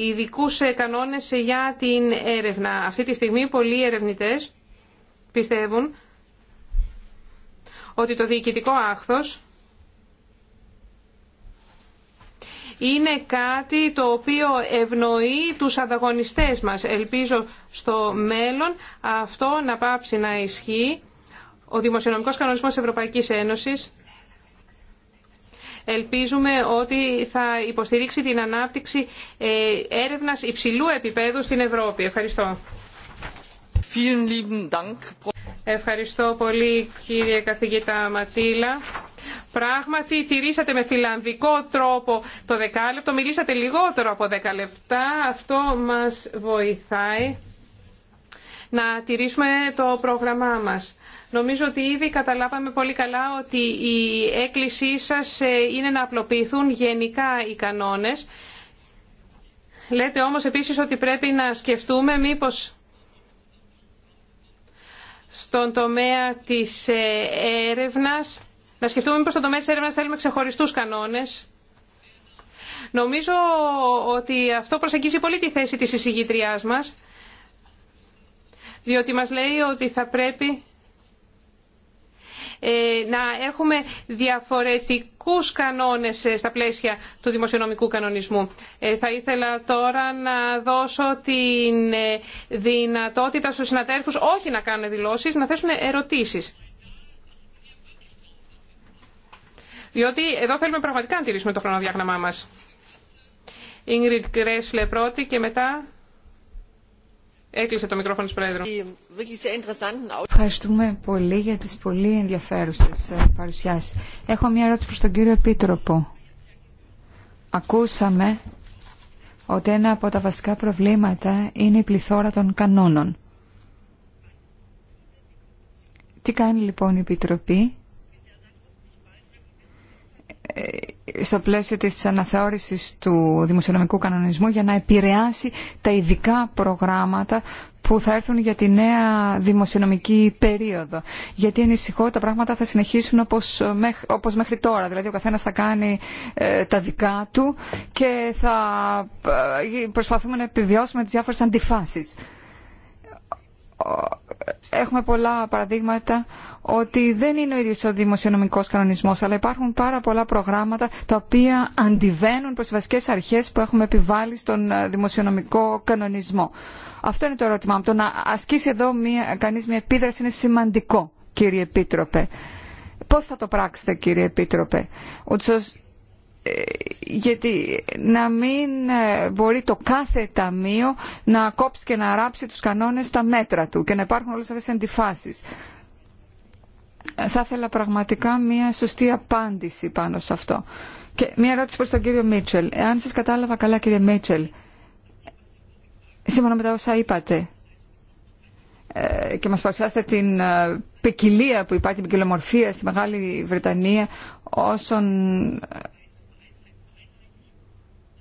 ειδικού κανόνες για την έρευνα. Αυτή τη στιγμή πολλοί ερευνητές πιστεύουν ότι το διοικητικό άχθος είναι κάτι το οποίο ευνοεί τους ανταγωνιστές μας. Ελπίζω στο μέλλον αυτό να πάψει να ισχύει. Ο Δημοσιονομικός Κανονισμός Ευρωπαϊκής Ένωσης ελπίζουμε ότι θα υποστηρίξει την ανάπτυξη ε, έρευνας υψηλού επίπεδου στην Ευρώπη. Ευχαριστώ. Ευχαριστώ πολύ κύριε καθηγητά Ματήλα. Πράγματι τηρήσατε με φιλανδικό τρόπο το δεκάλεπτο, μιλήσατε λιγότερο από δέκα λεπτά. Αυτό μας βοηθάει να τηρήσουμε το πρόγραμμά μας. Νομίζω ότι ήδη καταλάβαμε πολύ καλά ότι η έκκλησή σας ε, είναι να απλοποιηθούν γενικά οι κανόνες. Λέτε όμως επίσης ότι πρέπει να σκεφτούμε μήπως στον τομέα της ε, έρευνας, να σκεφτούμε μήπως στον τομέα της έρευνας θέλουμε ξεχωριστούς κανόνες. Νομίζω ότι αυτό προσεγγίζει πολύ τη θέση της εισηγήτριάς μας, διότι μας λέει ότι θα πρέπει ε, να έχουμε διαφορετικούς κανόνες ε, στα πλαίσια του δημοσιονομικού κανονισμού. Ε, θα ήθελα τώρα να δώσω τη δυνατότητα στους συναδέλφους όχι να κάνουν δηλώσεις, να θέσουν ερωτήσεις. Διότι εδώ θέλουμε πραγματικά να τηρήσουμε το χρονοδιάγραμμά μας. Ingrid Gressle πρώτη και μετά Έκλεισε το μικρόφωνο της Ευχαριστούμε πολύ για τις πολύ ενδιαφέρουσες ε, παρουσιάσεις. Έχω μια ερώτηση προς τον κύριο Επίτροπο. Ακούσαμε ότι ένα από τα βασικά προβλήματα είναι η πληθώρα των κανόνων. Τι κάνει λοιπόν η Επιτροπή στο πλαίσιο της αναθεώρησης του δημοσιονομικού κανονισμού για να επηρεάσει τα ειδικά προγράμματα που θα έρθουν για τη νέα δημοσιονομική περίοδο. Γιατί ανησυχώ τα πράγματα θα συνεχίσουν όπως, όπως μέχρι τώρα. Δηλαδή ο καθένας θα κάνει ε, τα δικά του και θα ε, προσπαθούμε να επιβιώσουμε τις διάφορες αντιφάσεις έχουμε πολλά παραδείγματα ότι δεν είναι ο ίδιος ο δημοσιονομικός κανονισμός, αλλά υπάρχουν πάρα πολλά προγράμματα τα οποία αντιβαίνουν προς βασικές αρχές που έχουμε επιβάλει στον ε, δημοσιονομικό κανονισμό. Αυτό είναι το ερώτημά μου. Το να ασκήσει εδώ μια, κανείς μια επίδραση είναι σημαντικό, κύριε Επίτροπε. Πώς θα το πράξετε, κύριε Επίτροπε, ούτως γιατί να μην ε, μπορεί το κάθε ταμείο να κόψει και να ράψει τους κανόνες στα μέτρα του και να υπάρχουν όλες αυτές τις αντιφάσεις. Θα ήθελα πραγματικά μια σωστή απάντηση πάνω σε αυτό. Και μια ερώτηση προς τον κύριο Μίτσελ. Εάν σας κατάλαβα καλά κύριε Μίτσελ, σύμφωνα με τα όσα είπατε ε, και μας παρουσιάσετε την ε, ποικιλία που υπάρχει, την ποικιλομορφία στη Μεγάλη Βρετανία όσον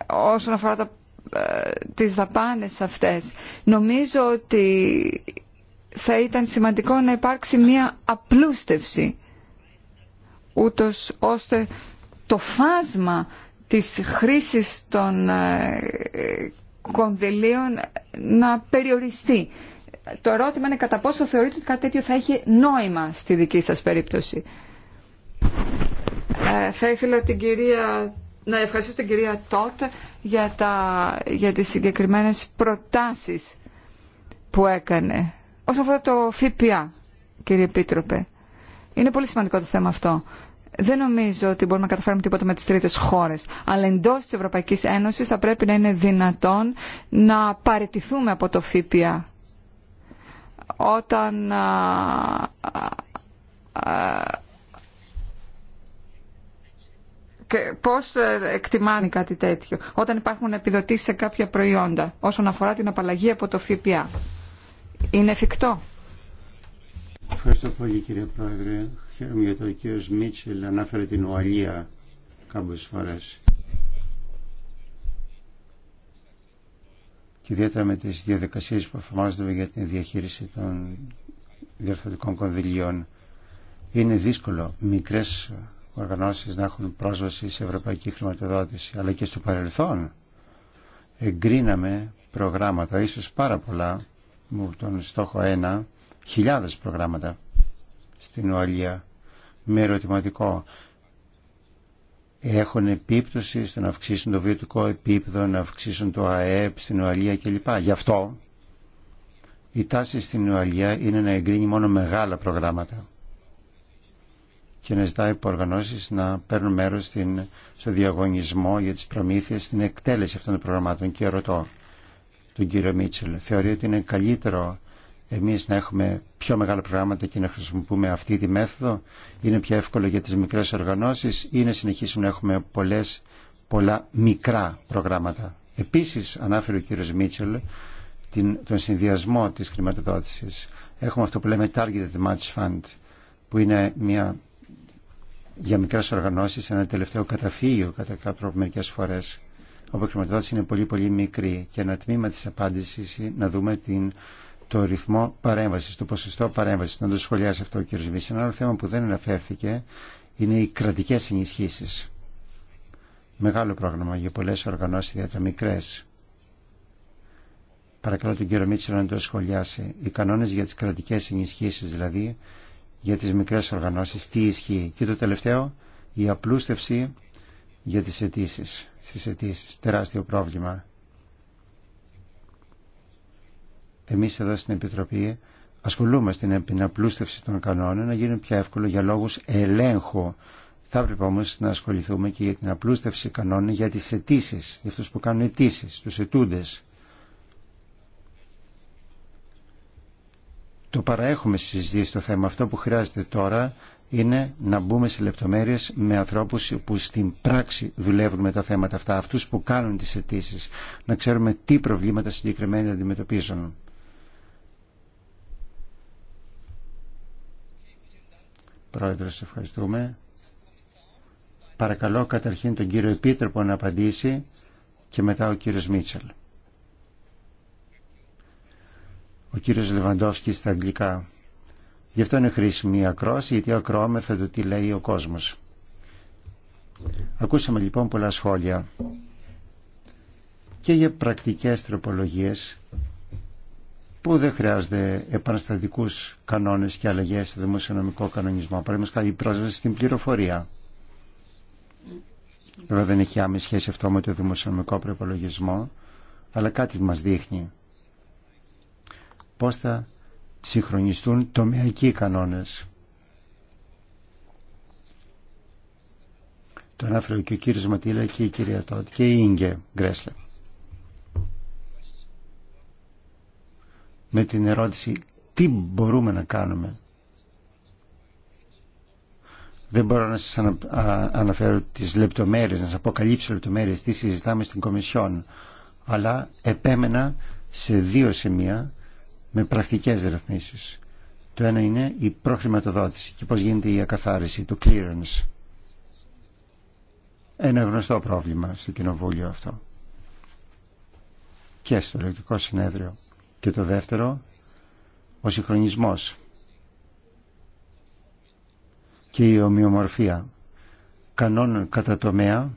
όσον αφορά τα, ε, τις δαπάνες αυτές. Νομίζω ότι θα ήταν σημαντικό να υπάρξει μια απλούστευση ούτως ώστε το φάσμα της χρήσης των ε, κονδυλίων να περιοριστεί. Το ερώτημα είναι κατά πόσο θεωρείτε ότι κάτι τέτοιο θα έχει νόημα στη δική σας περίπτωση. Ε, θα ήθελα την κυρία να ευχαριστήσω την κυρία Τότ για, τα, για τις συγκεκριμένες προτάσεις που έκανε. Όσον αφορά το ΦΠΑ, κύριε Επίτροπε, είναι πολύ σημαντικό το θέμα αυτό. Δεν νομίζω ότι μπορούμε να καταφέρουμε τίποτα με τις τρίτες χώρες, αλλά εντός της Ευρωπαϊκής Ένωσης θα πρέπει να είναι δυνατόν να παραιτηθούμε από το ΦΠΑ. Όταν και πώς ε, εκτιμάνει κάτι τέτοιο όταν υπάρχουν επιδοτήσεις σε κάποια προϊόντα όσον αφορά την απαλλαγή από το ΦΠΑ. Είναι εφικτό. Ευχαριστώ πολύ κύριε Πρόεδρε. Χαίρομαι για ο κύριο Μίτσελ ανάφερε την Ουαλία κάποιες φορές. Και ιδιαίτερα με τις διαδικασίες που εφαρμόζονται για την διαχείριση των διαφορετικών κονδυλίων. Είναι δύσκολο μικρές οργανώσεις να έχουν πρόσβαση σε ευρωπαϊκή χρηματοδότηση, αλλά και στο παρελθόν εγκρίναμε προγράμματα, ίσως πάρα πολλά, μου τον στόχο 1, χιλιάδες προγράμματα στην Ουαλία, με ερωτηματικό. Έχουν επίπτωση στο να αυξήσουν το βιωτικό επίπεδο, να αυξήσουν το ΑΕΠ στην Ουαλία κλπ. Γι' αυτό η τάση στην Ουαλία είναι να εγκρίνει μόνο μεγάλα προγράμματα και να ζητάει από οργανώσεις να παίρνουν μέρος στο διαγωνισμό για τις προμήθειες στην εκτέλεση αυτών των προγραμμάτων και ρωτώ τον κύριο Μίτσελ θεωρεί ότι είναι καλύτερο εμείς να έχουμε πιο μεγάλα προγράμματα και να χρησιμοποιούμε αυτή τη μέθοδο είναι πιο εύκολο για τις μικρές οργανώσεις ή να συνεχίσουμε να έχουμε πολλές, πολλά μικρά προγράμματα. Επίσης ανάφερε ο κύριος Μίτσελ την, τον συνδυασμό της χρηματοδότησης. Έχουμε αυτό που λέμε Targeted Match Fund που είναι μια για μικρέ οργανώσει ένα τελευταίο καταφύγιο κατά κάποιο μερικές φορές όπου η χρηματοδότηση είναι πολύ πολύ μικρή και ένα τμήμα της απάντησης να δούμε την, το ρυθμό παρέμβαση, το ποσοστό παρέμβαση, Να το σχολιάσει αυτό ο κ. Μίση. Ένα άλλο θέμα που δεν αναφέρθηκε είναι οι κρατικέ ενισχύσει. Μεγάλο πρόγραμμα για πολλέ οργανώσει ιδιαίτερα μικρέ, Παρακαλώ τον κύριο Μίτσελ να το σχολιάσει. Οι κανόνε για τι κρατικέ ενισχύσει δηλαδή για τις μικρές οργανώσεις, τι ισχύει. Και το τελευταίο, η απλούστευση για τις αιτήσει. Στις αιτήσει, τεράστιο πρόβλημα. Εμείς εδώ στην Επιτροπή ασχολούμαστε με την απλούστευση των κανόνων να γίνουν πιο εύκολο για λόγους ελέγχου. Θα έπρεπε όμω να ασχοληθούμε και για την απλούστευση κανόνων για τις αιτήσει, για αυτούς που κάνουν αιτήσει, τους αιτούντες. Το παραέχουμε συζητήσει το θέμα. Αυτό που χρειάζεται τώρα είναι να μπούμε σε λεπτομέρειες με ανθρώπους που στην πράξη δουλεύουν με τα θέματα αυτά, αυτούς που κάνουν τις αιτήσει, να ξέρουμε τι προβλήματα συγκεκριμένα αντιμετωπίζουν. Πρόεδρος, ευχαριστούμε. Παρακαλώ καταρχήν τον κύριο Επίτροπο να απαντήσει και μετά ο κύριος Μίτσελ. ο κύριος Λεβαντόφσκι στα αγγλικά. Γι' αυτό είναι χρήσιμη η ακρόαση, γιατί θα το τι λέει ο κόσμος. Ακούσαμε λοιπόν πολλά σχόλια και για πρακτικές τροπολογίες που δεν χρειάζονται επαναστατικούς κανόνες και αλλαγέ στο δημοσιονομικό κανονισμό. Παραδείγματος καλή πρόσβαση στην πληροφορία. Βέβαια δεν έχει άμεση σχέση αυτό με το δημοσιονομικό προπολογισμό, αλλά κάτι μας δείχνει πώς θα συγχρονιστούν τομεακοί κανόνες. Το ανάφερε και ο κύριος Ματήλα και η κυρία Τότ και η Ίγκε Γκρέσλε. Με την ερώτηση τι μπορούμε να κάνουμε. Δεν μπορώ να σας αναφέρω τις λεπτομέρειες, να σας αποκαλύψω λεπτομέρειες τι συζητάμε στην Κομισιόν, αλλά επέμενα σε δύο σημεία με πρακτικές ρυθμίσεις. Το ένα είναι η προχρηματοδότηση και πώς γίνεται η ακαθάριση, το clearance. Ένα γνωστό πρόβλημα στο κοινοβούλιο αυτό και στο ηλεκτρικό συνέδριο. Και το δεύτερο, ο συγχρονισμός και η ομοιομορφία κανόνων κατά τομέα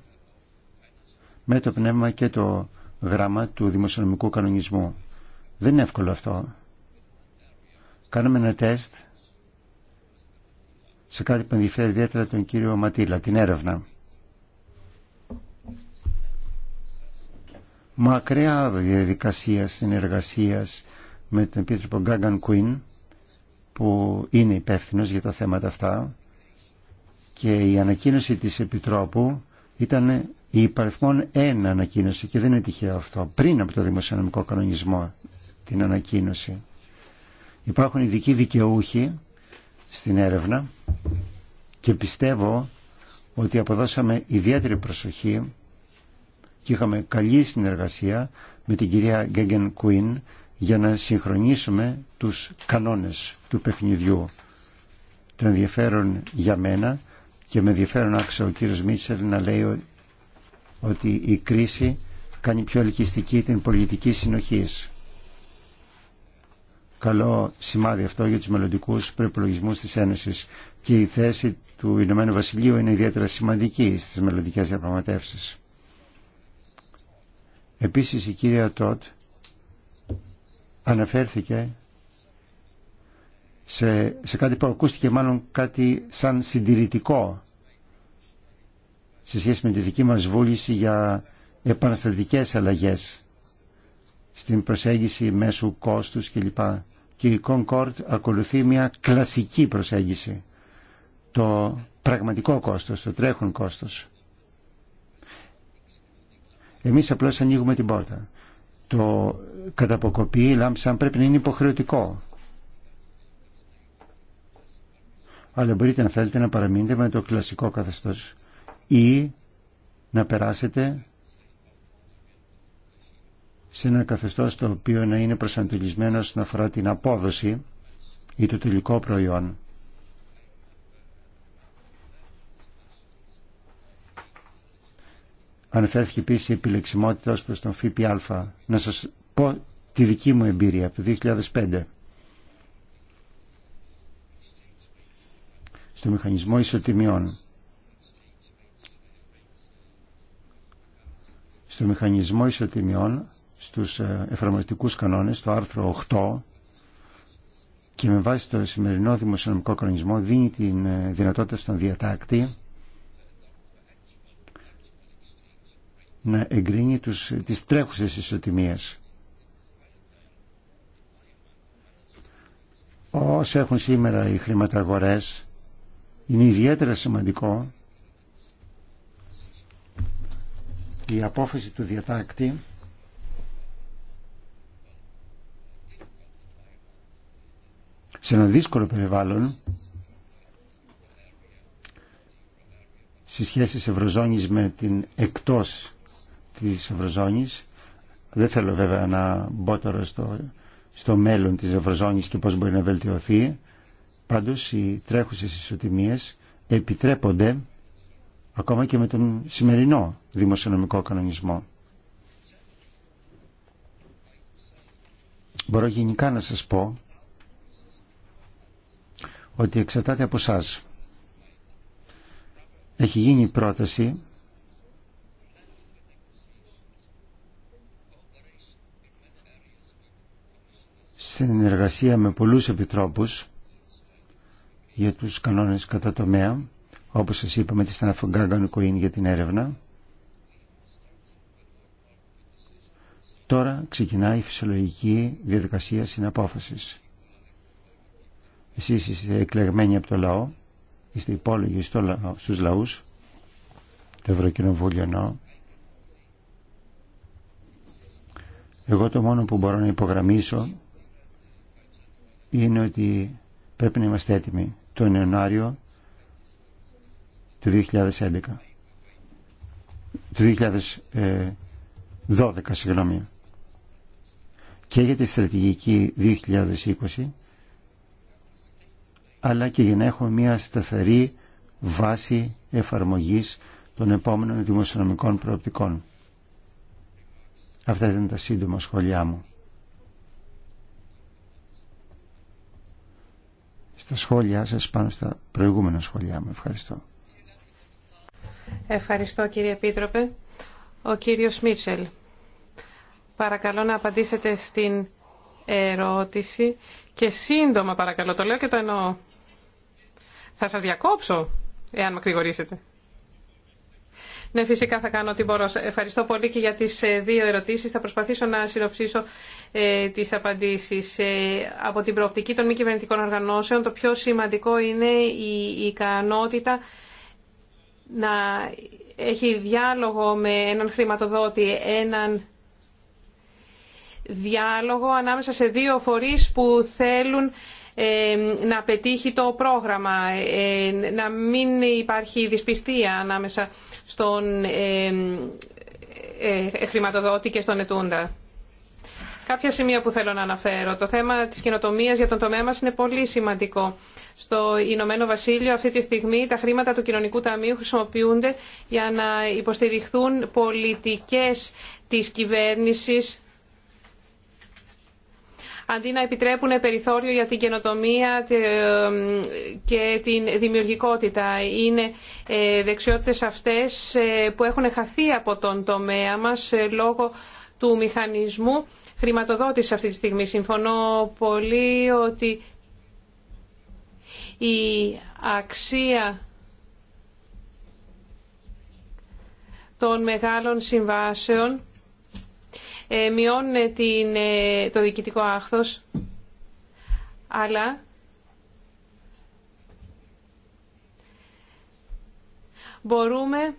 με το πνεύμα και το γράμμα του δημοσιονομικού κανονισμού. Δεν είναι εύκολο αυτό. Κάναμε ένα τεστ σε κάτι που ενδιαφέρει ιδιαίτερα τον κύριο Ματήλα, την έρευνα. Μακριά διαδικασία συνεργασίας με τον Επίτροπο Γκάγκαν Κουίν που είναι υπεύθυνο για τα θέματα αυτά και η ανακοίνωση της Επιτρόπου ήταν η υπαριθμόν ένα ανακοίνωση και δεν είναι τυχαίο αυτό πριν από το δημοσιονομικό κανονισμό την ανακοίνωση Υπάρχουν ειδικοί δικαιούχοι στην έρευνα και πιστεύω ότι αποδώσαμε ιδιαίτερη προσοχή και είχαμε καλή συνεργασία με την κυρία Γκέγγεν Κουίν για να συγχρονίσουμε τους κανόνες του παιχνιδιού. Το ενδιαφέρον για μένα και με ενδιαφέρον άκουσα ο κύριος Μίτσελ να λέει ότι η κρίση κάνει πιο ελκυστική την πολιτική συνοχής καλό σημάδι αυτό για τους μελλοντικού προπολογισμού της Ένωσης και η θέση του Ηνωμένου Βασιλείου είναι ιδιαίτερα σημαντική στις μελλοντικές διαπραγματεύσεις. Επίσης η κυρία Τότ αναφέρθηκε σε, σε κάτι που ακούστηκε μάλλον κάτι σαν συντηρητικό σε σχέση με τη δική μας βούληση για επαναστατικές αλλαγές στην προσέγγιση μέσω κόστους κλπ. Και η Concord ακολουθεί μια κλασική προσέγγιση. Το πραγματικό κόστος, το τρέχον κόστος. Εμείς απλώς ανοίγουμε την πόρτα. Το καταποκοπή λάμψαν πρέπει να είναι υποχρεωτικό. Αλλά μπορείτε να θέλετε να παραμείνετε με το κλασικό καθεστώς ή να περάσετε σε ένα καθεστώς το οποίο να είναι προσανατολισμένο να αφορά την απόδοση ή το τελικό προϊόν. Αναφέρθηκε επίση η επιλεξιμότητα ως προς τον ΦΠΑ. Να σας πω τη δική μου εμπειρία από το 2005. Στο μηχανισμό ισοτιμιών. Στο μηχανισμό ισοτιμιών στους ε, εφαρμοστικούς κανόνες, το άρθρο 8 και με βάση το σημερινό δημοσιονομικό κανονισμό δίνει την ε, δυνατότητα στον διατάκτη να εγκρίνει τους, τις τρέχουσες ισοτιμίες. Όσοι έχουν σήμερα οι χρηματαγορές είναι ιδιαίτερα σημαντικό η απόφαση του διατάκτη σε ένα δύσκολο περιβάλλον στις σχέσεις Ευρωζώνης με την εκτός της Ευρωζώνης δεν θέλω βέβαια να μπω τώρα στο, στο μέλλον της Ευρωζώνης και πώς μπορεί να βελτιωθεί πάντως οι τρέχουσες ισοτιμίες επιτρέπονται ακόμα και με τον σημερινό δημοσιονομικό κανονισμό. Μπορώ γενικά να σας πω ότι εξαρτάται από εσά. Έχει γίνει πρόταση συνεργασία με πολλούς επιτρόπους για τους κανόνες κατά τομέα, όπως σας είπαμε, τη Στάναφο Γκάγκαν για την έρευνα. Τώρα ξεκινάει η φυσιολογική διαδικασία συναπόφασης. Εσείς είστε εκλεγμένοι από το λαό, είστε υπόλογοι στο λαό, στους λαούς, το Ευρωκοινοβούλιο εννοώ. Εγώ το μόνο που μπορώ να υπογραμμίσω είναι ότι πρέπει να είμαστε έτοιμοι τον Ιανουάριο του 2011 του 2012 συγγνώμη και για τη στρατηγική 2020 αλλά και για να έχουμε μια σταθερή βάση εφαρμογής των επόμενων δημοσιονομικών προοπτικών. Αυτά ήταν τα σύντομα σχόλιά μου. Στα σχόλιά σας πάνω στα προηγούμενα σχόλιά μου. Ευχαριστώ. Ευχαριστώ κύριε Επίτροπε. Ο κύριος Μίτσελ. Παρακαλώ να απαντήσετε στην ερώτηση και σύντομα παρακαλώ, το λέω και το εννοώ. Θα σας διακόψω, εάν με κρηγορήσετε. Ναι, φυσικά θα κάνω ό,τι μπορώ. Ευχαριστώ πολύ και για τις ε, δύο ερωτήσεις. Θα προσπαθήσω να συνοψίσω ε, τις απαντήσεις. Ε, από την προοπτική των μη κυβερνητικών οργανώσεων, το πιο σημαντικό είναι η ικανότητα να έχει διάλογο με έναν χρηματοδότη, έναν διάλογο ανάμεσα σε δύο φορείς που θέλουν ε, να πετύχει το πρόγραμμα, ε, να μην υπάρχει δυσπιστία ανάμεσα στον ε, χρηματοδότη και στον ετούντα. Κάποια σημεία που θέλω να αναφέρω. Το θέμα της καινοτομία για τον τομέα μας είναι πολύ σημαντικό. Στο Ηνωμένο Βασίλειο αυτή τη στιγμή τα χρήματα του Κοινωνικού Ταμείου χρησιμοποιούνται για να υποστηριχθούν πολιτικές της κυβέρνησης αντί να επιτρέπουν περιθώριο για την καινοτομία και την δημιουργικότητα. Είναι ε, δεξιότητες αυτές ε, που έχουν χαθεί από τον τομέα μας ε, λόγω του μηχανισμού χρηματοδότησης αυτή τη στιγμή. Συμφωνώ πολύ ότι η αξία των μεγάλων συμβάσεων ε, μειώνουν ε, την, ε, το διοικητικό άχθος, αλλά μπορούμε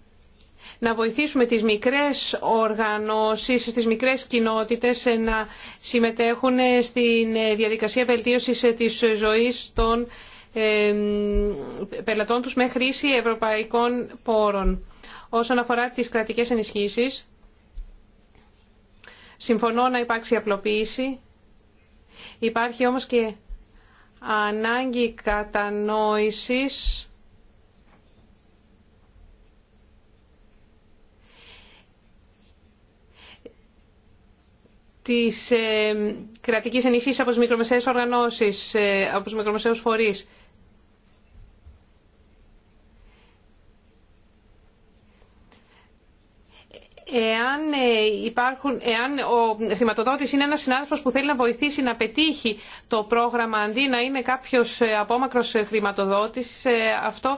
να βοηθήσουμε τις μικρές οργανώσεις, τις μικρές κοινότητες να συμμετέχουν στην διαδικασία βελτίωσης της ζωής των πελατών τους με χρήση ευρωπαϊκών πόρων. Όσον αφορά τις κρατικές ενισχύσεις, Συμφωνώ να υπάρξει απλοποίηση. Υπάρχει όμως και ανάγκη κατανόησης της ε, κρατικής ενίσχυσης από τις μικρομεσαίες οργανώσεις, ε, από τους μικρομεσαίους φορείς. εάν, ε, υπάρχουν, εάν ο χρηματοδότη είναι ένα συνάδελφος που θέλει να βοηθήσει να πετύχει το πρόγραμμα αντί να είναι κάποιος ε, απόμακρος ε, χρηματοδότης, αυτό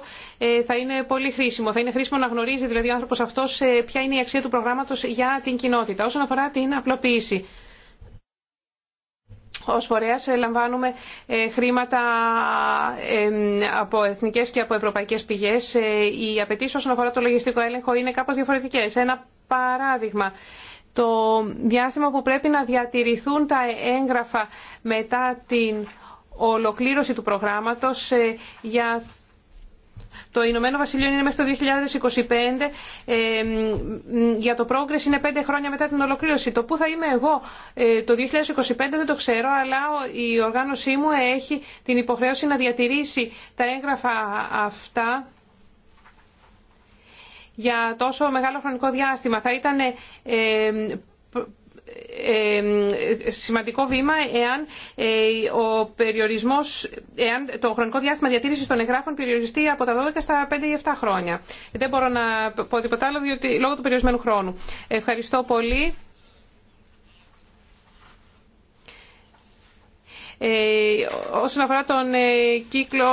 θα είναι πολύ χρήσιμο. Θα είναι χρήσιμο να γνωρίζει δηλαδή ο άνθρωπος αυτός ποια είναι η αξία του προγράμματο για την κοινότητα. Όσον αφορά την απλοποίηση ως φορέας λαμβάνουμε ε, χρήματα ε, από εθνικές και από ευρωπαϊκές πηγές. Ε, οι απαιτήσει όσον αφορά το λογιστικό έλεγχο είναι κάπως διαφορετικές. Ένα παράδειγμα. Το διάστημα που πρέπει να διατηρηθούν τα έγγραφα μετά την ολοκλήρωση του προγράμματος για το Ηνωμένο Βασιλείο είναι μέχρι το 2025. Ε, για το Progress είναι πέντε χρόνια μετά την ολοκλήρωση. Το που θα είμαι εγώ ε, το 2025 δεν το ξέρω, αλλά η οργάνωσή μου έχει την υποχρέωση να διατηρήσει τα έγγραφα αυτά για τόσο μεγάλο χρονικό διάστημα. Θα ήταν ε, σημαντικό βήμα εάν, ε, ο περιορισμός, εάν το χρονικό διάστημα διατήρησης των εγγράφων περιοριστεί από τα 12 στα 5 ή 7 χρόνια. Δεν μπορώ να πω τίποτα άλλο διότι, λόγω του περιορισμένου χρόνου. Ευχαριστώ πολύ. Ε, όσον αφορά τον ε, κύκλο,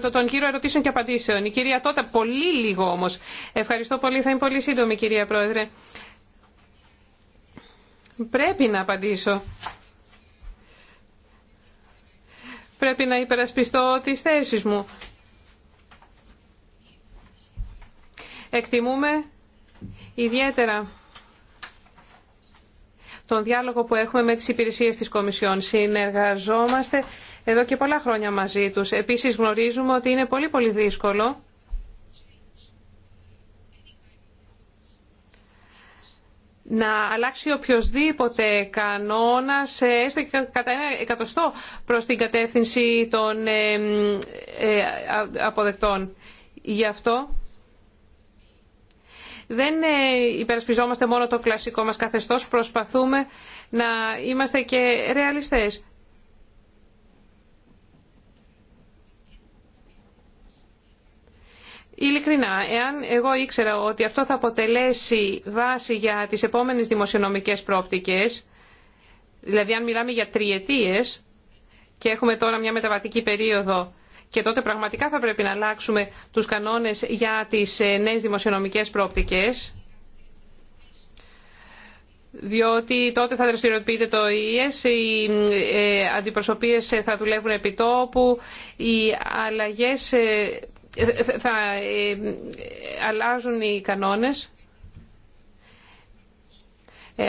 το, τον κύριο ερωτήσεων και απαντήσεων. Η κυρία Τότα, πολύ λίγο όμως. Ευχαριστώ πολύ, θα είμαι πολύ σύντομη κυρία Πρόεδρε. Πρέπει να απαντήσω. Πρέπει να υπερασπιστώ τις θέσεις μου. Εκτιμούμε ιδιαίτερα τον διάλογο που έχουμε με τις υπηρεσίες της Κομισιόν. Συνεργαζόμαστε εδώ και πολλά χρόνια μαζί τους. Επίσης γνωρίζουμε ότι είναι πολύ πολύ δύσκολο να αλλάξει οποιοδήποτε κανόνα έστω και κατά ένα εκατοστό προς την κατεύθυνση των ε, ε, ε, αποδεκτών. Γι' αυτό δεν υπερασπιζόμαστε μόνο το κλασικό μας καθεστώς, προσπαθούμε να είμαστε και ρεαλιστές. Ειλικρινά, εάν εγώ ήξερα ότι αυτό θα αποτελέσει βάση για τις επόμενες δημοσιονομικές πρόπτικες, δηλαδή αν μιλάμε για τριετίες και έχουμε τώρα μια μεταβατική περίοδο και τότε πραγματικά θα πρέπει να αλλάξουμε τους κανόνες για τις ε, νέες δημοσιονομικές πρόπτικες, διότι τότε θα δραστηριοποιείται το ΙΕΣ, οι ε, αντιπροσωπείες ε, θα δουλεύουν επί τόπου, οι αλλαγές ε, ε, θα ε, αλλάζουν οι κανόνες.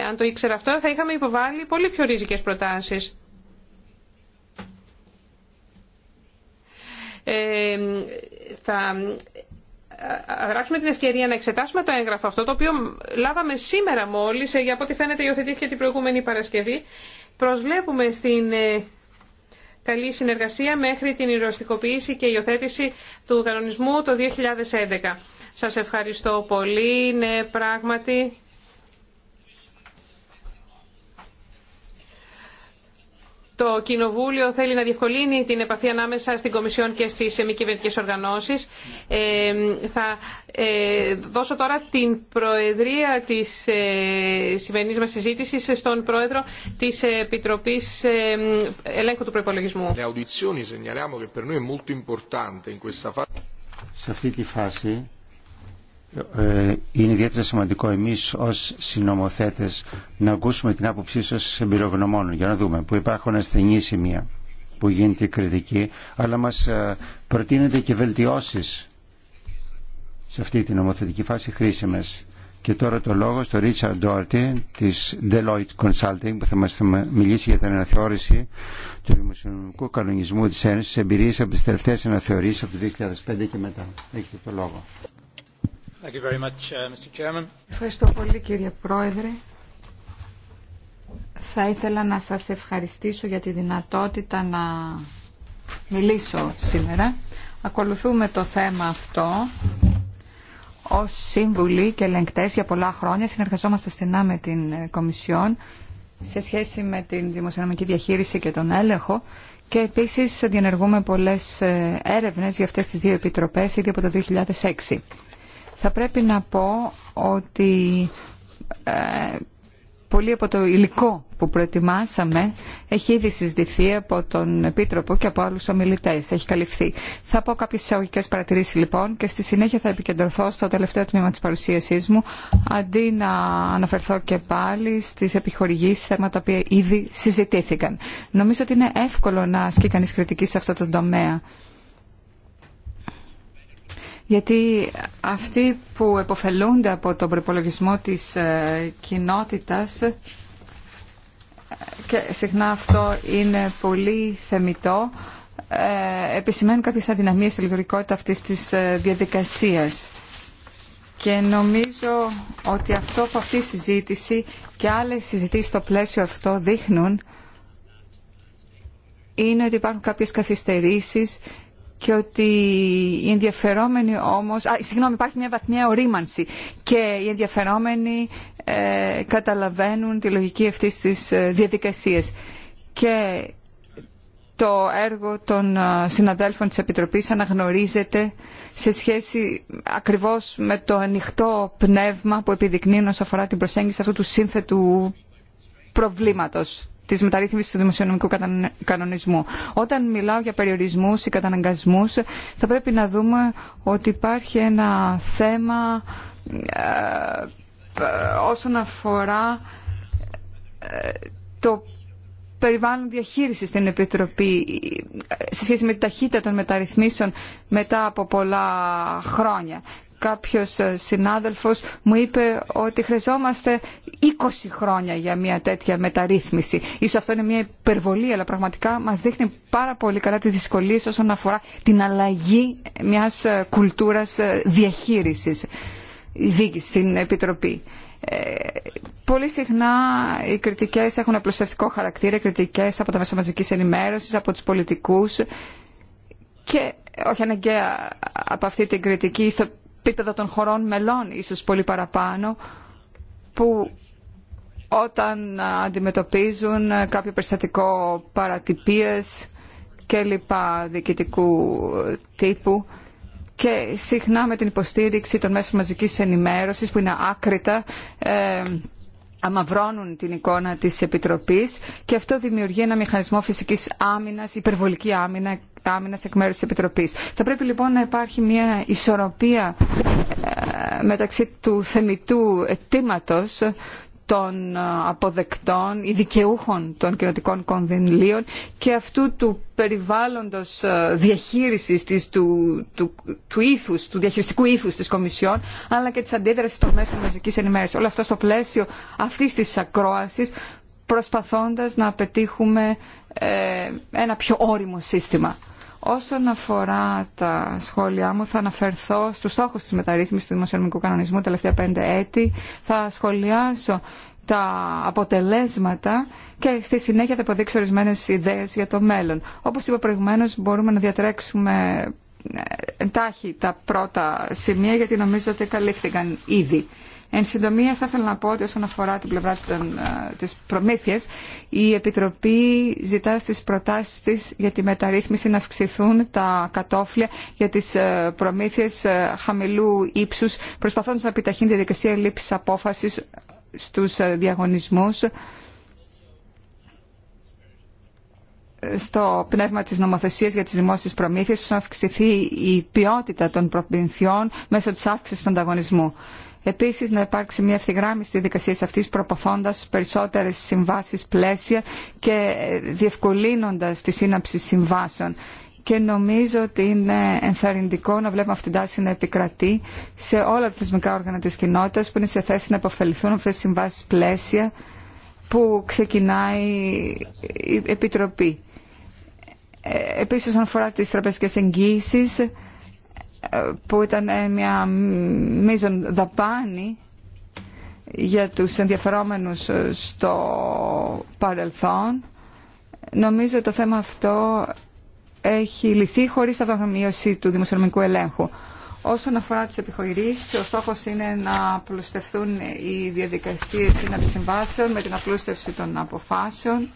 Αν το ήξερα αυτό θα είχαμε υποβάλει πολύ πιο ρίζικες προτάσεις. Θα αγράψουμε την ευκαιρία να εξετάσουμε το έγγραφο αυτό, το οποίο λάβαμε σήμερα μόλις, για από ό,τι φαίνεται υιοθετήθηκε την προηγούμενη Παρασκευή. Προσβλέπουμε στην καλή συνεργασία μέχρι την ηρωστικοποίηση και υιοθέτηση του κανονισμού το 2011. Σας ευχαριστώ πολύ. Είναι πράγματι Το Κοινοβούλιο θέλει να διευκολύνει την επαφή ανάμεσα στην Κομισιόν και στις μη οργανώσεις. Ε, θα ε, δώσω τώρα την προεδρία της ε, σημερινής μας συζήτησης στον πρόεδρο της Επιτροπής ε, Ελέγχου του Προϋπολογισμού. Σε αυτή τη φάση ε, είναι ιδιαίτερα σημαντικό εμείς ως συνομοθέτες να ακούσουμε την άποψή σας εμπειρογνωμόνων για να δούμε που υπάρχουν ασθενή σημεία που γίνεται κριτική αλλά μας ε, προτείνεται και βελτιώσεις σε αυτή την νομοθετική φάση χρήσιμες. Και τώρα το λόγο στο Richard Doherty της Deloitte Consulting που θα μας μιλήσει για την αναθεώρηση του δημοσιονομικού κανονισμού της Ένωσης εμπειρίες από τις τελευταίες αναθεωρήσεις από το 2005 και μετά. Έχετε το λόγο. Uh, Ευχαριστώ πολύ κύριε Πρόεδρε. Θα ήθελα να σας ευχαριστήσω για τη δυνατότητα να μιλήσω σήμερα. Ακολουθούμε το θέμα αυτό. Ως σύμβουλοι και ελεγκτές για πολλά χρόνια συνεργαζόμαστε στενά με την ε, Κομισιόν σε σχέση με την δημοσιονομική διαχείριση και τον έλεγχο και επίσης διενεργούμε πολλές ε, έρευνες για αυτές τις δύο επιτροπές ήδη από το 2006. Θα πρέπει να πω ότι ε, πολύ από το υλικό που προετοιμάσαμε έχει ήδη συζητηθεί από τον Επίτροπο και από άλλους ομιλητές. Έχει καλυφθεί. Θα πω κάποιες εισαγωγικές παρατηρήσεις λοιπόν και στη συνέχεια θα επικεντρωθώ στο τελευταίο τμήμα της παρουσίασής μου αντί να αναφερθώ και πάλι στις επιχορηγήσεις θέματα που ήδη συζητήθηκαν. Νομίζω ότι είναι εύκολο να ασκεί κανείς κριτική σε αυτό το τομέα γιατί αυτοί που εποφελούνται από τον προπολογισμό της ε, κοινότητας ε, και συχνά αυτό είναι πολύ θεμητό ε, επισημαίνουν κάποιες αδυναμίες στη λειτουργικότητα αυτής της διαδικασίας. Και νομίζω ότι αυτό που αυτή η συζήτηση και άλλες συζητήσεις στο πλαίσιο αυτό δείχνουν είναι ότι υπάρχουν κάποιες καθυστερήσεις και ότι οι ενδιαφερόμενοι όμως... Α, συγγνώμη, υπάρχει μια βαθμία ορίμανση και οι ενδιαφερόμενοι ε, καταλαβαίνουν τη λογική αυτή της ε, διαδικασίας. Και το έργο των ε, συναδέλφων της Επιτροπής αναγνωρίζεται σε σχέση ακριβώς με το ανοιχτό πνεύμα που επιδεικνύει όσον αφορά την προσέγγιση αυτού του σύνθετου προβλήματος Τη μεταρρύθμισης του δημοσιονομικού κανονισμού. Όταν μιλάω για περιορισμούς ή καταναγκασμούς θα πρέπει να δούμε ότι υπάρχει ένα θέμα ε, ε, όσον αφορά ε, το περιβάλλον διαχείριση στην Επιτροπή σε σχέση με τη ταχύτητα των μεταρρυθμίσεων μετά από πολλά χρόνια κάποιος ε, συνάδελφος μου είπε ότι χρειαζόμαστε 20 χρόνια για μια τέτοια μεταρρύθμιση. Ίσως αυτό είναι μια υπερβολή, αλλά πραγματικά μας δείχνει πάρα πολύ καλά τις δυσκολίες όσον αφορά την αλλαγή μιας ε, κουλτούρας ε, διαχείρισης δίκης στην Επιτροπή. πολύ συχνά οι κριτικές έχουν απλουστευτικό χαρακτήρα, κριτικές από τα μέσα μαζικής ενημέρωσης, από τους πολιτικούς και όχι αναγκαία από αυτή την κριτική στο επίπεδο των χωρών μελών, ίσως πολύ παραπάνω, που όταν αντιμετωπίζουν κάποιο περιστατικό παρατυπίες και λοιπά διοικητικού τύπου και συχνά με την υποστήριξη των μέσων μαζικής ενημέρωσης που είναι άκρητα ε, αμαυρώνουν την εικόνα της Επιτροπής και αυτό δημιουργεί ένα μηχανισμό φυσικής άμυνας, υπερβολική άμυνα, άμυνας εκ μέρους της Επιτροπής. Θα πρέπει λοιπόν να υπάρχει μια ισορροπία ε, μεταξύ του θεμητού αιτήματο των ε, αποδεκτών ή δικαιούχων των κοινοτικών κονδυλίων και αυτού του περιβάλλοντος ε, διαχείρισης του, του, του, ήθους, του διαχειριστικού ήθους της Κομισιόν αλλά και της αντίδρασης των μέσων μαζικής ενημέρωσης. Όλο αυτό στο πλαίσιο αυτής της ακρόασης προσπαθώντας να πετύχουμε ε, ένα πιο όριμο σύστημα. Όσον αφορά τα σχόλιά μου, θα αναφερθώ στους στόχους της μεταρρύθμισης του δημοσιονομικού κανονισμού τελευταία πέντε έτη. Θα σχολιάσω τα αποτελέσματα και στη συνέχεια θα υποδείξω ορισμένε ιδέες για το μέλλον. Όπως είπα προηγουμένως, μπορούμε να διατρέξουμε ε, εντάχει τα πρώτα σημεία γιατί νομίζω ότι καλύφθηκαν ήδη. Εν συντομία θα ήθελα να πω ότι όσον αφορά την πλευρά των, ε, της προμήθειας, η Επιτροπή ζητά στις προτάσεις της για τη μεταρρύθμιση να αυξηθούν τα κατόφλια για τις ε, προμήθειες ε, χαμηλού ύψους, προσπαθώντας να επιταχύνει τη διαδικασία λήψης απόφασης στους διαγωνισμούς στο πνεύμα της νομοθεσίας για τις δημόσιες προμήθειες, ώστε να αυξηθεί η ποιότητα των προμηθειών μέσω της αύξησης του ανταγωνισμού. Επίσης να υπάρξει μια ευθυγράμμιση της δικασίας αυτής προποφώντας περισσότερες συμβάσεις πλαίσια και διευκολύνοντα τη σύναψη συμβάσεων και νομίζω ότι είναι ενθαρρυντικό να βλέπουμε αυτήν την τάση να επικρατεί σε όλα τα θεσμικά όργανα τη κοινότητα που είναι σε θέση να αποφεληθούν αυτέ τι συμβάσει πλαίσια που ξεκινάει η Επιτροπή. Ε, επίσης, όσον αφορά τις τραπεζικές εγγύησεις, που ήταν μια μείζον δαπάνη για τους ενδιαφερόμενους στο παρελθόν. Νομίζω ότι το θέμα αυτό έχει λυθεί χωρίς αυτονομίωση του δημοσιονομικού ελέγχου. Όσον αφορά τις επιχειρήσεις, ο στόχος είναι να απλουστευτούν οι διαδικασίες σύναψης συμβάσεων με την απλούστευση των αποφάσεων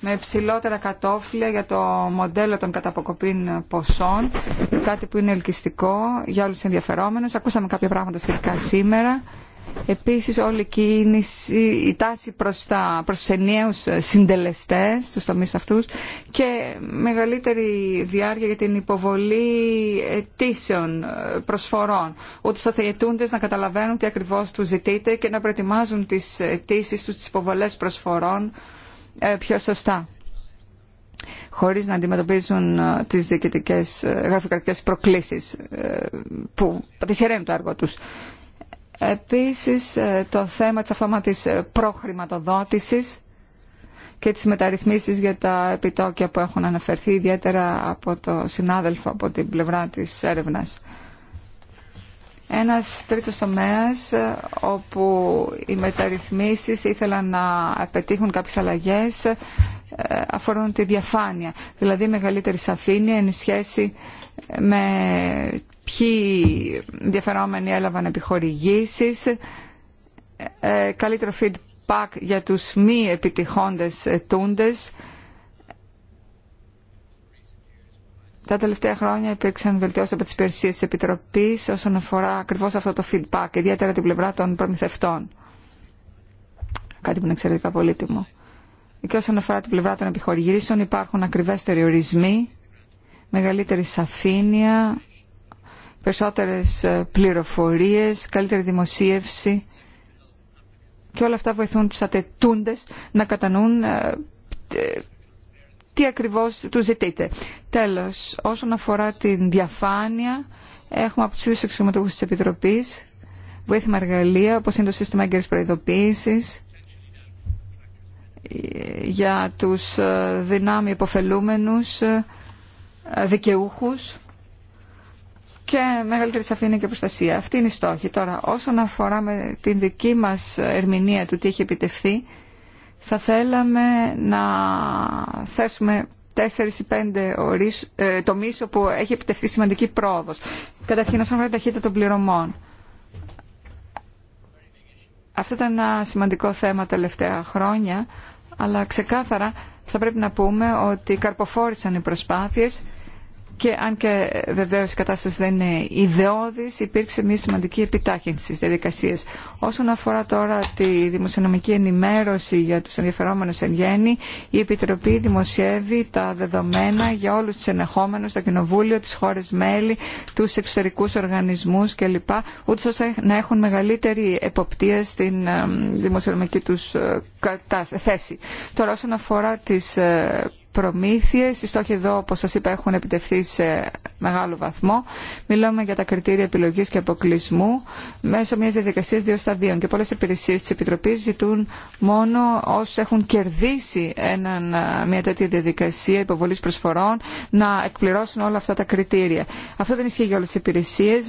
με ψηλότερα κατόφλια για το μοντέλο των καταποκοπήν ποσών, κάτι που είναι ελκυστικό για όλους τους ενδιαφερόμενους. Ακούσαμε κάποια πράγματα σχετικά σήμερα. Επίσης όλη η, κίνηση, η τάση προς, τα, προς τους ενιαίους συντελεστές, τους τομείς αυτούς και μεγαλύτερη διάρκεια για την υποβολή αιτήσεων, προσφορών ούτως ώστε οι να καταλαβαίνουν τι ακριβώς τους ζητείτε και να προετοιμάζουν τις αιτήσει τους, τις υποβολές προσφορών ε, πιο σωστά χωρίς να αντιμετωπίζουν ε, τις διοικητικές ε, γραφειοκρατικές προκλήσεις που δυσχεραίνουν το έργο τους. Επίσης το θέμα της αυτόματης προχρηματοδότησης και τις μεταρρυθμίσεις για τα επιτόκια που έχουν αναφερθεί ιδιαίτερα από το συνάδελφο από την πλευρά της έρευνας. Ένας τρίτος τομέας ε, όπου οι μεταρρυθμίσεις ήθελαν να πετύχουν κάποιες αλλαγές ε, αφορούν τη διαφάνεια, δηλαδή μεγαλύτερη σαφήνεια εν σχέση με ποιοι διαφερόμενοι έλαβαν επιχορηγήσεις, ε, καλύτερο feedback για τους μη επιτυχώντες τούντες Τα τελευταία χρόνια υπήρξαν βελτιώσει από τι υπηρεσίε τη Επιτροπή όσον αφορά ακριβώ αυτό το feedback, ιδιαίτερα την πλευρά των προμηθευτών. Κάτι που είναι εξαιρετικά πολύτιμο. Και όσον αφορά την πλευρά των επιχορηγήσεων, υπάρχουν ακριβέστεροι ορισμοί, μεγαλύτερη σαφήνεια, περισσότερες ε, πληροφορίες, καλύτερη δημοσίευση και όλα αυτά βοηθούν τους ατετούντες να κατανοούν ε, ε, τι ακριβώς του ζητείτε. Τέλος, όσον αφορά την διαφάνεια, έχουμε από τους ίδιους εξωματογούς της Επιτροπής βοήθημα εργαλεία, όπως είναι το σύστημα έγκαιρης προειδοποίησης, για τους ε, δυνάμει υποφελούμενους ε, δικαιούχους και μεγαλύτερη σαφήνεια και προστασία. Αυτή είναι η στόχη. Τώρα, όσον αφορά με την δική μας ερμηνεία του τι έχει επιτευχθεί, θα θέλαμε να θέσουμε τέσσερις ή πέντε ορίς, ε, τομείς όπου έχει επιτευχθεί σημαντική πρόοδος. Καταρχήν όσον αφορά ταχύτητα των πληρωμών. Αυτό ήταν ένα σημαντικό θέμα τα τελευταία χρόνια, αλλά ξεκάθαρα θα πρέπει να πούμε ότι καρποφόρησαν οι προσπάθειες και αν και βεβαίω η κατάσταση δεν είναι ιδεώδη, υπήρξε μια σημαντική επιτάχυνση στι διαδικασίε. Όσον αφορά τώρα τη δημοσιονομική ενημέρωση για του ενδιαφερόμενους εν γέννη, η Επιτροπή δημοσιεύει τα δεδομένα για όλου του ενεχόμενου, το Κοινοβούλιο, τι χώρε μέλη, του εξωτερικού οργανισμού κλπ, ούτω ώστε να έχουν μεγαλύτερη εποπτεία στην ε, δημοσιονομική του ε, θέση. Τώρα όσον αφορά τι. Ε, προμήθειες. Οι στόχοι εδώ, όπως σας είπα, έχουν επιτευχθεί σε μεγάλο βαθμό. Μιλάμε για τα κριτήρια επιλογής και αποκλεισμού μέσω μιας διαδικασίας δύο σταδίων. Και πολλές υπηρεσίες της Επιτροπής ζητούν μόνο όσους έχουν κερδίσει έναν, μια τέτοια διαδικασία υποβολής προσφορών να εκπληρώσουν όλα αυτά τα κριτήρια. Αυτό δεν ισχύει για όλες τις υπηρεσίες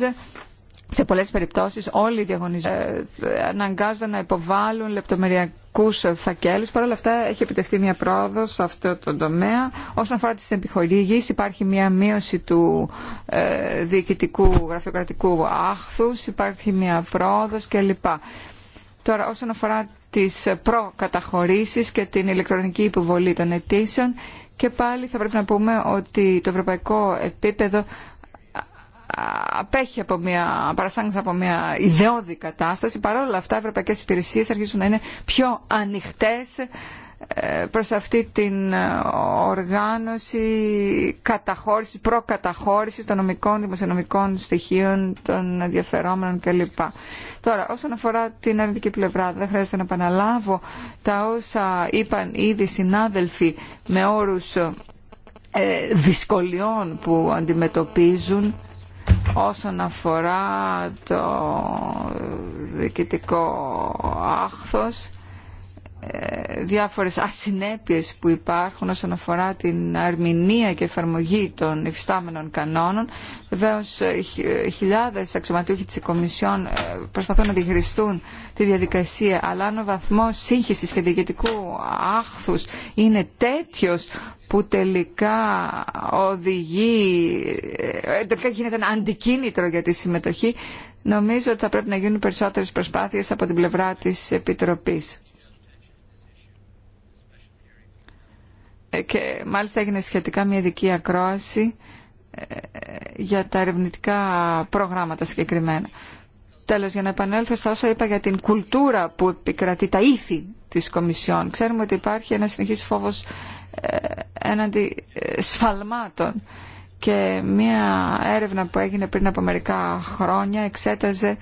σε πολλές περιπτώσεις όλοι οι διαγωνισμοί ε, αναγκάζονται να υποβάλουν λεπτομεριακούς φακέλους. Παρ' όλα αυτά έχει επιτευχθεί μια πρόοδο σε αυτό το τομέα. Όσον αφορά τις επιχορήγεις υπάρχει μια μείωση του ε, διοικητικού γραφειοκρατικού άχθους, υπάρχει μια πρόοδο κλπ. Τώρα όσον αφορά τις προκαταχωρήσεις και την ηλεκτρονική υποβολή των αιτήσεων και πάλι θα πρέπει να πούμε ότι το ευρωπαϊκό επίπεδο απέχει από μια, από μια ιδεώδη κατάσταση. Παρ' όλα αυτά, οι ευρωπαϊκέ υπηρεσίε αρχίζουν να είναι πιο ανοιχτέ ε, προς αυτή την ε, οργάνωση καταχώρηση, προκαταχώρησης των νομικών, δημοσιονομικών στοιχείων των ενδιαφερόμενων κλπ. Τώρα, όσον αφορά την αρνητική πλευρά, δεν χρειάζεται να επαναλάβω τα όσα είπαν ήδη συνάδελφοι με όρους ε, δυσκολιών που αντιμετωπίζουν όσον αφορά το διοικητικό άχθος ε, διάφορες ασυνέπειες που υπάρχουν όσον αφορά την αρμηνία και εφαρμογή των υφιστάμενων κανόνων. Βεβαίω ε, ε, χιλιάδες αξιωματούχοι της Κομισιόν προσπαθούν να διχριστούν τη διαδικασία, αλλά αν ο βαθμός σύγχυσης και διοικητικού άχθους είναι τέτοιος που τελικά οδηγεί, τελικά γίνεται αντικίνητρο για τη συμμετοχή, νομίζω ότι θα πρέπει να γίνουν περισσότερες προσπάθειες από την πλευρά της Επιτροπής. και μάλιστα έγινε σχετικά μια ειδική ακρόαση ε, για τα ερευνητικά προγράμματα συγκεκριμένα. Τέλος, για να επανέλθω στα όσα είπα για την κουλτούρα που επικρατεί, τα ήθη της Κομισιόν. Ξέρουμε ότι υπάρχει ένα συνεχής φόβος ε, έναντι ε, σφαλμάτων και μία έρευνα που έγινε πριν από μερικά χρόνια εξέταζε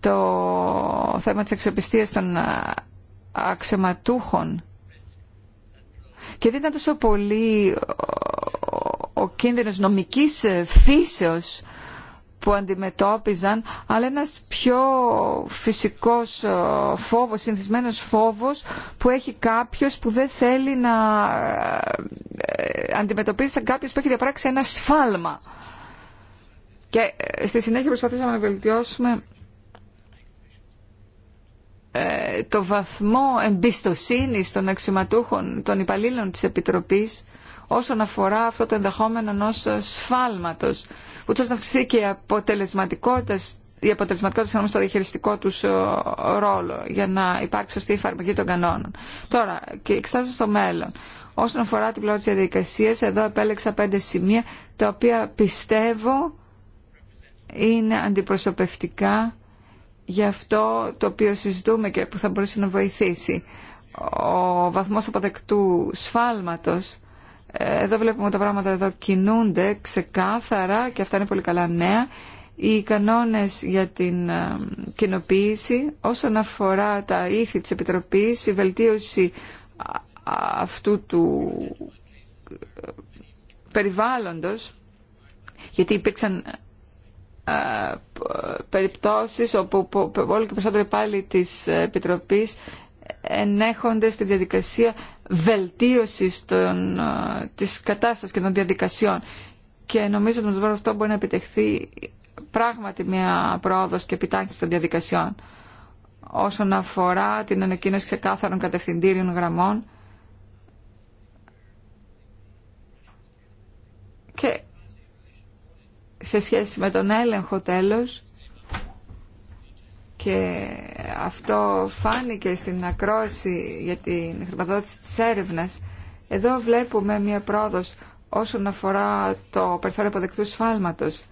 το θέμα της εξοπιστίας των αξιωματούχων και δεν ήταν τόσο πολύ ο κίνδυνος νομικής φύσεως που αντιμετώπιζαν, αλλά ένας πιο φυσικός φόβος, συνθισμένος φόβος που έχει κάποιος που δεν θέλει να ε, αντιμετωπίσει σαν κάποιος που έχει διαπράξει ένα σφάλμα. Και ε, στη συνέχεια προσπαθήσαμε να βελτιώσουμε ε, το βαθμό εμπιστοσύνης των αξιωματούχων, των υπαλλήλων της Επιτροπής όσον αφορά αυτό το ενδεχόμενο ενό σφάλματος, ούτως να αυξηθεί και η αποτελεσματικότητα η αποτελεσματικότητα στο διαχειριστικό του ρόλο για να υπάρξει σωστή εφαρμογή των κανόνων. Τώρα, και εξετάζω στο μέλλον. Όσον αφορά την πλευρά τη διαδικασία, εδώ επέλεξα πέντε σημεία τα οποία πιστεύω είναι αντιπροσωπευτικά για αυτό το οποίο συζητούμε και που θα μπορούσε να βοηθήσει. Ο βαθμός αποδεκτού σφάλματος, ε, εδώ βλέπουμε ότι τα πράγματα εδώ κινούνται ξεκάθαρα και αυτά είναι πολύ καλά νέα. Οι κανόνες για την ε, κοινοποίηση όσον αφορά τα ήθη της Επιτροπής, η βελτίωση αυτού του ε, περιβάλλοντος, γιατί υπήρξαν ε, περιπτώσεις όπου όλο και περισσότερο πάλι της Επιτροπής ενέχονται στη διαδικασία βελτίωσης των, ε, της κατάστασης και των διαδικασιών. Και νομίζω ότι με αυτό μπορεί να επιτευχθεί πράγματι μια πρόοδος και επιτάχυνση των διαδικασιών όσον αφορά την ανακοίνωση ξεκάθαρων κατευθυντήριων γραμμών και σε σχέση με τον έλεγχο τέλος και αυτό φάνηκε στην ακρόαση για την χρηματοδότηση της έρευνας. Εδώ βλέπουμε μία πρόοδος όσον αφορά το περιθώριο αποδεκτού σφάλματος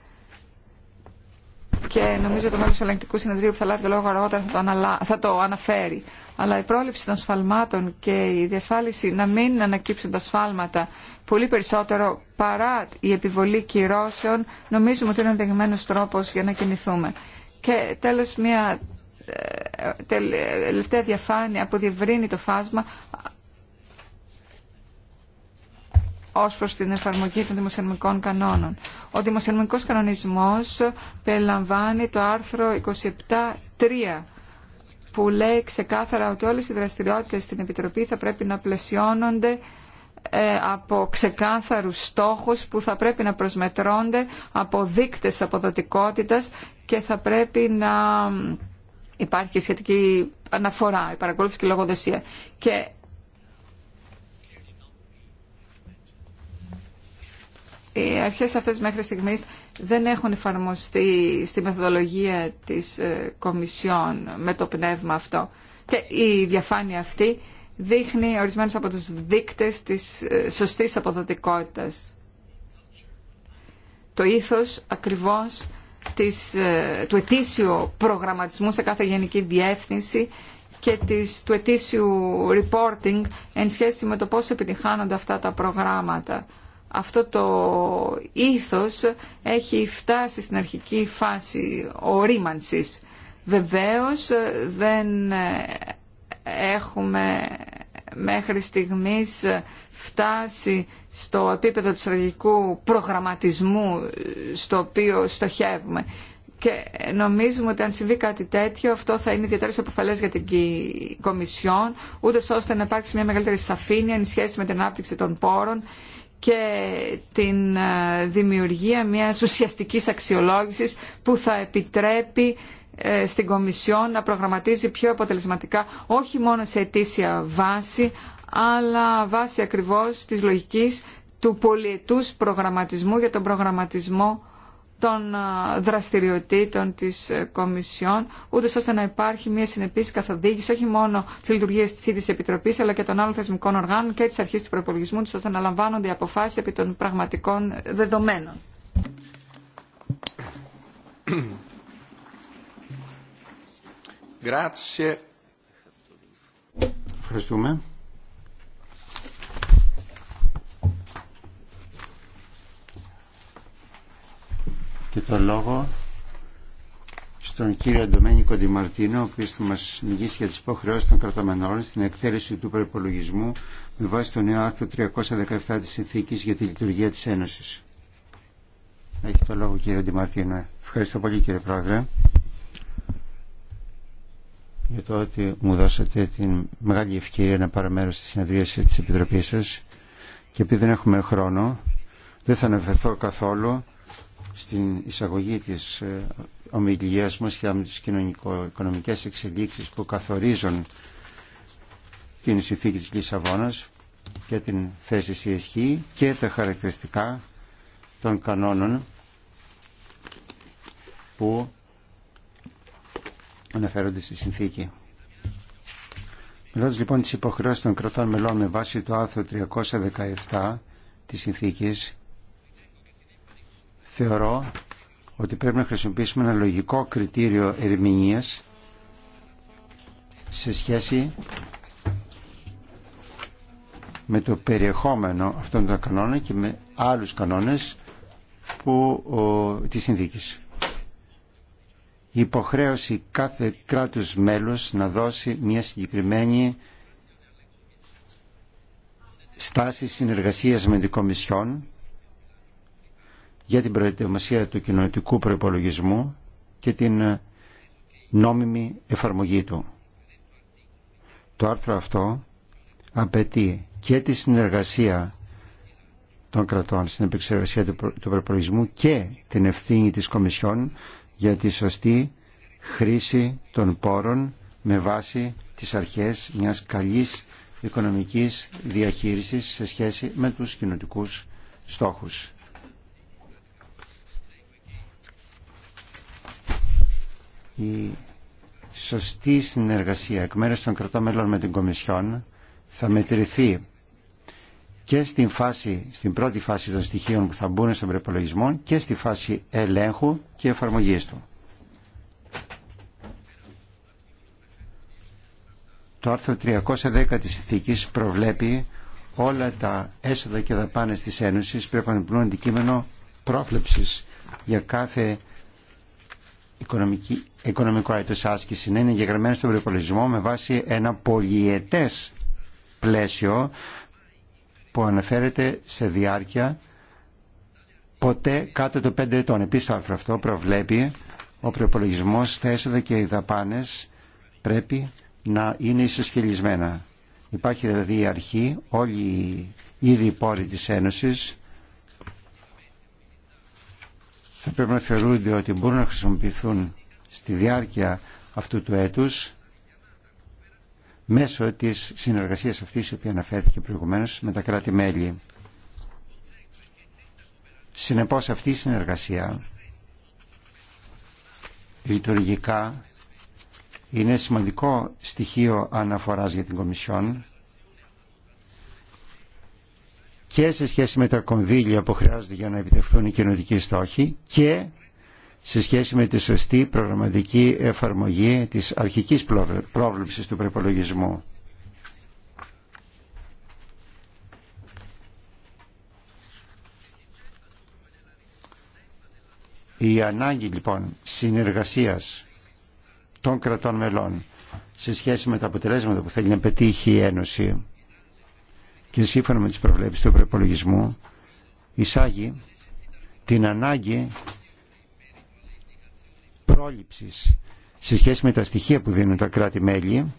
και νομίζω το μέλο του ελεγκτικού συνεδρίου που θα λάβει το λόγο αργότερα θα το, αναλα... θα το αναφέρει. Αλλά η πρόληψη των σφαλμάτων και η διασφάλιση να μην ανακύψουν τα σφάλματα πολύ περισσότερο παρά η επιβολή κυρώσεων νομίζουμε ότι είναι ενδεγμένος τρόπος για να κινηθούμε. Και τέλος μια ε, τελευταία διαφάνεια που διευρύνει το φάσμα ως προς την εφαρμογή των δημοσιονομικών κανόνων. Ο δημοσιονομικός κανονισμός περιλαμβάνει το άρθρο 27.3 που λέει ξεκάθαρα ότι όλες οι δραστηριότητες στην Επιτροπή θα πρέπει να πλαισιώνονται ε, από ξεκάθαρους στόχους που θα πρέπει να προσμετρώνται από δείκτες αποδοτικότητας και θα πρέπει να υπάρχει σχετική αναφορά, η παρακολούθηση και η λογοδοσία. Και οι αρχές αυτές μέχρι στιγμής δεν έχουν εφαρμοστεί στη μεθοδολογία της ε, Κομισιόν με το πνεύμα αυτό. Και η διαφάνεια αυτή δείχνει ορισμένους από τους δείκτες της ε, σωστής αποδοτικότητας. Το ήθος ακριβώς της, ε, του ετήσιου προγραμματισμού σε κάθε γενική διεύθυνση και της, του ετήσιου reporting εν σχέση με το πώς επιτυχάνονται αυτά τα προγράμματα. Αυτό το ήθος έχει φτάσει στην αρχική φάση ορίμανσης. Βεβαίως ε, δεν έχουμε μέχρι στιγμής φτάσει στο επίπεδο του στρατηγικού προγραμματισμού στο οποίο στοχεύουμε. Και νομίζουμε ότι αν συμβεί κάτι τέτοιο, αυτό θα είναι ιδιαίτερε αποφαλέ για την Κομισιόν, ούτε ώστε να υπάρξει μια μεγαλύτερη σαφήνεια εν σχέση με την ανάπτυξη των πόρων και την ε, δημιουργία μιας ουσιαστικής αξιολόγησης που θα επιτρέπει ε, στην Κομισιόν να προγραμματίζει πιο αποτελεσματικά όχι μόνο σε αιτήσια βάση αλλά βάση ακριβώς της λογικής του πολιετούς προγραμματισμού για τον προγραμματισμό των ε, δραστηριοτήτων της ε, Κομισιόν, ούτως ώστε να υπάρχει μια συνεπής καθοδήγηση όχι μόνο της λειτουργίας της ίδιας Επιτροπής, αλλά και των άλλων θεσμικών οργάνων και της αρχής του προπολογισμού, τους ώστε να λαμβάνονται αποφάσεις επί των πραγματικών δεδομένων. Ευχαριστούμε. Και το λόγο στον κύριο Ντομένικο Ντιμαρτίνο, ο οποίος θα μας μιλήσει για τις υποχρεώσεις των κρατομενών στην εκτέλεση του προπολογισμού με βάση το νέο άρθρο 317 της Συνθήκης για τη λειτουργία της Ένωσης. Έχει το λόγο κύριο Ντιμαρτίνο. Ευχαριστώ πολύ κύριε Πρόεδρε για το ότι μου δώσατε την μεγάλη ευκαιρία να πάρω μέρος στη συνεδρίαση της Επιτροπής σας και επειδή δεν έχουμε χρόνο δεν θα αναφερθώ καθόλου στην εισαγωγή της ε, ομιλίας μας για τις κοινωνικο-οικονομικές εξελίξεις που καθορίζουν την συνθήκη της Λισαβόνας και την θέση της ισχύ και τα χαρακτηριστικά των κανόνων που αναφέρονται στη συνθήκη. Μιλώντας λοιπόν τις υποχρεώσεις των κρατών μελών με βάση το άρθρο 317 της συνθήκης, θεωρώ ότι πρέπει να χρησιμοποιήσουμε ένα λογικό κριτήριο ερμηνείας σε σχέση με το περιεχόμενο αυτών των κανόνων και με άλλους κανόνες που, ο, της συνθήκης η υποχρέωση κάθε κράτους μέλους να δώσει μια συγκεκριμένη στάση συνεργασίας με την Κομισιόν για την προετοιμασία του κοινωνικού προϋπολογισμού και την νόμιμη εφαρμογή του. Το άρθρο αυτό απαιτεί και τη συνεργασία των κρατών στην επεξεργασία του προϋπολογισμού και την ευθύνη της Κομισιόν για τη σωστή χρήση των πόρων με βάση τις αρχές μιας καλής οικονομικής διαχείρισης σε σχέση με τους κοινωτικούς στόχους. Η σωστή συνεργασία εκ μέρους των κρατών μέλων με την Κομισιόν θα μετρηθεί και στην, φάση, στην πρώτη φάση των στοιχείων που θα μπουν στον προπολογισμό και στη φάση ελέγχου και εφαρμογής του. Το άρθρο 310 της ηθικής προβλέπει όλα τα έσοδα και δαπάνε τη Ένωση πρέπει να πλούν αντικείμενο πρόβλεψης για κάθε οικονομικό έτος άσκηση να είναι γεγραμμένο στον προπολογισμό με βάση ένα πολιετές πλαίσιο που αναφέρεται σε διάρκεια ποτέ κάτω των πέντε ετών. Επίσης το άρθρο αυτό προβλέπει ο προπολογισμό τα έσοδα και οι δαπάνε πρέπει να είναι ισοσχελισμένα. Υπάρχει δηλαδή η αρχή, όλοι οι ήδη πόροι της Ένωσης θα πρέπει να θεωρούνται ότι μπορούν να χρησιμοποιηθούν στη διάρκεια αυτού του έτους μέσω της συνεργασίας αυτής η οποία αναφέρθηκε προηγουμένως με τα κράτη-μέλη. Συνεπώς αυτή η συνεργασία λειτουργικά είναι σημαντικό στοιχείο αναφοράς για την Κομισιόν και σε σχέση με τα κονδύλια που χρειάζονται για να επιτευχθούν οι κοινωτικοί στόχοι και σε σχέση με τη σωστή προγραμματική εφαρμογή της αρχικής πρόβλεψης του προπολογισμού. Η ανάγκη λοιπόν συνεργασίας των κρατών μελών σε σχέση με τα αποτελέσματα που θέλει να πετύχει η Ένωση και σύμφωνα με τις προβλέψεις του προπολογισμού εισάγει την ανάγκη πρόληψης σε σχέση με τα στοιχεία που δίνουν τα κράτη-μέλη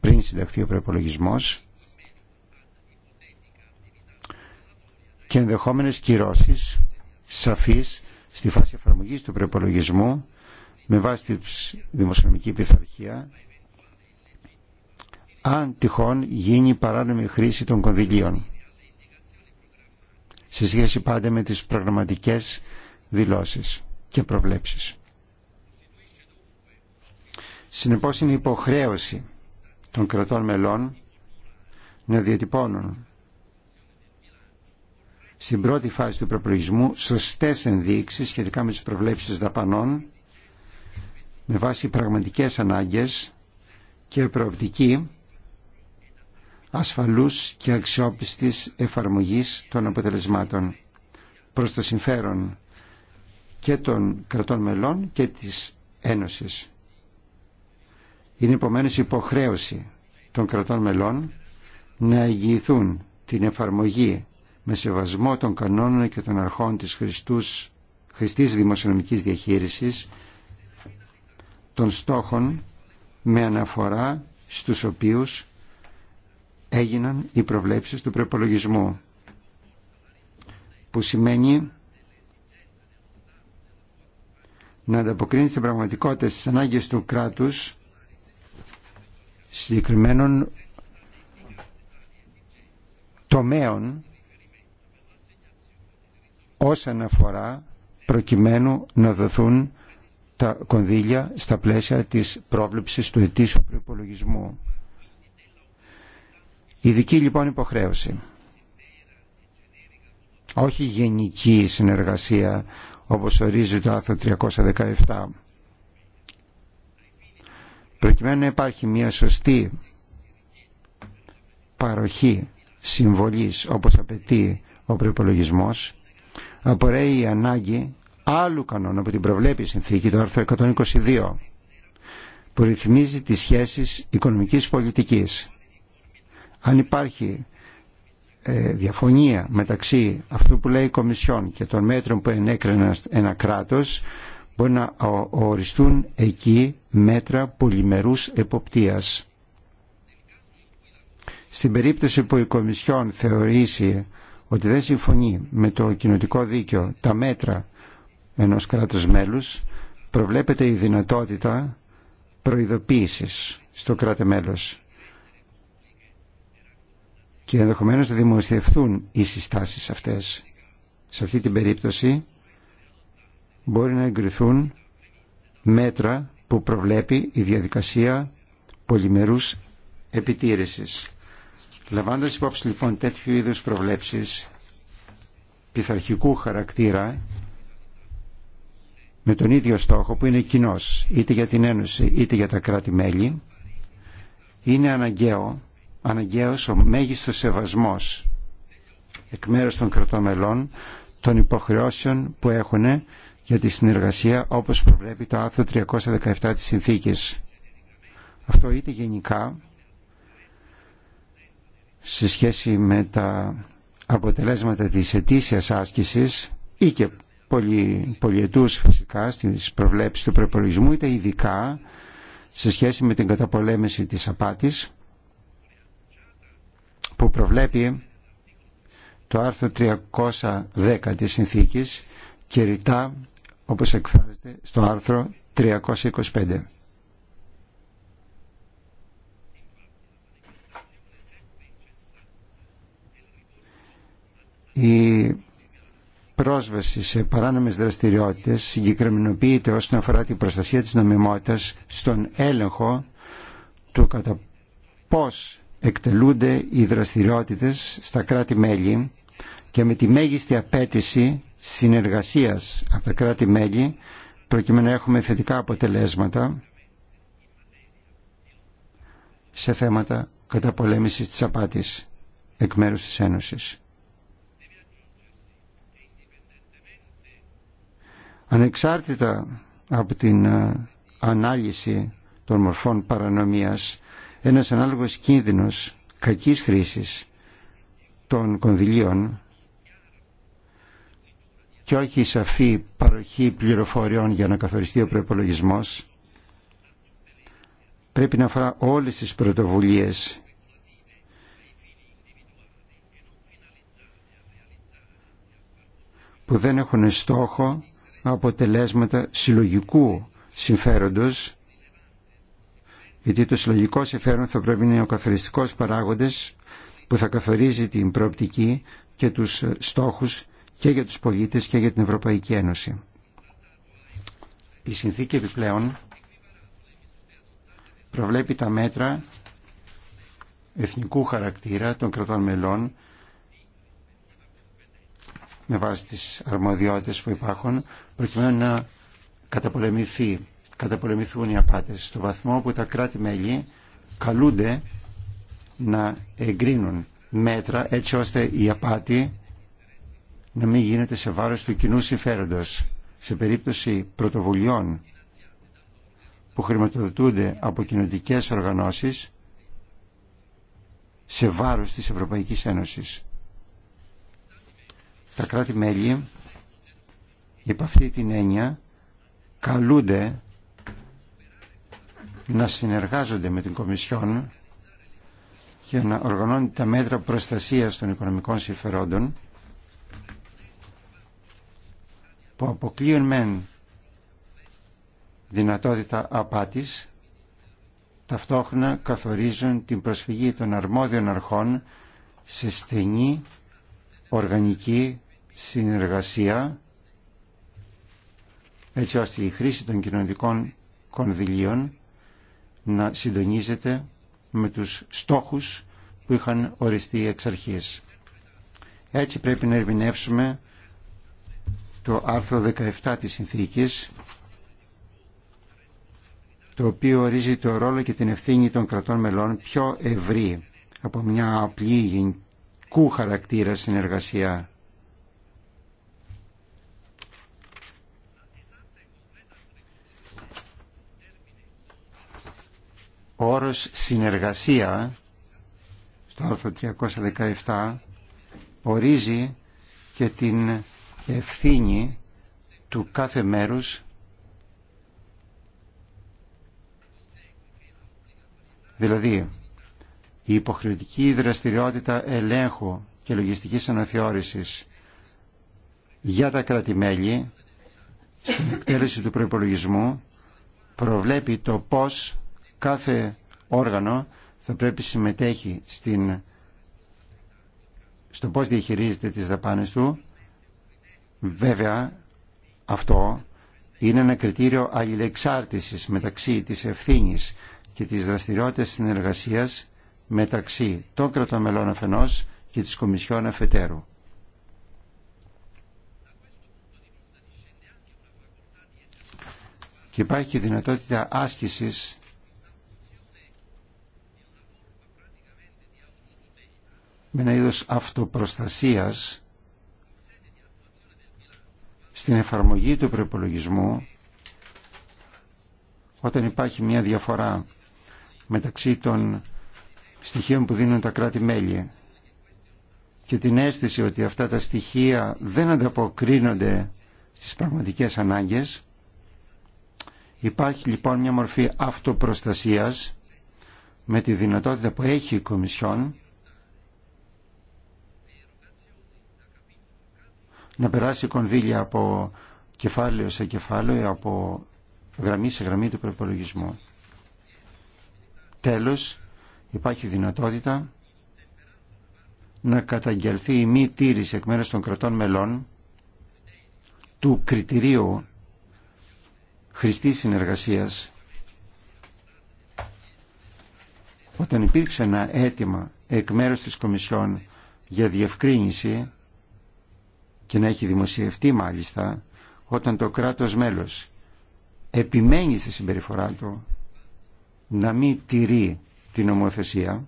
πριν συνταχθεί ο προπολογισμό και ενδεχόμενες κυρώσεις σαφείς στη φάση εφαρμογής του προπολογισμού με βάση τη δημοσιονομική πειθαρχία αν τυχόν γίνει παράνομη χρήση των κονδυλίων σε σχέση πάντα με τις προγραμματικές δηλώσεις και προβλέψεις. Συνεπώς είναι υποχρέωση των κρατών μελών να διατυπώνουν στην πρώτη φάση του προπολογισμού σωστές ενδείξεις σχετικά με τις προβλέψεις δαπανών με βάση πραγματικές ανάγκες και προοπτική ασφαλούς και αξιόπιστης εφαρμογής των αποτελεσμάτων προς το συμφέρον και των κρατών μελών και της Ένωσης. Είναι επομένως υποχρέωση των κρατών μελών να εγγυηθούν την εφαρμογή με σεβασμό των κανόνων και των αρχών της Χριστούς, χριστής δημοσιονομικής διαχείρισης των στόχων με αναφορά στους οποίους έγιναν οι προβλέψεις του προπολογισμού που σημαίνει να ανταποκρίνει στην πραγματικότητα στις ανάγκες του κράτους συγκεκριμένων τομέων όσον αφορά προκειμένου να δοθούν τα κονδύλια στα πλαίσια της πρόβλεψης του ετήσιου προπολογισμού. Ειδική λοιπόν υποχρέωση. Όχι γενική συνεργασία όπως ορίζει το άρθρο 317 προκειμένου να υπάρχει μια σωστή παροχή συμβολής όπως απαιτεί ο προπολογισμό, απορρέει η ανάγκη άλλου κανόνα που την προβλέπει η συνθήκη, το άρθρο 122, που ρυθμίζει τις σχέσεις οικονομικής πολιτικής. Αν υπάρχει ε, διαφωνία μεταξύ αυτού που λέει η Κομισιόν και των μέτρων που ενέκρινε ένα κράτος, μπορεί να οριστούν εκεί μέτρα πολυμερούς εποπτείας. Στην περίπτωση που η Κομισιόν θεωρήσει ότι δεν συμφωνεί με το κοινοτικό δίκαιο τα μέτρα ενός κράτους μέλους, προβλέπεται η δυνατότητα προειδοποίησης στο κράτος μέλος και ενδεχομένως θα δημοσιευθούν οι συστάσεις αυτές. Σε αυτή την περίπτωση μπορεί να εγκριθούν μέτρα που προβλέπει η διαδικασία πολυμερούς επιτήρησης. Λαμβάνοντας υπόψη λοιπόν τέτοιου είδους προβλέψεις πειθαρχικού χαρακτήρα με τον ίδιο στόχο που είναι κοινό είτε για την Ένωση είτε για τα κράτη-μέλη είναι αναγκαίο αναγκαίος ο μέγιστος σεβασμός εκ μέρους των κρατών μελών των υποχρεώσεων που έχουν για τη συνεργασία όπως προβλέπει το άρθρο 317 της Συνθήκης. Αυτό είτε γενικά σε σχέση με τα αποτελέσματα της ετήσιας άσκησης ή και πολυ, πολυετούς φυσικά στις προβλέψεις του προπολογισμού είτε ειδικά σε σχέση με την καταπολέμηση της απάτης που προβλέπει το άρθρο 310 της συνθήκης και ρητά όπως εκφράζεται στο άρθρο 325. Η πρόσβαση σε παράνομες δραστηριότητες συγκεκριμενοποιείται όσον αφορά την προστασία της νομιμότητας στον έλεγχο του κατά πώς εκτελούνται οι δραστηριότητες στα κράτη-μέλη και με τη μέγιστη απέτηση συνεργασίας από τα κράτη-μέλη προκειμένου να έχουμε θετικά αποτελέσματα σε θέματα καταπολέμησης της απάτης εκ μέρους της Ένωσης. Ανεξάρτητα από την ε, ανάλυση των μορφών παρανομίας, ένας ανάλογος κίνδυνος κακής χρήσης των κονδυλίων και όχι σαφή παροχή πληροφοριών για να καθοριστεί ο προπολογισμό. Πρέπει να αφορά όλες τις πρωτοβουλίες που δεν έχουν στόχο αποτελέσματα συλλογικού συμφέροντος γιατί το συλλογικό συμφέρον θα πρέπει να είναι ο καθοριστικός παράγοντας που θα καθορίζει την προοπτική και τους στόχους και για τους πολίτες και για την Ευρωπαϊκή Ένωση. Η συνθήκη επιπλέον προβλέπει τα μέτρα εθνικού χαρακτήρα των κρατών μελών με βάση τις αρμοδιότητες που υπάρχουν προκειμένου να καταπολεμηθεί, καταπολεμηθούν οι απάτες στο βαθμό που τα κράτη-μέλη καλούνται να εγκρίνουν μέτρα έτσι ώστε η απάτη να μην γίνεται σε βάρος του κοινού συμφέροντος. Σε περίπτωση πρωτοβουλειών που χρηματοδοτούνται από κοινωτικές οργανώσεις σε βάρος της Ευρωπαϊκής Ένωσης. Τα κράτη-μέλη υπ' αυτή την έννοια καλούνται να συνεργάζονται με την Κομισιόν για να οργανώνει τα μέτρα προστασίας των οικονομικών συμφερόντων που αποκλείουν μεν δυνατότητα απάτης, ταυτόχρονα καθορίζουν την προσφυγή των αρμόδιων αρχών σε στενή οργανική συνεργασία έτσι ώστε η χρήση των κοινωνικών κονδυλίων να συντονίζεται με τους στόχους που είχαν οριστεί εξ αρχής. Έτσι πρέπει να ερμηνεύσουμε το άρθρο 17 της συνθήκης το οποίο ορίζει το ρόλο και την ευθύνη των κρατών μελών πιο ευρύ από μια απλή γενικού χαρακτήρα συνεργασία. Ο όρος συνεργασία στο άρθρο 317 ορίζει και την και ευθύνη του κάθε μέρους δηλαδή η υποχρεωτική δραστηριότητα ελέγχου και λογιστικής αναθεώρησης για τα κράτη-μέλη στην εκτέλεση του προϋπολογισμού προβλέπει το πώς κάθε όργανο θα πρέπει συμμετέχει στην, στο πώς διαχειρίζεται τις δαπάνες του Βέβαια, αυτό είναι ένα κριτήριο αλληλεξάρτησης μεταξύ της ευθύνης και της δραστηριότητας συνεργασίας μεταξύ των κρατομελών αφενός και της Κομισιόν αφετέρου. Και υπάρχει δυνατότητα άσκησης με ένα είδος αυτοπροστασίας στην εφαρμογή του προπολογισμού όταν υπάρχει μια διαφορά μεταξύ των στοιχείων που δίνουν τα κράτη-μέλη και την αίσθηση ότι αυτά τα στοιχεία δεν ανταποκρίνονται στις πραγματικές ανάγκες υπάρχει λοιπόν μια μορφή αυτοπροστασίας με τη δυνατότητα που έχει η Κομισιόν να περάσει κονδύλια από κεφάλαιο σε κεφάλαιο, από γραμμή σε γραμμή του προπολογισμού. Τέλος, υπάρχει δυνατότητα να καταγγελθεί η μη τήρηση εκ μέρους των κρατών μελών του κριτηρίου χρηστής συνεργασίας όταν υπήρξε ένα αίτημα εκ μέρους της Κομισιόν για διευκρίνηση και να έχει δημοσιευτεί μάλιστα όταν το κράτος μέλος επιμένει στη συμπεριφορά του να μην τηρεί την ομοθεσία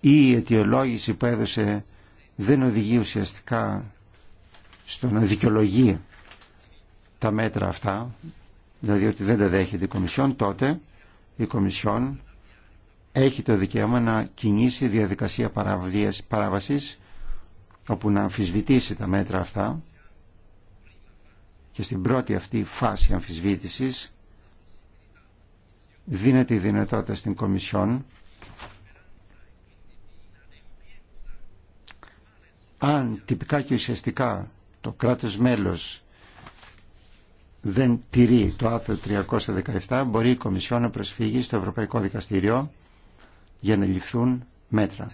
ή η αιτιολόγηση που έδωσε δεν οδηγεί ουσιαστικά στο να δικαιολογεί τα μέτρα αυτά, δηλαδή ότι δεν τα δέχεται η Κομισιόν, τότε η Κομισιόν έχει το δικαίωμα να κινήσει διαδικασία παράβασης όπου να αμφισβητήσει τα μέτρα αυτά και στην πρώτη αυτή φάση αμφισβήτησης δίνεται η δυνατότητα στην Κομισιόν αν τυπικά και ουσιαστικά το κράτος μέλος δεν τηρεί το άθρο 317 μπορεί η Κομισιόν να προσφύγει στο Ευρωπαϊκό Δικαστήριο για να ληφθούν μέτρα.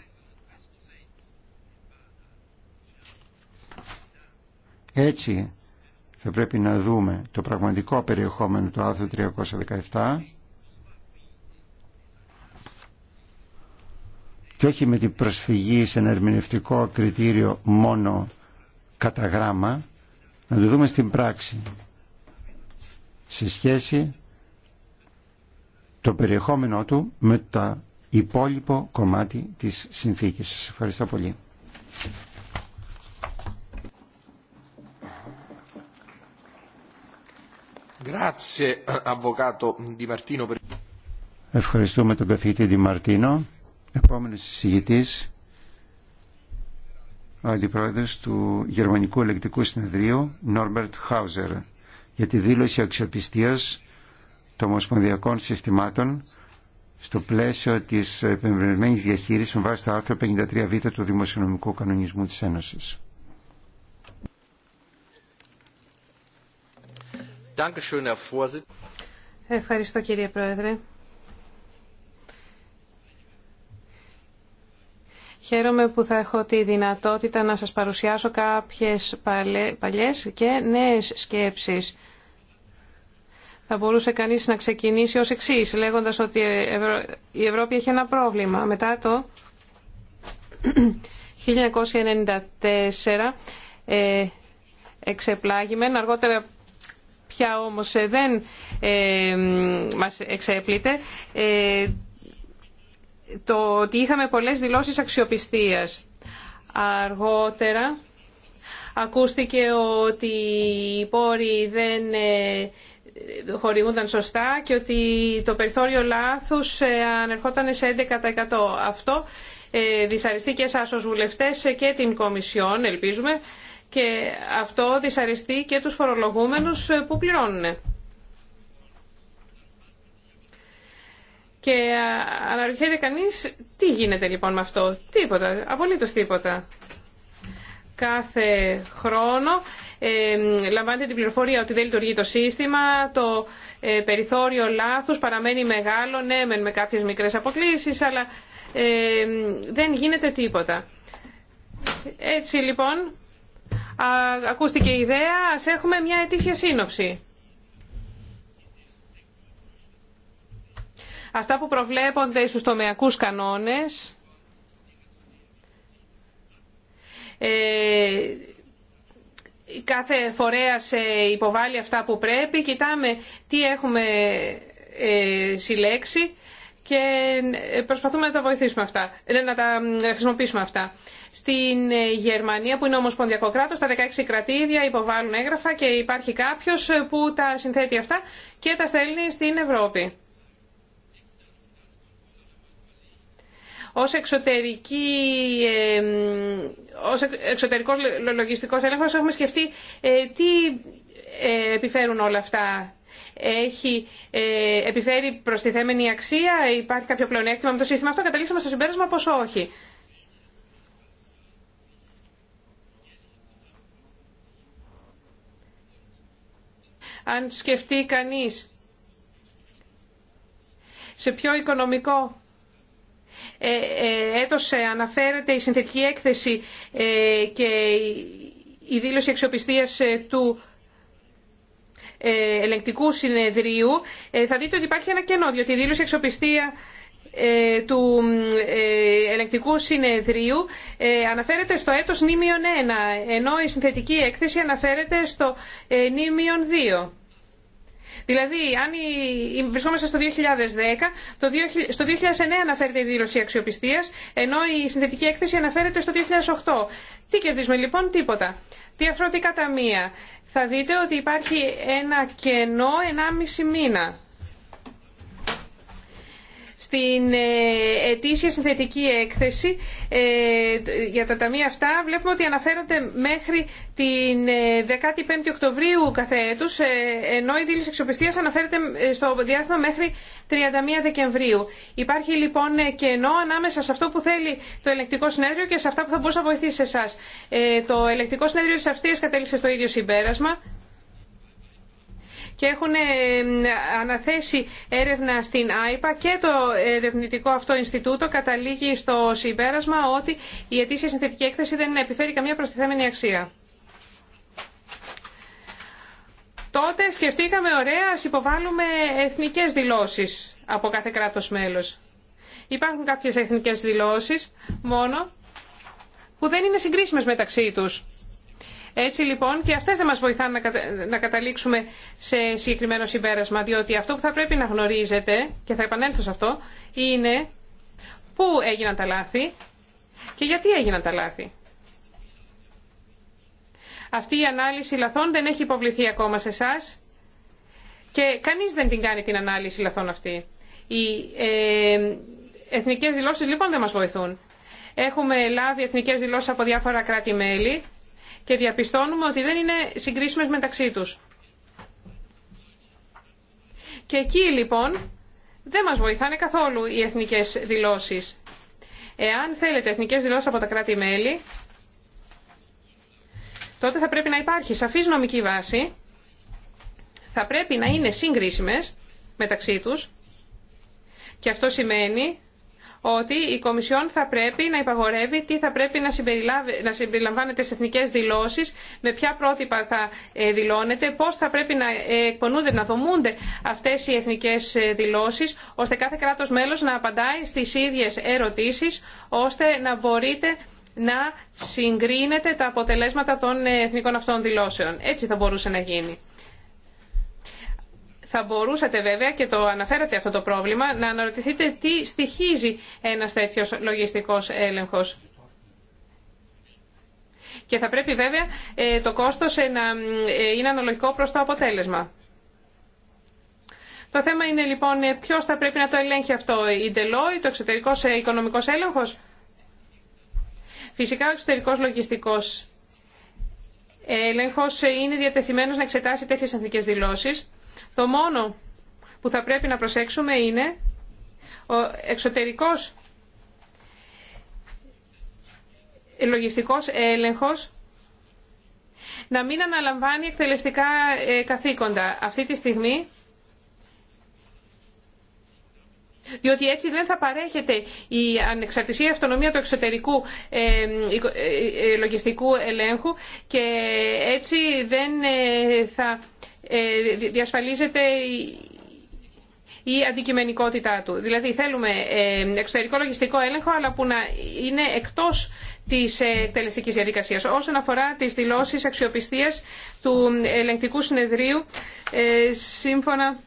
Έτσι θα πρέπει να δούμε το πραγματικό περιεχόμενο του άρθρου 317 και όχι με την προσφυγή σε ένα ερμηνευτικό κριτήριο μόνο κατά γράμμα, να το δούμε στην πράξη σε σχέση το περιεχόμενό του με τα υπόλοιπο κομμάτι της συνθήκης. Σας ευχαριστώ πολύ. Ευχαριστούμε τον καθηγητή Δημαρτίνο, Μαρτίνο. Επόμενος συζητητής, ο αντιπρόεδρος του Γερμανικού Ελεκτικού Συνεδρίου, Νόρμπερτ Χάουζερ, για τη δήλωση αξιοπιστίας των ομοσπονδιακών συστημάτων στο πλαίσιο της επεμβλημένη διαχείρισης με βάση το άρθρο 53β του Δημοσιονομικού Κανονισμού της Ένωσης. Ευχαριστώ κύριε Πρόεδρε. Χαίρομαι που θα έχω τη δυνατότητα να σας παρουσιάσω κάποιες παλιές και νέες σκέψεις θα μπορούσε κανείς να ξεκινήσει ως εξή, λέγοντας ότι η Ευρώπη έχει ένα πρόβλημα. Μετά το 1994 ε, εξεπλάγημεν, αργότερα πια όμως ε, δεν ε, μας εξέπλητε, ε, το ότι είχαμε πολλές δηλώσεις αξιοπιστίας. Αργότερα ακούστηκε ότι οι πόροι δεν ε, χορηγούνταν σωστά και ότι το περιθώριο λάθους ε, ανερχόταν σε 11%. Αυτό ε, δυσαρεστεί και εσάς ως βουλευτές και την Κομισιόν, ελπίζουμε, και αυτό δυσαρεστεί και τους φορολογούμενους ε, που πληρώνουν. Και αναρωτιέται κανείς τι γίνεται λοιπόν με αυτό. Τίποτα, απολύτως τίποτα. Κάθε χρόνο λαμβάνεται την πληροφορία ότι δεν λειτουργεί το σύστημα, το ε, περιθώριο λάθους παραμένει μεγάλο, ναι με κάποιες μικρές αποκλήσεις, αλλά δεν γίνεται τίποτα. Έτσι λοιπόν, ακούστηκε η ιδέα, ας έχουμε μια ετήσια σύνοψη. Αυτά που προβλέπονται στους τομεακούς κανόνες, ε, κάθε φορέας υποβάλλει αυτά που πρέπει, κοιτάμε τι έχουμε ε, συλλέξει και ε, προσπαθούμε να τα βοηθήσουμε αυτά, ε, να τα χρησιμοποιήσουμε αυτά. Στην Γερμανία, που είναι ομοσπονδιακό κράτο, τα 16 κρατήδια υποβάλλουν έγγραφα και υπάρχει κάποιο που τα συνθέτει αυτά και τα στέλνει στην Ευρώπη. Ως, εξωτερική, ως εξωτερικός λογιστικός έλεγχος έχουμε σκεφτεί ε, τι ε, επιφέρουν όλα αυτά. Έχει ε, επιφέρει προστιθέμενη αξία, υπάρχει κάποιο πλεονέκτημα με το σύστημα αυτό, καταλήξαμε στο συμπέρασμα πως όχι. Αν σκεφτεί κανείς σε ποιο οικονομικό ε, ε, έτος αναφέρεται η συνθετική έκθεση ε, και η δήλωση αξιοπιστίας του ελεγκτικού συνεδρίου, θα δείτε ότι υπάρχει ένα κενό, διότι η δήλωση αξιοπιστία του ελεγκτικού συνεδρίου αναφέρεται στο έτος νήμιον 1, ενώ η συνθετική έκθεση αναφέρεται στο νήμιον 2. Δηλαδή, αν βρισκόμαστε στο 2010, το στο 2009 αναφέρεται η δήλωση αξιοπιστία, ενώ η συνθετική έκθεση αναφέρεται στο 2008. Τι κερδίζουμε λοιπόν, τίποτα. Διαφροντικά ταμεία. Θα δείτε ότι υπάρχει ένα κενό 1,5 μήνα. Στην ε, ετήσια συνθετική έκθεση ε, για τα ταμεία αυτά βλέπουμε ότι αναφέρονται μέχρι την 15η ε, Οκτωβρίου κάθε έτους, ενώ η δήλωση εξοπιστίας αναφέρεται στο διάστημα μέχρι 31 Δεκεμβρίου. Υπάρχει λοιπόν κενό ανάμεσα σε αυτό που θέλει το ελεκτικό συνέδριο και σε αυτά που θα μπορούσε να βοηθήσει εσά. Το ελεκτικό συνέδριο της Αυστρίας κατέληξε στο ίδιο συμπέρασμα και έχουν ε, αναθέσει έρευνα στην ΆΙΠΑ και το ερευνητικό αυτό Ινστιτούτο καταλήγει στο συμπέρασμα ότι η ετήσια συνθετική έκθεση δεν επιφέρει καμία προστιθέμενη αξία. Τότε σκεφτήκαμε ωραία, ας υποβάλουμε εθνικές δηλώσεις από κάθε κράτος μέλος. Υπάρχουν κάποιες εθνικές δηλώσεις μόνο που δεν είναι συγκρίσιμες μεταξύ τους. Έτσι λοιπόν και αυτές δεν μας βοηθάνε να καταλήξουμε σε συγκεκριμένο συμπέρασμα, διότι αυτό που θα πρέπει να γνωρίζετε, και θα επανέλθω σε αυτό, είναι πού έγιναν τα λάθη και γιατί έγιναν τα λάθη. Αυτή η ανάλυση λαθών δεν έχει υποβληθεί ακόμα σε εσά και κανείς δεν την κάνει την ανάλυση λαθών αυτή. Οι ε, εθνικές δηλώσεις λοιπόν δεν μας βοηθούν. Έχουμε λάβει εθνικές δηλώσεις από διάφορα κράτη-μέλη και διαπιστώνουμε ότι δεν είναι συγκρίσιμες μεταξύ τους. Και εκεί λοιπόν δεν μας βοηθάνε καθόλου οι εθνικές δηλώσεις. Εάν θέλετε εθνικές δηλώσεις από τα κράτη-μέλη, τότε θα πρέπει να υπάρχει σαφής νομική βάση, θα πρέπει να είναι συγκρίσιμες μεταξύ τους και αυτό σημαίνει ότι η Κομισιόν θα πρέπει να υπαγορεύει τι θα πρέπει να συμπεριλαμβάνεται στι εθνικές δηλώσεις, με ποια πρότυπα θα ε, δηλώνεται, πώς θα πρέπει να ε, εκπονούνται, να δομούνται αυτές οι εθνικές ε, δηλώσεις, ώστε κάθε κράτος μέλος να απαντάει στις ίδιες ερωτήσεις, ώστε να μπορείτε να συγκρίνετε τα αποτελέσματα των εθνικών αυτών δηλώσεων. Έτσι θα μπορούσε να γίνει. Θα μπορούσατε βέβαια και το αναφέρατε αυτό το πρόβλημα να αναρωτηθείτε τι στοιχίζει ένας τέτοιος λογιστικός έλεγχος. Και θα πρέπει βέβαια ε, το κόστος ε, να ε, είναι αναλογικό προς το αποτέλεσμα. Το θέμα είναι λοιπόν ποιο θα πρέπει να το ελέγχει αυτό, η Deloitte, το εξωτερικό οικονομικό έλεγχο. Φυσικά ο εξωτερικό λογιστικό έλεγχο είναι διατεθειμένος να εξετάσει τέτοιε εθνικέ δηλώσει. Το μόνο που θα πρέπει να προσέξουμε είναι ο εξωτερικός λογιστικός έλεγχος να μην αναλαμβάνει εκτελεστικά ε, καθήκοντα. Αυτή τη στιγμή διότι έτσι δεν θα παρέχεται η ανεξαρτησία η αυτονομία του εξωτερικού ε, ε, λογιστικού ελέγχου και έτσι δεν θα ε, διασφαλίζεται η αντικειμενικότητά του. Δηλαδή θέλουμε ε, εξωτερικό λογιστικό έλεγχο αλλά που να είναι εκτός της τελεστικής διαδικασίας. Όσον αφορά τις δηλώσεις αξιοπιστίας του ελεγκτικού συνεδρίου, ε, σύμφωνα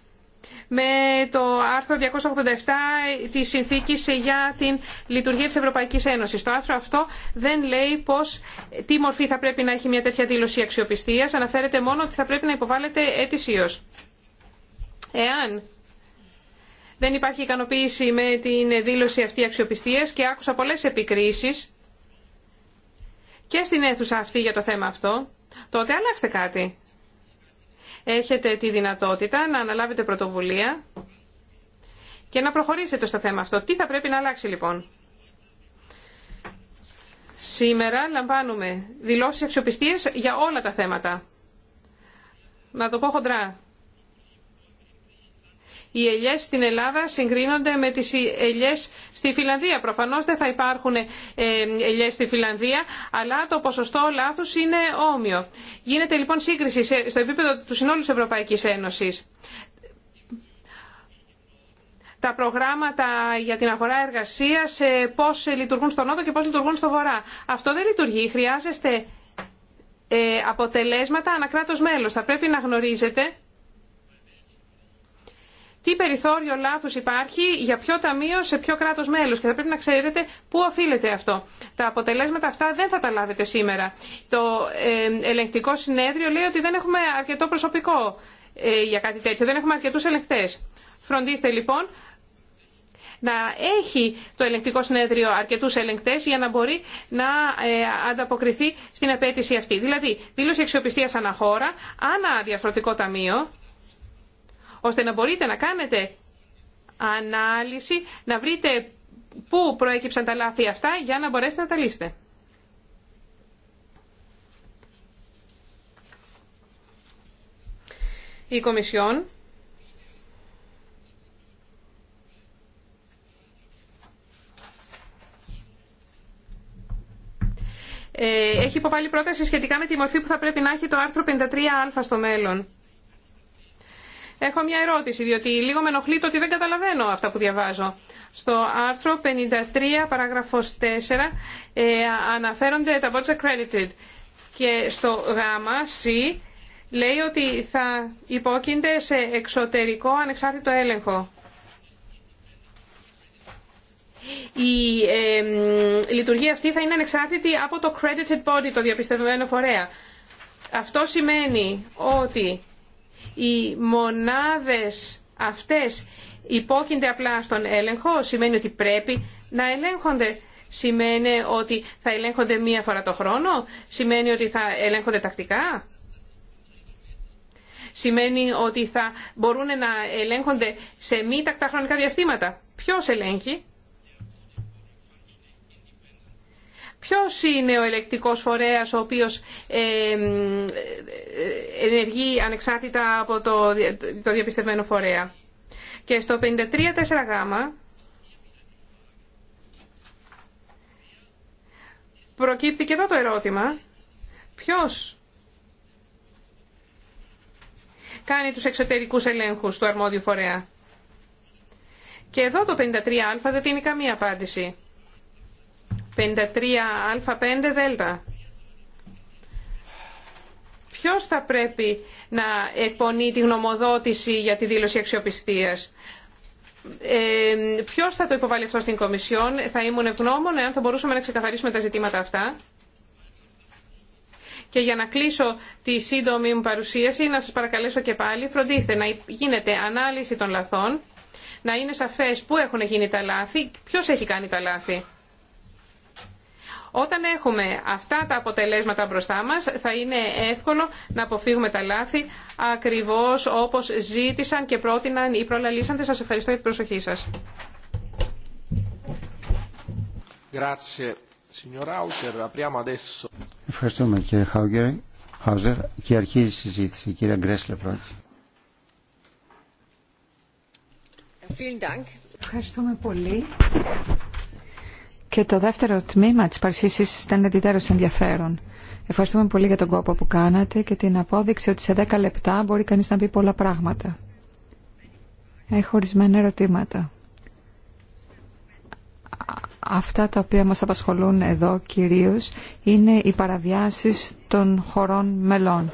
με το άρθρο 287 της Συνθήκης για την λειτουργία της Ευρωπαϊκής Ένωσης. Το άρθρο αυτό δεν λέει πώς, τι μορφή θα πρέπει να έχει μια τέτοια δήλωση αξιοπιστίας. Αναφέρεται μόνο ότι θα πρέπει να υποβάλλεται ετησίως. Εάν δεν υπάρχει ικανοποίηση με την δήλωση αυτή αξιοπιστίας και άκουσα πολλές επικρίσεις και στην αίθουσα αυτή για το θέμα αυτό, τότε αλλάξτε κάτι έχετε τη δυνατότητα να αναλάβετε πρωτοβουλία και να προχωρήσετε στο θέμα αυτό. Τι θα πρέπει να αλλάξει λοιπόν. Σήμερα λαμβάνουμε δηλώσεις αξιοπιστίας για όλα τα θέματα. Να το πω χοντρά οι ελιές στην Ελλάδα συγκρίνονται με τις ε, ελιές στη Φιλανδία. Προφανώς δεν θα υπάρχουν ε, ελιές στη Φιλανδία, αλλά το ποσοστό λάθους είναι όμοιο. Γίνεται λοιπόν σύγκριση στο επίπεδο του συνόλου της Ευρωπαϊκής Ένωσης. Τα προγράμματα για την αγορά εργασίας, ε, πώς λειτουργούν στον Νότο και πώς λειτουργούν στο Βορρά. Αυτό δεν λειτουργεί. Χρειάζεστε αποτελέσματα ανακράτως μέλος. Θα πρέπει να γνωρίζετε τι περιθώριο λάθους υπάρχει, για ποιο ταμείο, σε ποιο κράτο μέλο. και θα πρέπει να ξέρετε πού οφείλεται αυτό. Τα αποτελέσματα αυτά δεν θα τα λάβετε σήμερα. Το ε, ελεγκτικό συνέδριο λέει ότι δεν έχουμε αρκετό προσωπικό ε, για κάτι τέτοιο, δεν έχουμε αρκετού ελεγκτές. Φροντίστε λοιπόν να έχει το ελεγκτικό συνέδριο αρκετού ελεγκτέ για να μπορεί να ε, ανταποκριθεί στην απέτηση αυτή. Δηλαδή, δήλωση αξιοπιστία αναχώρα, ανά διαφορετικό ταμείο, ώστε να μπορείτε να κάνετε ανάλυση, να βρείτε πού προέκυψαν τα λάθη αυτά για να μπορέσετε να τα λύσετε. Η Κομισιόν ε, έχει υποβάλει πρόταση σχετικά με τη μορφή που θα πρέπει να έχει το άρθρο 53α στο μέλλον. Έχω μια ερώτηση, διότι λίγο με ενοχλεί το ότι δεν καταλαβαίνω αυτά που διαβάζω. Στο άρθρο 53, παράγραφος 4, ε, αναφέρονται τα bots accredited και στο γάμα C λέει ότι θα υπόκεινται σε εξωτερικό ανεξάρτητο έλεγχο. Η λειτουργία αυτή θα είναι ανεξάρτητη από το credited body, το διαπιστευμένο φορέα. Αυτό σημαίνει ότι οι μονάδες αυτές υπόκεινται απλά στον έλεγχο, σημαίνει ότι πρέπει να ελέγχονται. Σημαίνει ότι θα ελέγχονται μία φορά το χρόνο, σημαίνει ότι θα ελέγχονται τακτικά. Σημαίνει ότι θα μπορούν να ελέγχονται σε μη τακτά χρονικά διαστήματα. Ποιος ελέγχει. Ποιος είναι ο ελεκτικός φορέας ο οποίος ε, ε, ενεργεί ανεξάρτητα από το διαπιστευμένο φορέα. Και στο 53-4 γ προκύπτει και εδώ το ερώτημα ποιος κάνει τους εξωτερικούς ελέγχους του αρμόδιου φορέα. Και εδώ το 53α δεν δίνει καμία απάντηση. 53α5 δέλτα. Ποιος θα πρέπει να εκπονεί τη γνωμοδότηση για τη δήλωση αξιοπιστίας. Ε, ποιος θα το υποβάλει αυτό στην Κομισιόν. Θα ήμουν ευγνώμων εάν θα μπορούσαμε να ξεκαθαρίσουμε τα ζητήματα αυτά. Και για να κλείσω τη σύντομη μου παρουσίαση, να σας παρακαλέσω και πάλι, φροντίστε να γίνεται ανάλυση των λαθών, να είναι σαφές πού έχουν γίνει τα λάθη, ποιος έχει κάνει τα λάθη. Όταν έχουμε αυτά τα αποτελέσματα μπροστά μας θα είναι εύκολο να αποφύγουμε τα λάθη ακριβώς όπως ζήτησαν και πρότειναν οι προλαλήσαντες. Σας ευχαριστώ για την προσοχή σας. Ευχαριστούμε κύριε Χάουγκερ. Χάουζερ και αρχίζει η συζήτηση. Κύριε Γκρέσλε πρώτη. Ευχαριστούμε πολύ. Και το δεύτερο τμήμα της παρουσίασης ήταν εντυπωσιακό ενδιαφέρον. Ευχαριστούμε πολύ για τον κόπο που κάνατε και την απόδειξη ότι σε δέκα λεπτά μπορεί κανείς να πει πολλά πράγματα. Έχω ορισμένα ερωτήματα. Αυτά τα οποία μας απασχολούν εδώ κυρίως είναι οι παραβιάσεις των χωρών μελών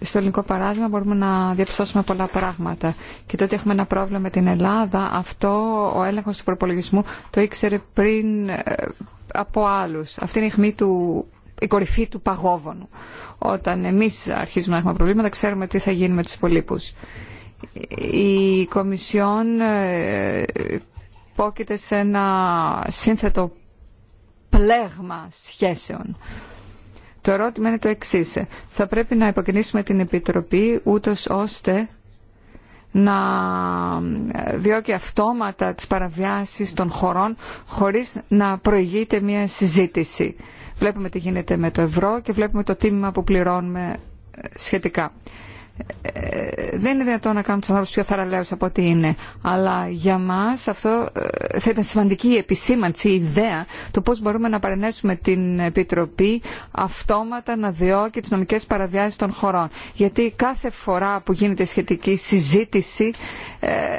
στο ελληνικό παράδειγμα μπορούμε να διαπιστώσουμε πολλά πράγματα. Και τότε έχουμε ένα πρόβλημα με την Ελλάδα. Αυτό ο έλεγχο του προπολογισμού το ήξερε πριν ε, από άλλου. Αυτή είναι η χμή του η κορυφή του παγόβωνου. Όταν εμεί αρχίζουμε να έχουμε προβλήματα, ξέρουμε τι θα γίνει με του υπολείπου. Η Κομισιόν ε, υπόκειται σε ένα σύνθετο πλέγμα σχέσεων. Το ερώτημα είναι το εξή. Θα πρέπει να υποκινήσουμε την Επιτροπή ούτω ώστε να διώκει αυτόματα τις παραβιάσεις των χωρών χωρίς να προηγείται μια συζήτηση. Βλέπουμε τι γίνεται με το ευρώ και βλέπουμε το τίμημα που πληρώνουμε σχετικά δεν είναι δυνατόν να κάνουμε του ανθρώπου πιο θαραλέου από ό,τι είναι. Αλλά για μας αυτό ε, θα ήταν σημαντική η επισήμανση, η ιδέα του πώς μπορούμε να παρενέσουμε την Επιτροπή αυτόματα να διώκει τις νομικές παραβιάσεις των χωρών. Γιατί κάθε φορά που γίνεται σχετική συζήτηση ε,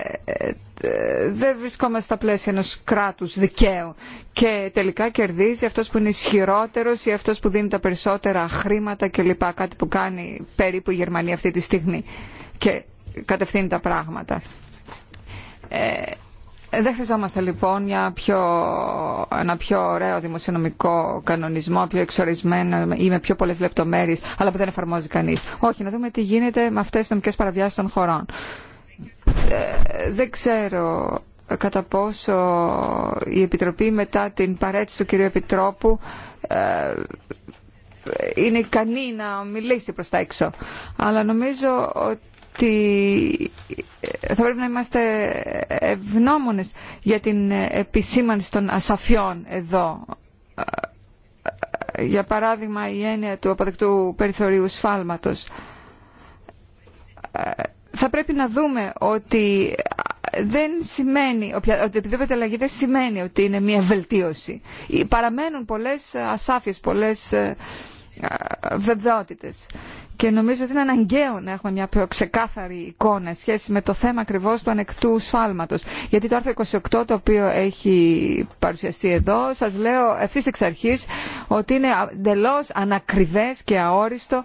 ε, δεν βρισκόμαστε στα πλαίσια ενός κράτους δικαίου και τελικά κερδίζει αυτός που είναι ισχυρότερος ή αυτός που δίνει τα περισσότερα χρήματα κλπ. Κάτι που κάνει περίπου η Γερμανία αυτή τη στιγμή και κατευθύνει τα πράγματα. Ε, δεν χρειαζόμαστε λοιπόν μια πιο, ένα πιο ωραίο δημοσιονομικό κανονισμό, πιο εξορισμένο ή με πιο πολλέ λεπτομέρειε, αλλά που δεν εφαρμόζει κανεί. Όχι, να δούμε τι γίνεται με αυτέ τι νομικέ παραβιάσει των χωρών. Ε, δεν ξέρω κατά πόσο η Επιτροπή μετά την παρέτηση του κυρίου Επιτρόπου ε, είναι ικανή να μιλήσει προς τα έξω. Αλλά νομίζω ότι ε, θα πρέπει να είμαστε ευνόμονες για την επισήμανση των ασαφιών εδώ. Για παράδειγμα η έννοια του αποδεκτού περιθωρίου σφάλματος θα πρέπει να δούμε ότι δεν σημαίνει, ότι αλλαγή δεν σημαίνει ότι είναι μια βελτίωση. Παραμένουν πολλές ασάφειες, πολλές ε, ε, βεβαιότητες και νομίζω ότι είναι αναγκαίο να έχουμε μια πιο ξεκάθαρη εικόνα σχέση με το θέμα ακριβώ του ανεκτού σφάλματο. Γιατί το άρθρο 28 το οποίο έχει παρουσιαστεί εδώ σα λέω ευθύ εξ αρχή ότι είναι εντελώ ανακριβέ και αόριστο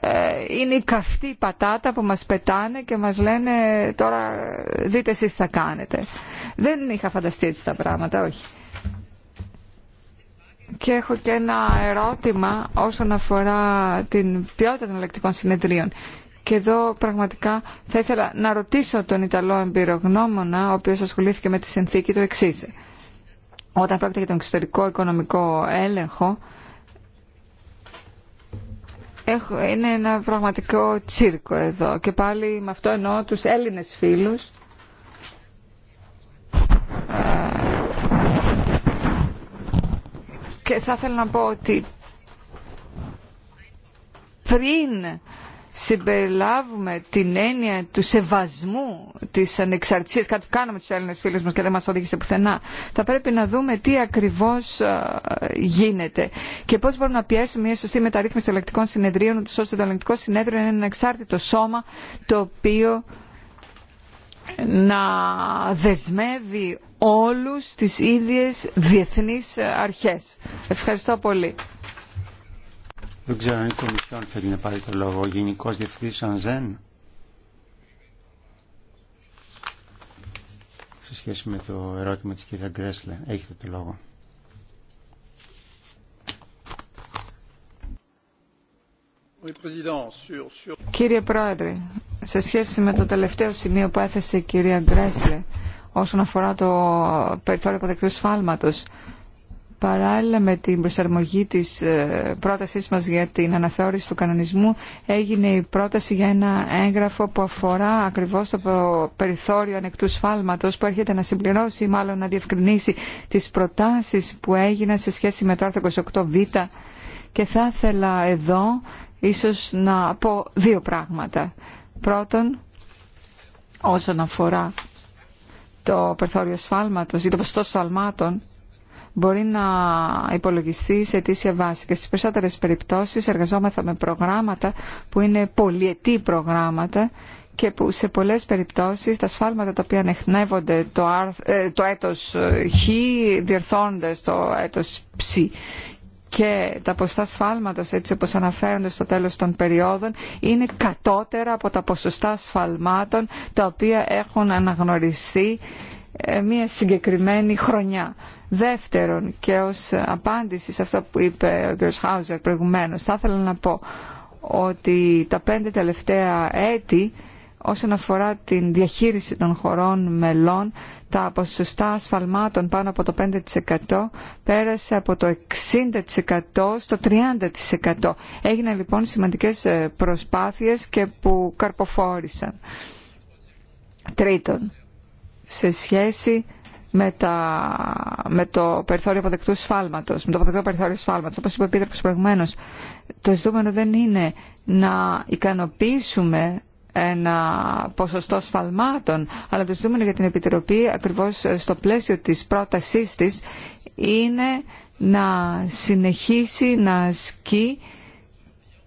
ε, είναι η καυτή πατάτα που μας πετάνε και μας λένε τώρα δείτε εσείς τι θα κάνετε. Δεν είχα φανταστεί έτσι τα πράγματα, όχι. Και έχω και ένα ερώτημα όσον αφορά την ποιότητα των ελεκτικών συνεδρίων. Και εδώ πραγματικά θα ήθελα να ρωτήσω τον Ιταλό εμπειρογνώμονα, ο οποίος ασχολήθηκε με τη συνθήκη του εξή. Όταν πρόκειται για τον εξωτερικό οικονομικό έλεγχο, είναι ένα πραγματικό τσίρκο εδώ. Και πάλι με αυτό εννοώ τους Έλληνες φίλους, ε, και θα ήθελα να πω ότι πριν συμπεριλάβουμε την έννοια του σεβασμού της ανεξαρτησίας, κάτι που κάναμε τους Έλληνες φίλους μας και δεν μας οδήγησε πουθενά, θα πρέπει να δούμε τι ακριβώς ε, γίνεται και πώς μπορούμε να πιέσουμε μια σωστή μεταρρύθμιση των ελεκτικών συνεδρίων, ώστε το ελεκτικό συνέδριο είναι ένα εξάρτητο σώμα το οποίο να δεσμεύει όλους τις ίδιες διεθνείς αρχές. Ευχαριστώ πολύ. Δεν ξέρω αν η Κομισιόν θέλει να πάρει το λόγο. Ο Γενικός Διευθυντής Ανζέν. Σε σχέση με το ερώτημα της κυρία Γκρέσλε. Έχετε το λόγο. Κύριε Πρόεδρε, σε σχέση με το τελευταίο σημείο που έθεσε η κυρία Γκρέσλε, όσον αφορά το περιθώριο αποδεκτού σφάλματος. Παράλληλα με την προσαρμογή της ε, πρότασής μας για την αναθεώρηση του κανονισμού έγινε η πρόταση για ένα έγγραφο που αφορά ακριβώς το περιθώριο ανεκτού σφάλματος που έρχεται να συμπληρώσει ή μάλλον να διευκρινίσει τις προτάσεις που έγιναν σε σχέση με το άρθρο 28β και θα ήθελα εδώ ίσως να πω δύο πράγματα. Πρώτον, όσον αφορά το περθώριο σφάλματος ή το ποσοστό σφαλμάτων μπορεί να υπολογιστεί σε αιτήσια βάση. Και στις περισσότερες περιπτώσεις εργαζόμεθα με προγράμματα που είναι πολυετή προγράμματα και που σε πολλές περιπτώσεις τα σφάλματα τα οποία ανεχνεύονται το, ε, το έτος χ διορθώνονται στο έτος ψ και τα ποσοστά σφάλματος έτσι όπως αναφέρονται στο τέλος των περιόδων είναι κατώτερα από τα ποσοστά σφαλμάτων τα οποία έχουν αναγνωριστεί ε, μια συγκεκριμένη χρονιά. Δεύτερον και ως απάντηση σε αυτό που είπε ο κ. Χάουζερ προηγουμένως θα ήθελα να πω ότι τα πέντε τελευταία έτη όσον αφορά την διαχείριση των χωρών μελών, τα ποσοστά ασφαλμάτων πάνω από το 5% πέρασε από το 60% στο 30%. Έγιναν λοιπόν σημαντικές ε, προσπάθειες και που καρποφόρησαν. Τρίτον, σε σχέση με, τα, με το περιθώριο αποδεκτού σφάλματος, με το αποδεκτό περιθώριο σφάλματος. Όπως είπε ο Επίτροπος προηγουμένως, το ζητούμενο δεν είναι να ικανοποιήσουμε ένα ποσοστό σφαλμάτων, αλλά το ζητούμενο για την Επιτροπή ακριβώς στο πλαίσιο της πρότασής της είναι να συνεχίσει να ασκεί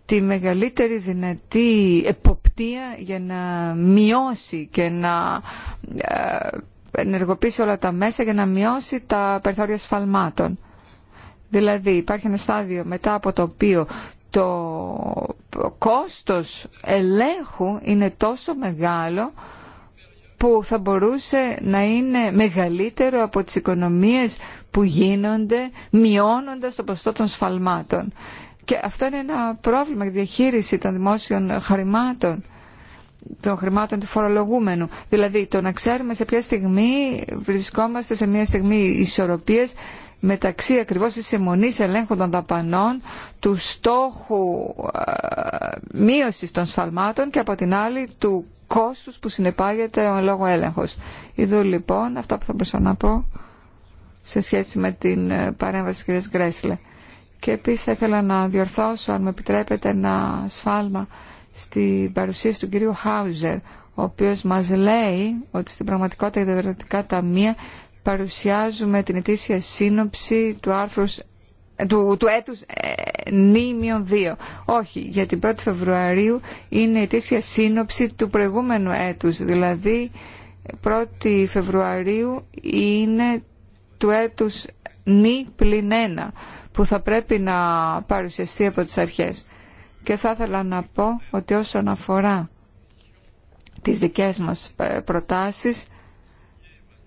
τη μεγαλύτερη δυνατή εποπτεία για να μειώσει και να ε, ενεργοποιήσει όλα τα μέσα για να μειώσει τα περιθώρια σφαλμάτων. Δηλαδή υπάρχει ένα στάδιο μετά από το οποίο το κόστος ελέγχου είναι τόσο μεγάλο που θα μπορούσε να είναι μεγαλύτερο από τις οικονομίες που γίνονται μειώνοντας το ποστό των σφαλμάτων. Και αυτό είναι ένα πρόβλημα για διαχείριση των δημόσιων χρημάτων των χρημάτων του φορολογούμενου. Δηλαδή το να ξέρουμε σε ποια στιγμή βρισκόμαστε σε μια στιγμή ισορροπίας μεταξύ ακριβώς της αιμονής ελέγχου των δαπανών, του στόχου ε, μείωσης των σφαλμάτων και από την άλλη του κόστους που συνεπάγεται ο λόγο έλεγχος. Εδώ λοιπόν αυτά που θα μπορούσα να πω σε σχέση με την ε, παρέμβαση της κ. Γκρέσλε. Και επίσης θα ήθελα να διορθώσω, αν με επιτρέπετε, ένα σφάλμα στην παρουσίαση του κυρίου Χάουζερ, ο οποίος μας λέει ότι στην πραγματικότητα οι ιδιωτικά ταμεία παρουσιάζουμε την ετήσια σύνοψη του άρθρου ε, του, του έτους ε, νήμιον 2. Όχι, για την 1η Φεβρουαρίου είναι η ετήσια σύνοψη του προηγούμενου έτους, δηλαδή 1η Φεβρουαρίου είναι του έτους νη πλην 1 που θα πρέπει να παρουσιαστεί από τις αρχές. Και θα ήθελα να πω ότι όσον αφορά τις δικές μας ε, προτάσεις,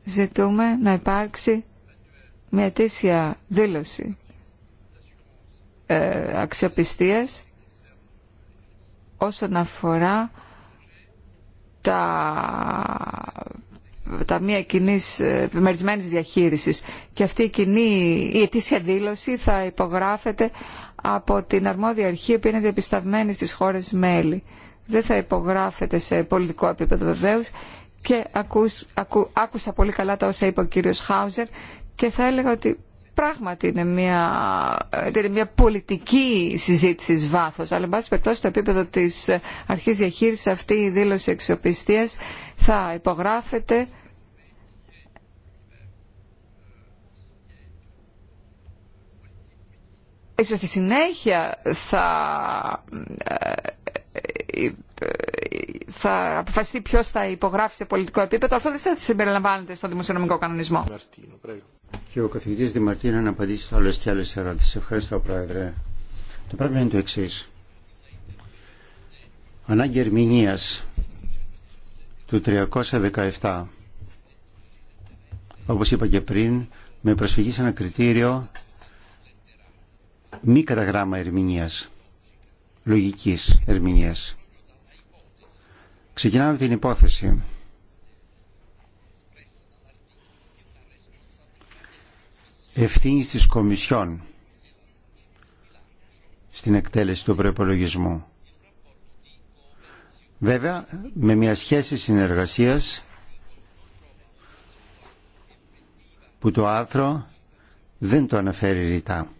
ζητούμε να υπάρξει μια αιτήσια δήλωση ε, αξιοπιστίας όσον αφορά τα μία κοινή ε, επιμερισμένη διαχείριση. Και αυτή η κοινή, η δήλωση θα υπογράφεται από την αρμόδια αρχή που είναι διαπισταυμένη στι χώρε μέλη. Δεν θα υπογράφεται σε πολιτικό επίπεδο βεβαίω και ακού, άκουσα πολύ καλά τα όσα είπε ο κύριος Χάουζερ και θα έλεγα ότι πράγματι είναι μια, είναι μια πολιτική συζήτηση βάθος, αλλά εν πάση περιπτώσει στο επίπεδο της αρχής διαχείρισης αυτή η δήλωση αξιοπιστίας θα υπογράφεται Ίσως στη συνέχεια θα ε, ε, ε, θα αποφασιστεί ποιο θα υπογράφει σε πολιτικό επίπεδο, αυτό δεν θα συμπεριλαμβάνεται στον δημοσιονομικό κανονισμό. Και ο καθηγητή Δημαρτίνο να απαντήσει σε άλλε και άλλε ερώτησει. Ευχαριστώ, Πρόεδρε. Το πρόβλημα είναι το εξή. Ανάγκη ερμηνεία του 317. όπω είπα και πριν, με προσφυγή σε ένα κριτήριο μη καταγράμμα ερμηνεία, λογική ερμηνεία. Ξεκινάμε την υπόθεση. Ευθύνη της Κομισιόν στην εκτέλεση του προπολογισμού. Βέβαια, με μια σχέση συνεργασίας που το άρθρο δεν το αναφέρει ρητά.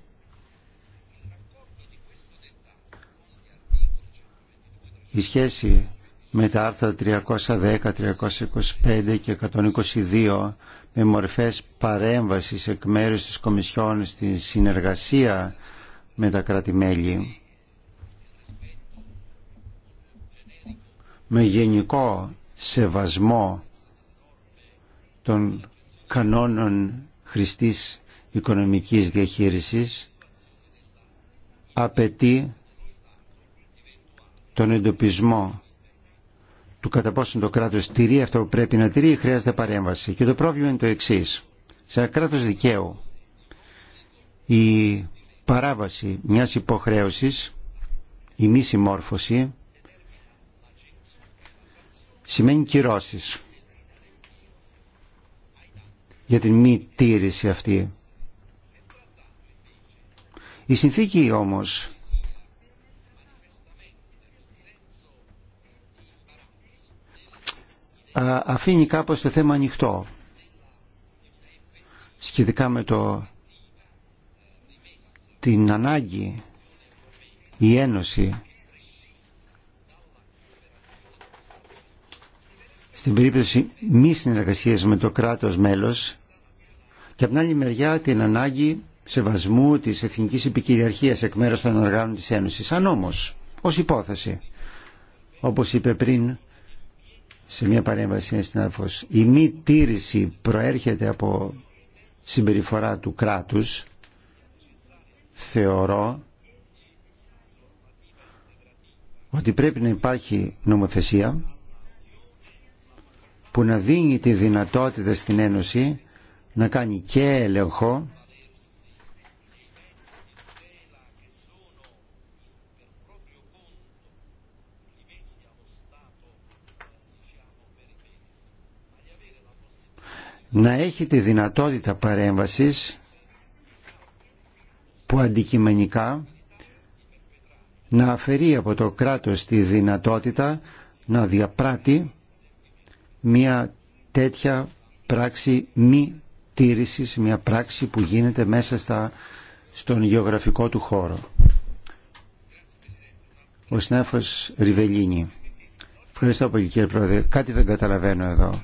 Η σχέση με τα άρθρα 310, 325 και 122 με μορφές παρέμβασης εκ μέρους της Κομισιόν στη συνεργασία με τα κρατη με γενικό σεβασμό των κανόνων χρηστής οικονομικής διαχείρισης απαιτεί τον εντοπισμό του κατά πόσον το κράτος τηρεί αυτό που πρέπει να τηρεί χρειάζεται παρέμβαση. Και το πρόβλημα είναι το εξή. Σε ένα κράτο δικαίου η παράβαση μιας υποχρέωσης, η μη συμμόρφωση, σημαίνει κυρώσει για την μη τήρηση αυτή. Η συνθήκη όμως αφήνει κάπως το θέμα ανοιχτό σχετικά με το την ανάγκη η Ένωση στην περίπτωση μη συνεργασίας με το κράτος μέλος και από την άλλη μεριά την ανάγκη σεβασμού της εθνικής επικυριαρχίας εκ μέρους των οργάνων της Ένωσης. Αν όμως, ως υπόθεση, όπως είπε πριν σε μια παρέμβαση συνάδελφος η μη τήρηση προέρχεται από συμπεριφορά του κράτους θεωρώ ότι πρέπει να υπάρχει νομοθεσία που να δίνει τη δυνατότητα στην Ένωση να κάνει και έλεγχο να έχει τη δυνατότητα παρέμβασης που αντικειμενικά να αφαιρεί από το κράτος τη δυνατότητα να διαπράττει μια τέτοια πράξη μη τήρησης, μια πράξη που γίνεται μέσα στα, στον γεωγραφικό του χώρο. Ο Σνέφος Ριβελίνη. Ευχαριστώ πολύ κύριε Πρόεδρε. Κάτι δεν καταλαβαίνω εδώ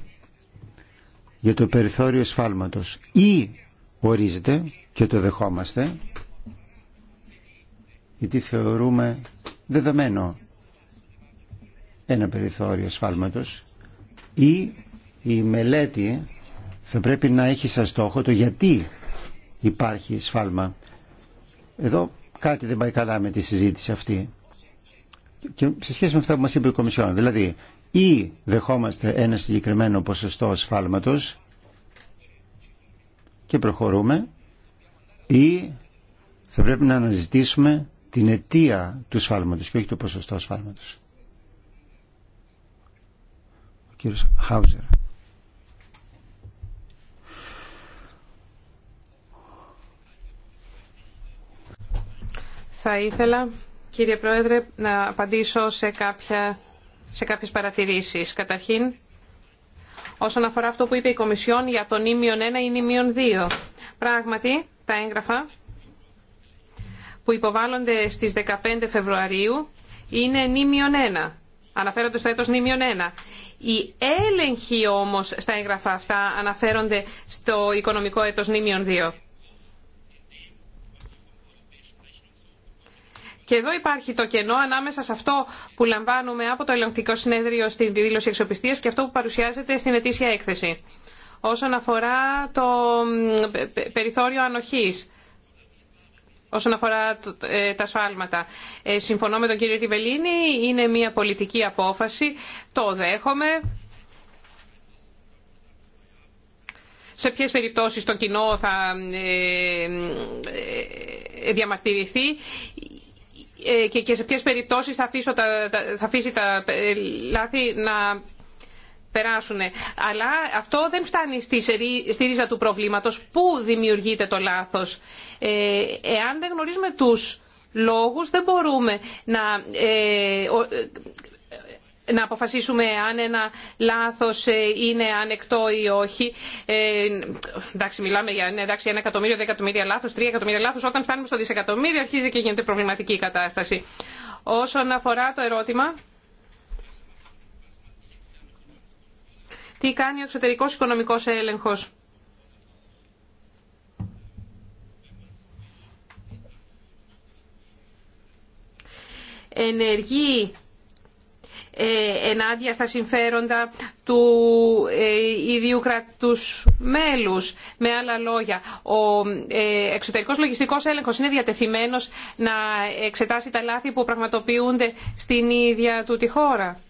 για το περιθώριο σφάλματος ή ορίζεται και το δεχόμαστε γιατί θεωρούμε δεδομένο ένα περιθώριο σφάλματος ή η μελέτη θα πρέπει να έχει σαν στόχο το γιατί υπάρχει σφάλμα. Εδώ κάτι δεν πάει καλά με τη συζήτηση αυτή. Και σε σχέση με αυτά που μας είπε η Κομισιόν, δηλαδή ή δεχόμαστε ένα συγκεκριμένο ποσοστό ασφάλματος και προχωρούμε ή θα πρέπει να αναζητήσουμε την αιτία του ασφάλματος και όχι το ποσοστό ασφάλματος. Ο κύριος Χάουζερ. Θα ήθελα, κύριε Πρόεδρε, να απαντήσω σε κάποια σε κάποιες παρατηρήσεις. Καταρχήν, όσον αφορά αυτό που είπε η Κομισιόν για τον ήμιον 1 ή ήμιον 2. Πράγματι, τα έγγραφα που υποβάλλονται στις 15 Φεβρουαρίου είναι νήμιον 1. Αναφέρονται στο έτος νήμιον 1. Οι έλεγχοι όμως στα έγγραφα αυτά αναφέρονται στο οικονομικό έτος νήμιον 2. Και εδώ υπάρχει το κενό ανάμεσα σε αυτό που λαμβάνουμε από το ελεγκτικό συνέδριο στην δήλωση εξοπιστία και αυτό που παρουσιάζεται στην ετήσια έκθεση. Όσον αφορά το περιθώριο ανοχής, όσον αφορά ε, τα σφάλματα. Ε, συμφωνώ με τον κύριο Ριβελίνη, είναι μια πολιτική απόφαση, το δέχομαι. σε ποιες περιπτώσεις το κοινό θα ε, διαμαρτυρηθεί. Ε, και σε ποιες περιπτώσεις θα, τα, θα αφήσει τα ε, λάθη να περάσουν. Αλλά αυτό δεν φτάνει στη, στη ρίζα του προβλήματος. Πού δημιουργείται το λάθος. Ε, εάν δεν γνωρίζουμε τους λόγους δεν μπορούμε να να αποφασίσουμε αν ένα λάθος ε, είναι ανεκτό ή όχι. Ε, εντάξει, μιλάμε για ναι, εντάξει, ένα εκατομμύριο, δέκα εκατομμύρια λάθος, τρία εκατομμύρια λάθος. Όταν φτάνουμε στο δισεκατομμύριο αρχίζει και γίνεται προβληματική η κατάσταση. Όσον αφορά το ερώτημα... Τι κάνει ο εξωτερικός οικονομικός έλεγχος. Ενεργεί ε, ενάντια στα συμφέροντα του ε, ίδιου κρατούς μέλους. Με άλλα λόγια, ο ε, εξωτερικός λογιστικός έλεγχος είναι διατεθειμένος να εξετάσει τα λάθη που πραγματοποιούνται στην ίδια του τη χώρα.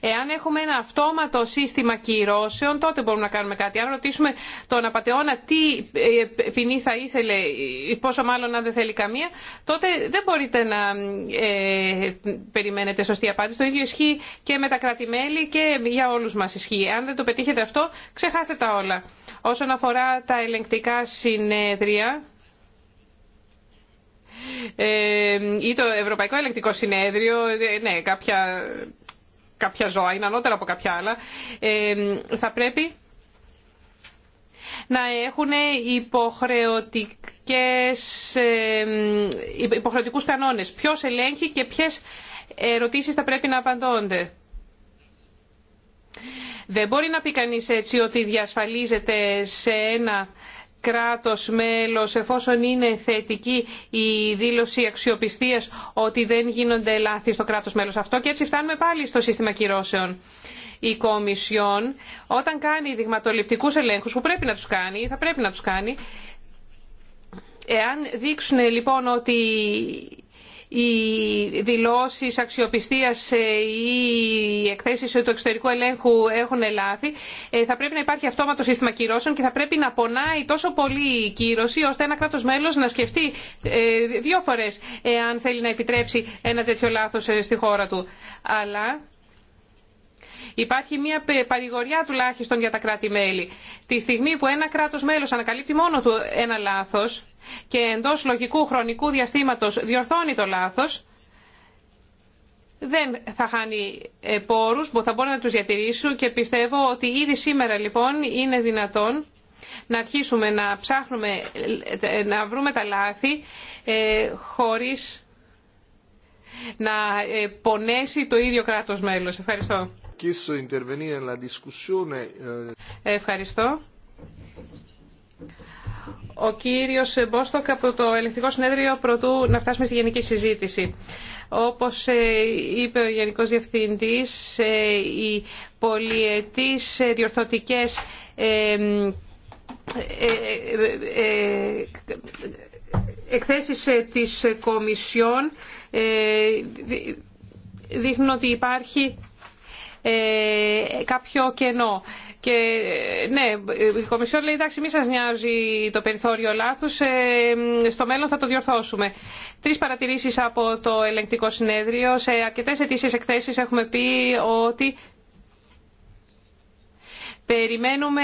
Εάν έχουμε ένα αυτόματο σύστημα κυρώσεων, τότε μπορούμε να κάνουμε κάτι. Αν ρωτήσουμε τον απαταιώνα τι ε, ποινή θα ήθελε, πόσο μάλλον αν δεν θέλει καμία, τότε δεν μπορείτε να ε, περιμένετε σωστή απάντηση. Το ίδιο ισχύει και με τα κρατη και για όλους μας ισχύει. Αν δεν το πετύχετε αυτό, ξεχάστε τα όλα. Όσον αφορά τα ελεγκτικά συνέδρια, ε, ή το Ευρωπαϊκό Ελεκτικό Συνέδριο, ναι, κάποια κάποια ζώα, είναι ανώτερα από κάποια άλλα, ε, θα πρέπει να έχουν υποχρεωτικές, ε, υποχρεωτικούς κανόνες. Ποιος ελέγχει και ποιες ερωτήσεις θα πρέπει να απαντώνται. Δεν μπορεί να πει κανείς έτσι ότι διασφαλίζεται σε ένα κράτος μέλος εφόσον είναι θετική η δήλωση αξιοπιστίας ότι δεν γίνονται λάθη στο κράτος μέλος αυτό και έτσι φτάνουμε πάλι στο σύστημα κυρώσεων. Η Κομισιόν όταν κάνει δειγματοληπτικούς ελέγχους που πρέπει να τους κάνει, θα πρέπει να τους κάνει, εάν δείξουν λοιπόν ότι οι δηλώσεις αξιοπιστίας ή ε, οι εκθέσεις του εξωτερικού ελέγχου έχουν λάθη, ε, θα πρέπει να υπάρχει αυτόματο σύστημα κυρώσεων και θα πρέπει να πονάει τόσο πολύ η κύρωση ώστε ένα κράτος μέλος να σκεφτεί ε, δύο φορές αν θέλει να επιτρέψει ένα τέτοιο λάθος στη χώρα του. Αλλά Υπάρχει μια παρηγοριά τουλάχιστον για τα κράτη-μέλη. Τη στιγμή που ένα κράτο-μέλο ανακαλύπτει μόνο του ένα λάθο και εντό λογικού χρονικού διαστήματο διορθώνει το λάθο, δεν θα χάνει ε, πόρους που θα μπορεί να τους διατηρήσουν και πιστεύω ότι ήδη σήμερα λοιπόν είναι δυνατόν να αρχίσουμε να ψάχνουμε, ε, να βρούμε τα λάθη ε, χωρίς να ε, πονέσει το ίδιο κράτος μέλος. Ευχαριστώ. Eh, Ευχαριστώ. Ο κύριος Μπόστοκ από το Ελεκτικό Συνέδριο προτού να φτάσουμε στη γενική συζήτηση. Όπως ε, είπε ο Γενικός Διευθυντής, ε, οι πολιετής ε, διορθωτικές εκθέσεις της Κομισιόν δείχνουν ότι υπάρχει ε, κάποιο κενό. Και ναι, η Κομισιόν λέει εντάξει μη σα νοιάζει το περιθώριο λάθους, ε, στο μέλλον θα το διορθώσουμε. Τρεις παρατηρήσεις από το ελεγκτικό συνέδριο. Σε αρκετές αιτήσεις εκθέσεις έχουμε πει ότι Περιμένουμε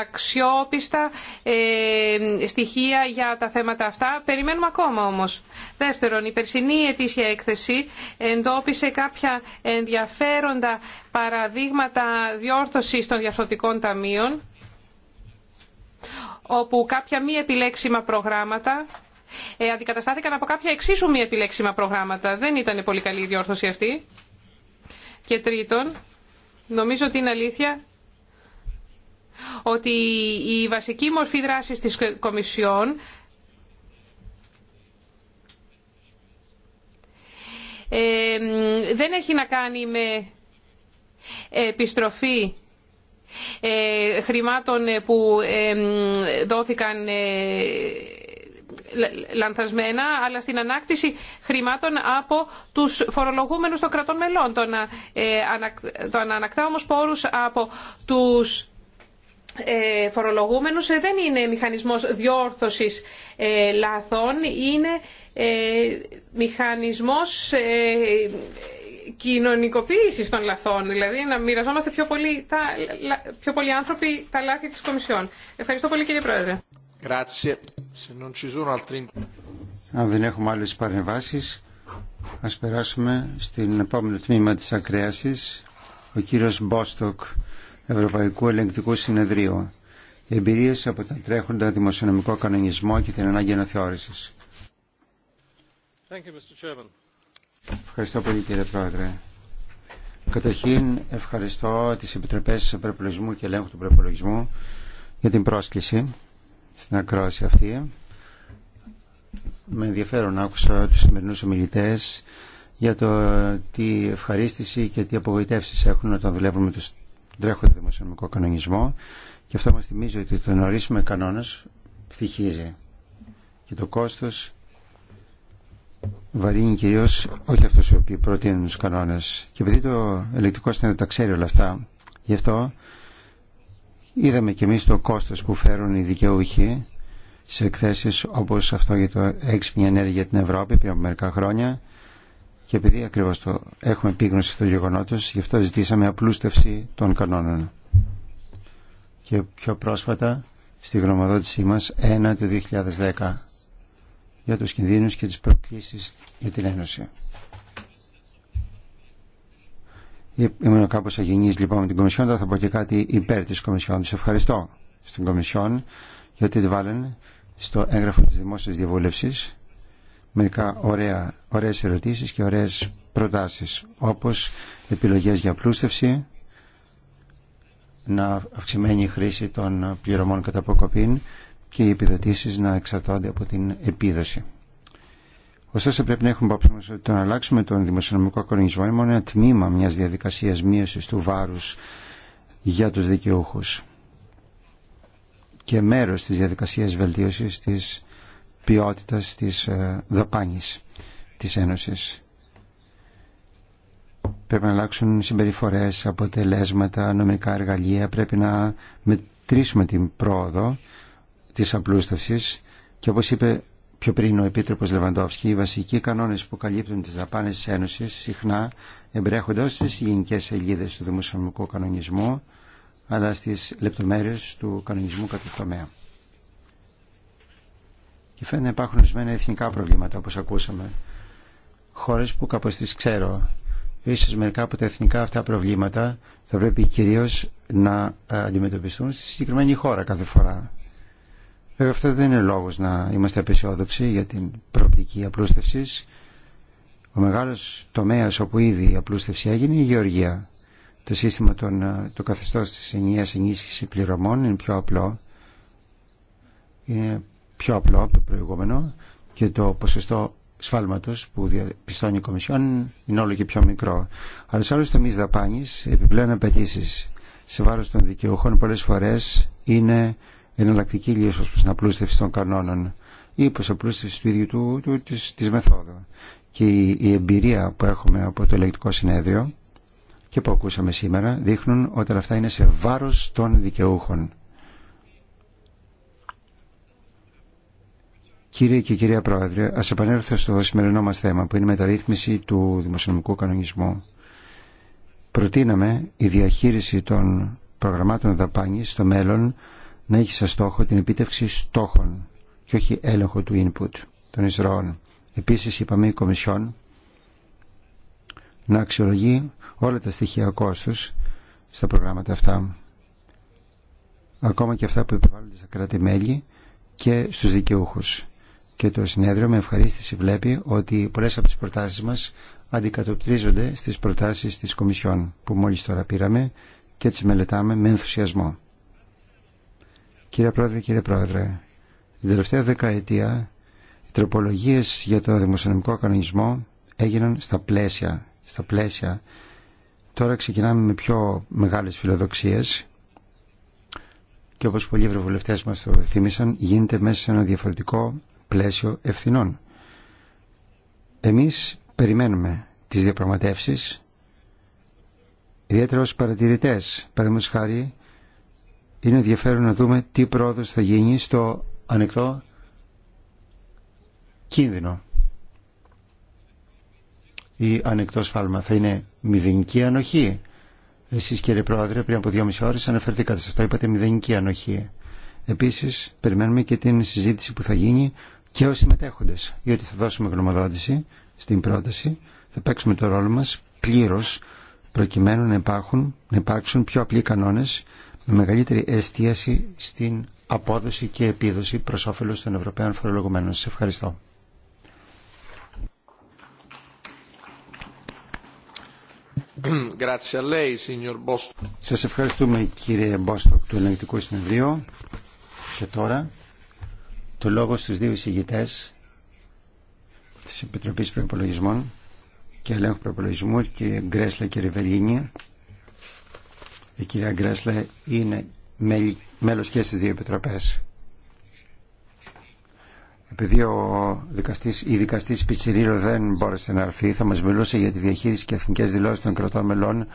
αξιόπιστα ε, στοιχεία για τα θέματα αυτά. Περιμένουμε ακόμα όμως. Δεύτερον, η περσινή ετήσια έκθεση εντόπισε κάποια ενδιαφέροντα παραδείγματα διόρθωσης των διαφορετικών ταμείων όπου κάποια μη επιλέξιμα προγράμματα ε, αντικαταστάθηκαν από κάποια εξίσου μη επιλέξιμα προγράμματα. Δεν ήταν πολύ καλή η διόρθωση αυτή. Και τρίτον, νομίζω ότι είναι αλήθεια ότι η βασική μορφή δράσης της Κομισιόν δεν έχει να κάνει με επιστροφή ε, χρημάτων που δόθηκαν ε, λανθασμένα, αλλά στην ανάκτηση χρημάτων από τους φορολογούμενους των κρατών μελών. Το να, ε, ανακτά όμως πόρους από τους ε, φορολογούμενους ε, δεν είναι μηχανισμός διόρθωσης ε, λαθών, είναι μηχανισμός κοινωνικοποίησης των λαθών, δηλαδή να μοιραζόμαστε πιο πολλοί άνθρωποι τα λάθη της Κομισιόν. Ευχαριστώ πολύ κύριε Πρόεδρε. Αν δεν έχουμε άλλες παρεμβάσεις, ας περάσουμε στην επόμενη τμήμα της ακρέασης. Ο κύριος Μπόστοκ Ευρωπαϊκού Ελεγκτικού Συνεδρίου. Εμπειρίες από τα τρέχοντα δημοσιονομικό κανονισμό και την ανάγκη αναθεώρησης. Ευχαριστώ πολύ κύριε Πρόεδρε. Καταρχήν ευχαριστώ τις Επιτροπές Προπολογισμού και Ελέγχου του Προπολογισμού για την πρόσκληση στην ακρόαση αυτή. Με ενδιαφέρον άκουσα τους σημερινούς ομιλητές για το τι ευχαρίστηση και τι απογοητεύσεις έχουν όταν δουλεύουν με τους τρέχοντα δημοσιονομικό κανονισμό και αυτό μας θυμίζει ότι το να ορίσουμε κανόνας στοιχίζει και το κόστος βαρύνει κυρίω όχι αυτός οι οποίοι προτείνουν τους κανόνες και επειδή το ελεκτικό συνέδριο τα ξέρει όλα αυτά γι' αυτό είδαμε και εμείς το κόστος που φέρουν οι δικαιούχοι σε εκθέσεις όπως αυτό για το έξυπνη ενέργεια την Ευρώπη πριν από μερικά χρόνια και επειδή ακριβώ το έχουμε επίγνωση στο γεγονότος, γι' αυτό ζητήσαμε απλούστευση των κανόνων. Και πιο πρόσφατα στη γνωμοδότησή μα 1 του 2010 για του κινδύνους και τις προκλήσεις για την Ένωση. Ε, ήμουν κάπω αγενής λοιπόν με την Κομισιόν, τώρα θα πω και κάτι υπέρ της Κομισιόν. Τους ευχαριστώ στην Κομισιόν γιατί τη βάλανε στο έγγραφο της δημόσιας διαβούλευση μερικά ωραία, ωραίες ερωτήσεις και ωραίες προτάσεις όπως επιλογές για πλούστευση να αυξημένη η χρήση των πληρωμών κατά αποκοπήν και οι επιδοτήσεις να εξαρτώνται από την επίδοση. Ωστόσο πρέπει να έχουμε υπόψη μας ότι το να αλλάξουμε τον δημοσιονομικό κορονισμό είναι μόνο ένα τμήμα μιας διαδικασίας μείωση του βάρους για τους δικαιούχους και μέρος της διαδικασίας βελτίωσης της ποιότητας της ε, δαπάνης της Ένωσης. Πρέπει να αλλάξουν συμπεριφορές, αποτελέσματα, νομικά εργαλεία. Πρέπει να μετρήσουμε την πρόοδο της απλούστευσης και όπως είπε πιο πριν ο Επίτροπος Λεβαντόφσκι, οι βασικοί κανόνες που καλύπτουν τις δαπάνες της Ένωσης συχνά εμπρέχονται στις γενικές σελίδες του δημοσιονομικού κανονισμού αλλά στις λεπτομέρειες του κανονισμού κατά τομέα και φαίνεται να υπάρχουν ορισμένα εθνικά προβλήματα όπως ακούσαμε. Χώρες που κάπως τις ξέρω. Ίσως μερικά από τα εθνικά αυτά προβλήματα θα πρέπει κυρίως να ε, αντιμετωπιστούν στη συγκεκριμένη χώρα κάθε φορά. Βέβαια αυτό δεν είναι λόγος να είμαστε απεσιόδοξοι για την προοπτική απλούστευσης. Ο μεγάλος τομέας όπου ήδη η απλούστευση έγινε είναι η γεωργία. Το σύστημα των, ε, το καθεστώς της ενιαίας ενίσχυσης πληρωμών είναι πιο απλό. Είναι πιο απλό από το προηγούμενο και το ποσοστό σφάλματος που διαπιστώνει η Κομισιόν είναι όλο και πιο μικρό. Αλλά σε άλλους τομείς δαπάνης επιπλέον απαιτήσει σε βάρος των δικαιούχων πολλές φορές είναι εναλλακτική λύση ως προς την απλούστευση των κανόνων ή προς απλούστευση του ίδιου του, του, της, της μεθόδου. Και η, η εμπειρία που έχουμε από το ελεγκτικό συνέδριο και που ακούσαμε σήμερα δείχνουν ότι αυτά είναι σε βάρος των δικαιούχων. Κύριε και κυρία Πρόεδρε, ας επανέλθω στο σημερινό μας θέμα που είναι η μεταρρύθμιση του δημοσιονομικού κανονισμού. Προτείναμε η διαχείριση των προγραμμάτων δαπάνη στο μέλλον να έχει σαν στόχο την επίτευξη στόχων και όχι έλεγχο του input των εισρώων. Επίσης είπαμε η Κομισιόν να αξιολογεί όλα τα στοιχεία κόστους στα προγράμματα αυτά ακόμα και αυτά που επιβάλλονται στα κράτη-μέλη και στους δικαιούχους και το συνέδριο με ευχαρίστηση βλέπει ότι πολλές από τις προτάσεις μας αντικατοπτρίζονται στις προτάσεις της Κομισιόν που μόλις τώρα πήραμε και τις μελετάμε με ενθουσιασμό. Κύριε Πρόεδρε, κύριε Πρόεδρε, την τελευταία δεκαετία οι τροπολογίες για το δημοσιονομικό κανονισμό έγιναν στα πλαίσια, στα πλαίσια. Τώρα ξεκινάμε με πιο μεγάλες φιλοδοξίες και όπως πολλοί ευρωβουλευτές μας το θύμισαν γίνεται μέσα σε ένα διαφορετικό πλαίσιο ευθυνών. Εμείς περιμένουμε τις διαπραγματεύσεις, ιδιαίτερα ως παρατηρητές, παραδείγματος χάρη, είναι ενδιαφέρον να δούμε τι πρόοδος θα γίνει στο ανεκτό κίνδυνο ή ανεκτό σφάλμα. Θα είναι μηδενική ανοχή. Εσείς κύριε Πρόεδρε πριν από δύο μισή ώρες αναφερθήκατε σε αυτό, είπατε μηδενική ανοχή. Επίσης περιμένουμε και την συζήτηση που θα γίνει και ως συμμετέχοντες, διότι θα δώσουμε γνωμοδότηση στην πρόταση, θα παίξουμε το ρόλο μας πλήρως προκειμένου να, υπάρχουν, να υπάρξουν πιο απλοί κανόνες με μεγαλύτερη εστίαση στην απόδοση και επίδοση προς όφελος των Ευρωπαίων φορολογουμένων. Σας ευχαριστώ. Σας ευχαριστούμε κύριε Μπόστοκ του Ελεγκτικού Συνεδρίου και τώρα το λόγο στους δύο εισηγητές της Επιτροπής Προπολογισμών και Ελέγχου Προπολογισμού, κύριε Γκρέσλε και Ριβελίνια. Η κυρία Γκρέσλε είναι μέλος και στις δύο επιτροπές. Επειδή ο δικαστής, η δικαστής Πιτσιρίλο δεν μπόρεσε να έρθει, θα μας μιλούσε για τη διαχείριση και εθνικές δηλώσεις των κρατών μελών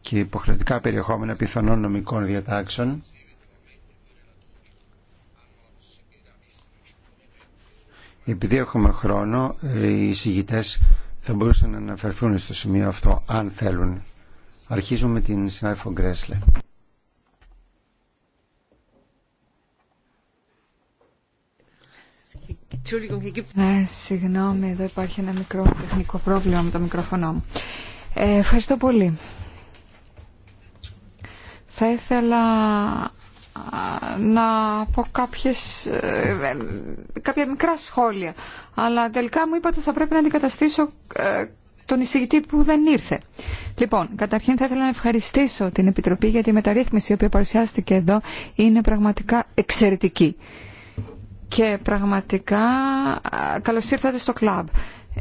και υποχρεωτικά περιεχόμενα πιθανών νομικών διατάξεων Επειδή έχουμε χρόνο, οι εισηγητές θα μπορούσαν να αναφερθούν στο σημείο αυτό, αν θέλουν. Αρχίζουμε με την συνάδελφο Γκρέσλε. Ε, συγγνώμη, εδώ υπάρχει ένα μικρό τεχνικό πρόβλημα με το μικρόφωνο μου. Ε, ευχαριστώ πολύ. Θα ήθελα να πω κάποιες, ε, κάποια μικρά σχόλια. Αλλά τελικά μου είπατε ότι θα πρέπει να αντικαταστήσω ε, τον εισηγητή που δεν ήρθε. Λοιπόν, καταρχήν θα ήθελα να ευχαριστήσω την Επιτροπή για τη μεταρρύθμιση η οποία παρουσιάστηκε εδώ. Είναι πραγματικά εξαιρετική. Και πραγματικά ε, καλώς ήρθατε στο κλαμπ.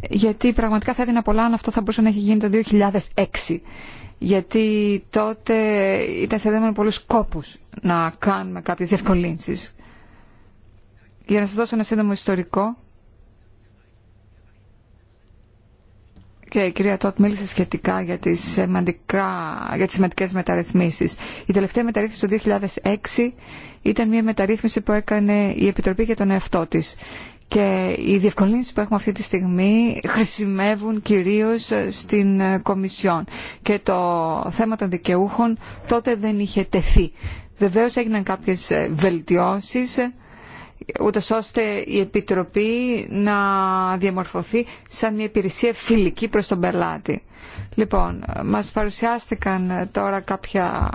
Γιατί πραγματικά θα έδινα πολλά αν αυτό θα μπορούσε να έχει γίνει το 2006 γιατί τότε ήταν σε με πολλούς κόπους να κάνουμε κάποιες διευκολύνσεις. Για να σας δώσω ένα σύντομο ιστορικό. Και η κυρία Τότ μίλησε σχετικά για τις, σημαντικά, για τις σημαντικές μεταρρυθμίσεις. Η τελευταία μεταρρύθμιση το 2006 ήταν μια μεταρρύθμιση που έκανε η Επιτροπή για τον εαυτό της και οι διευκολύνσεις που έχουμε αυτή τη στιγμή χρησιμεύουν κυρίως στην ε, Κομισιόν και το θέμα των δικαιούχων τότε δεν είχε τεθεί. Βεβαίως έγιναν κάποιες ε, βελτιώσεις ούτως ώστε η Επιτροπή να διαμορφωθεί σαν μια υπηρεσία φιλική προς τον πελάτη. Λοιπόν, μας παρουσιάστηκαν τώρα κάποια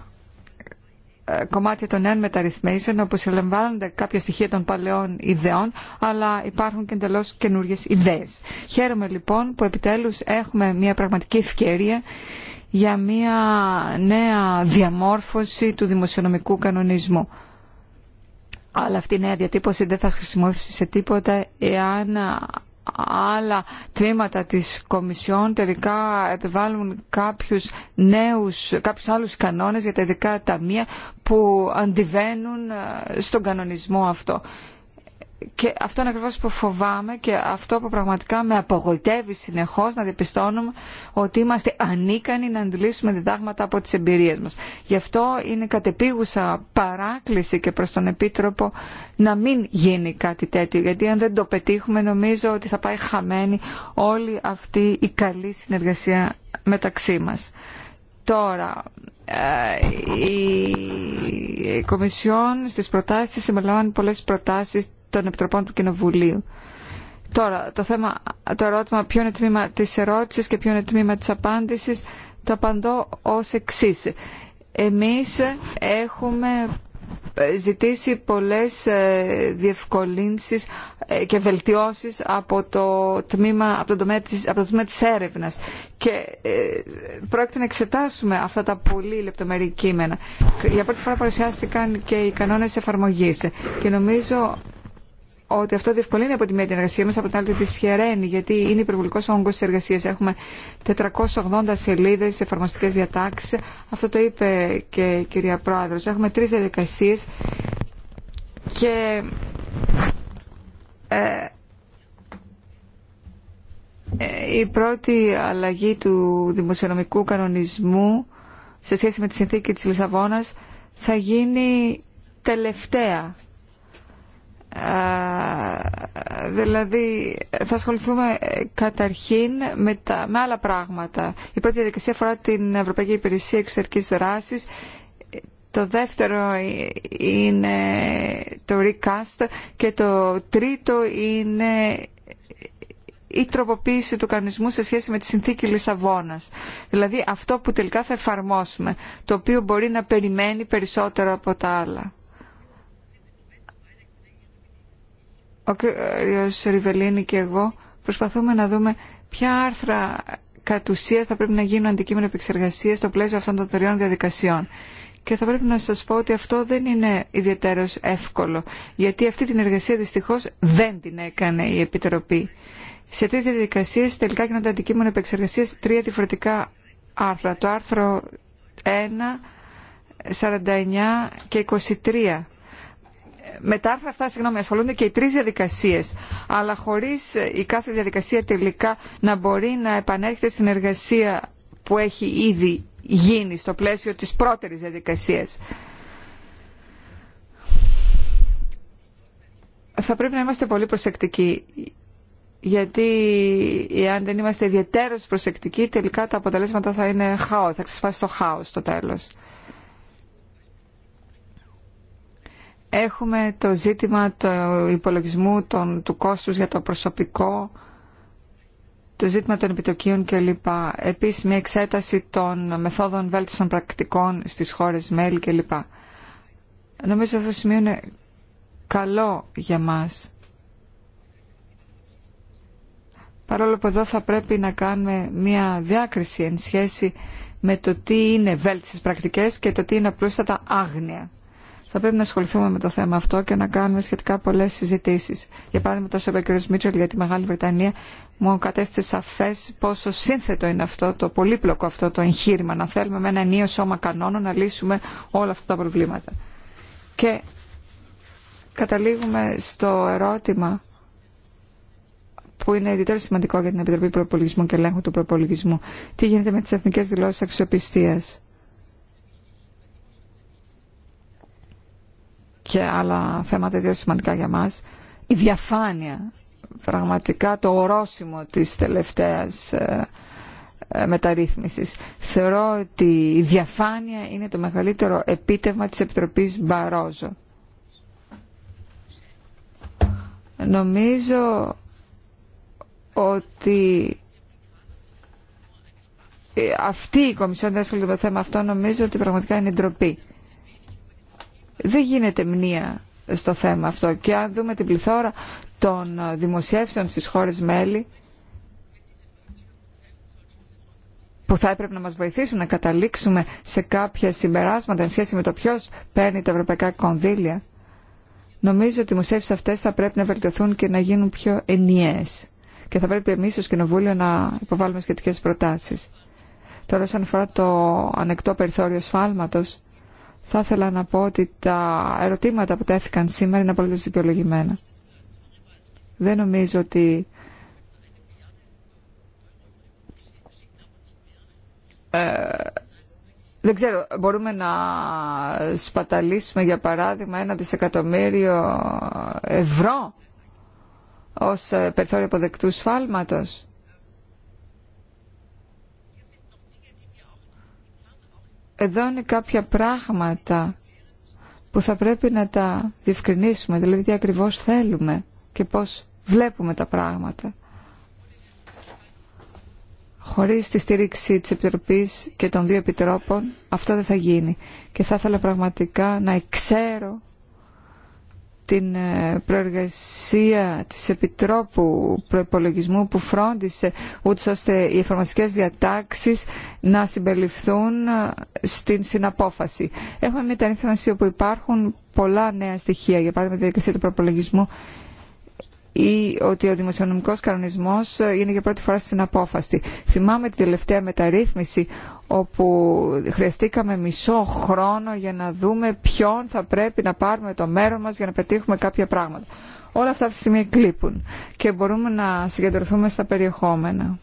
κομμάτια των νέων μεταρρυθμίσεων όπου συλλαμβάνονται κάποια στοιχεία των παλαιών ιδεών αλλά υπάρχουν και εντελώ καινούργιες ιδέες. Χαίρομαι λοιπόν που επιτέλους έχουμε μια πραγματική ευκαιρία για μια νέα διαμόρφωση του δημοσιονομικού κανονισμού. Αλλά αυτή η νέα διατύπωση δεν θα χρησιμοποιήσει σε τίποτα εάν άλλα τμήματα της Κομισιόν τελικά επιβάλλουν κάποιους, νέους, κάποιους άλλους κανόνες για τα ειδικά ταμεία που αντιβαίνουν ε, στον κανονισμό αυτό και αυτό είναι ακριβώς που φοβάμαι και αυτό που πραγματικά με απογοητεύει συνεχώς να διαπιστώνουμε ότι είμαστε ανίκανοι να αντιλήσουμε διδάγματα από τις εμπειρίες μας. Γι' αυτό είναι κατεπίγουσα παράκληση και προς τον Επίτροπο να μην γίνει κάτι τέτοιο γιατί αν δεν το πετύχουμε νομίζω ότι θα πάει χαμένη όλη αυτή η καλή συνεργασία μεταξύ μας. Τώρα, ε, η Κομισιόν στις προτάσεις της πολλές προτάσεις των Επιτροπών του Κοινοβουλίου. Τώρα, το, θέμα, το ερώτημα ποιο είναι τμήμα της ερώτησης και ποιο είναι τμήμα της απάντησης, το απαντώ ως εξή. Εμείς έχουμε ε, ζητήσει πολλές ε, διευκολύνσεις ε, και βελτιώσεις από το τμήμα, από το τομέα της, από το τμήμα της έρευνας και πρόκειται να εξετάσουμε αυτά τα πολύ λεπτομερή κείμενα. Για πρώτη φορά παρουσιάστηκαν και οι κανόνες εφαρμογής και νομίζω ότι αυτό διευκολύνει από τη μία την εργασία μας, από την άλλη τη γιατί είναι υπερβολικό όγκο τη εργασία. Έχουμε 480 σελίδε, εφαρμοστικέ διατάξει. Αυτό το είπε και η κυρία Πρόεδρο. Έχουμε τρει διαδικασίε και. Ε, ε, η πρώτη αλλαγή του δημοσιονομικού κανονισμού σε σχέση με τη συνθήκη της Λισαβόνας θα γίνει τελευταία δηλαδή θα ασχοληθούμε ε, καταρχήν με, τα, με άλλα πράγματα. Η πρώτη διαδικασία αφορά την Ευρωπαϊκή Υπηρεσία Εξωτερικής Δράσης. Το δεύτερο ε, είναι το recast και το τρίτο είναι η τροποποίηση του κανονισμού σε σχέση με τη συνθήκη Λισαβόνας. Δηλαδή αυτό που τελικά θα εφαρμόσουμε, το οποίο μπορεί να περιμένει περισσότερο από τα άλλα. ο κ. Ριβελίνη και εγώ προσπαθούμε να δούμε ποια άρθρα κατ' ουσία θα πρέπει να γίνουν αντικείμενα επεξεργασία στο πλαίσιο αυτών των τριών διαδικασιών. Και θα πρέπει να σας πω ότι αυτό δεν είναι ιδιαίτερο εύκολο, γιατί αυτή την εργασία δυστυχώς δεν την έκανε η Επιτροπή. Σε τρεις διαδικασίες τελικά γίνονται αντικείμενα σε τρία διαφορετικά άρθρα. Το άρθρο 1, 49 και 23 με τα άρθρα αυτά συγγνώμη, ασχολούνται και οι τρει διαδικασίε, αλλά χωρί ε, η κάθε διαδικασία τελικά να μπορεί να επανέρχεται στην εργασία που έχει ήδη γίνει στο πλαίσιο τη πρώτερη διαδικασία. Θα πρέπει να είμαστε πολύ προσεκτικοί, γιατί αν δεν είμαστε ιδιαίτερως προσεκτικοί, τελικά τα αποτελέσματα θα είναι χάο, θα ξεσπάσει το χάος στο τέλος. Έχουμε το ζήτημα του υπολογισμού των, του κόστους για το προσωπικό, το ζήτημα των επιτοκίων κλπ. Επίσης μια εξέταση των μεθόδων βέλτιστων πρακτικών στις χώρες μέλη κλπ. Νομίζω αυτό το σημείο είναι καλό για μας. Παρόλο που εδώ θα πρέπει να κάνουμε μια διάκριση εν σχέση με το τι είναι βέλτιστες πρακτικές και το τι είναι απλούστατα άγνοια θα πρέπει να ασχοληθούμε με το θέμα αυτό και να κάνουμε σχετικά πολλέ συζητήσει. Για παράδειγμα, τόσο είπε ο κ. Μίτσελ για τη Μεγάλη Βρετανία, μου κατέστησε σαφέ πόσο σύνθετο είναι αυτό, το πολύπλοκο αυτό το εγχείρημα, να θέλουμε με ένα ενίο σώμα κανόνων να λύσουμε όλα αυτά τα προβλήματα. Και καταλήγουμε στο ερώτημα που είναι ιδιαίτερα σημαντικό για την Επιτροπή Προπολογισμού και Ελέγχου του Προπολογισμού. Τι γίνεται με τι εθνικέ δηλώσει αξιοπιστία και άλλα θέματα ιδιαίτερα σημαντικά για μας. Η διαφάνεια, πραγματικά το ορόσημο της τελευταίας ε, ε, μεταρρύθμισης. Θεωρώ ότι η διαφάνεια είναι το μεγαλύτερο επίτευγμα της Επιτροπής Μπαρόζο. Νομίζω ότι αυτή η Κομισιόν δεν με το θέμα αυτό, νομίζω ότι πραγματικά είναι ντροπή. Δεν γίνεται μνήα στο θέμα αυτό και αν δούμε την πληθώρα των δημοσιεύσεων στις χώρες μέλη που θα έπρεπε να μας βοηθήσουν να καταλήξουμε σε κάποια συμπεράσματα εν σχέση με το ποιος παίρνει τα ευρωπαϊκά κονδύλια νομίζω ότι οι δημοσιεύσει αυτές θα πρέπει να βελτιωθούν και να γίνουν πιο ενιαίες και θα πρέπει εμείς ως Κοινοβούλιο να υποβάλουμε σχετικές προτάσεις. Τώρα, όσον αφορά το ανεκτό περιθώριο σφάλματος, θα ήθελα να πω ότι τα ερωτήματα που τέθηκαν σήμερα είναι απολύτως δικαιολογημένα. Δεν νομίζω ότι Ε, δεν ξέρω, μπορούμε να σπαταλήσουμε για παράδειγμα ένα δισεκατομμύριο ευρώ ως ε, περιθώριο αποδεκτού σφάλματος. εδώ είναι κάποια πράγματα που θα πρέπει να τα διευκρινίσουμε, δηλαδή τι ακριβώς θέλουμε και πώς βλέπουμε τα πράγματα. Χωρίς τη στήριξη της Επιτροπής και των δύο Επιτρόπων αυτό δεν θα γίνει. Και θα ήθελα πραγματικά να ξέρω την ε, προεργασία της Επιτρόπου Προϋπολογισμού που φρόντισε ούτως ώστε οι εφαρμοστικές διατάξεις να συμπεριληφθούν ε, στην συναπόφαση. Έχουμε μια όπου υπάρχουν πολλά νέα στοιχεία, για παράδειγμα τη διαδικασία του προπολογισμού ή ότι ο δημοσιονομικός κανονισμός ε, είναι για πρώτη φορά στην απόφαση. Θυμάμαι την τελευταία μεταρρύθμιση όπου χρειαστήκαμε μισό χρόνο για να δούμε ποιον θα πρέπει να πάρουμε το μέρο μας για να πετύχουμε κάποια πράγματα. Όλα αυτά αυτή τη στιγμή κλείπουν και μπορούμε να συγκεντρωθούμε στα περιεχόμενα.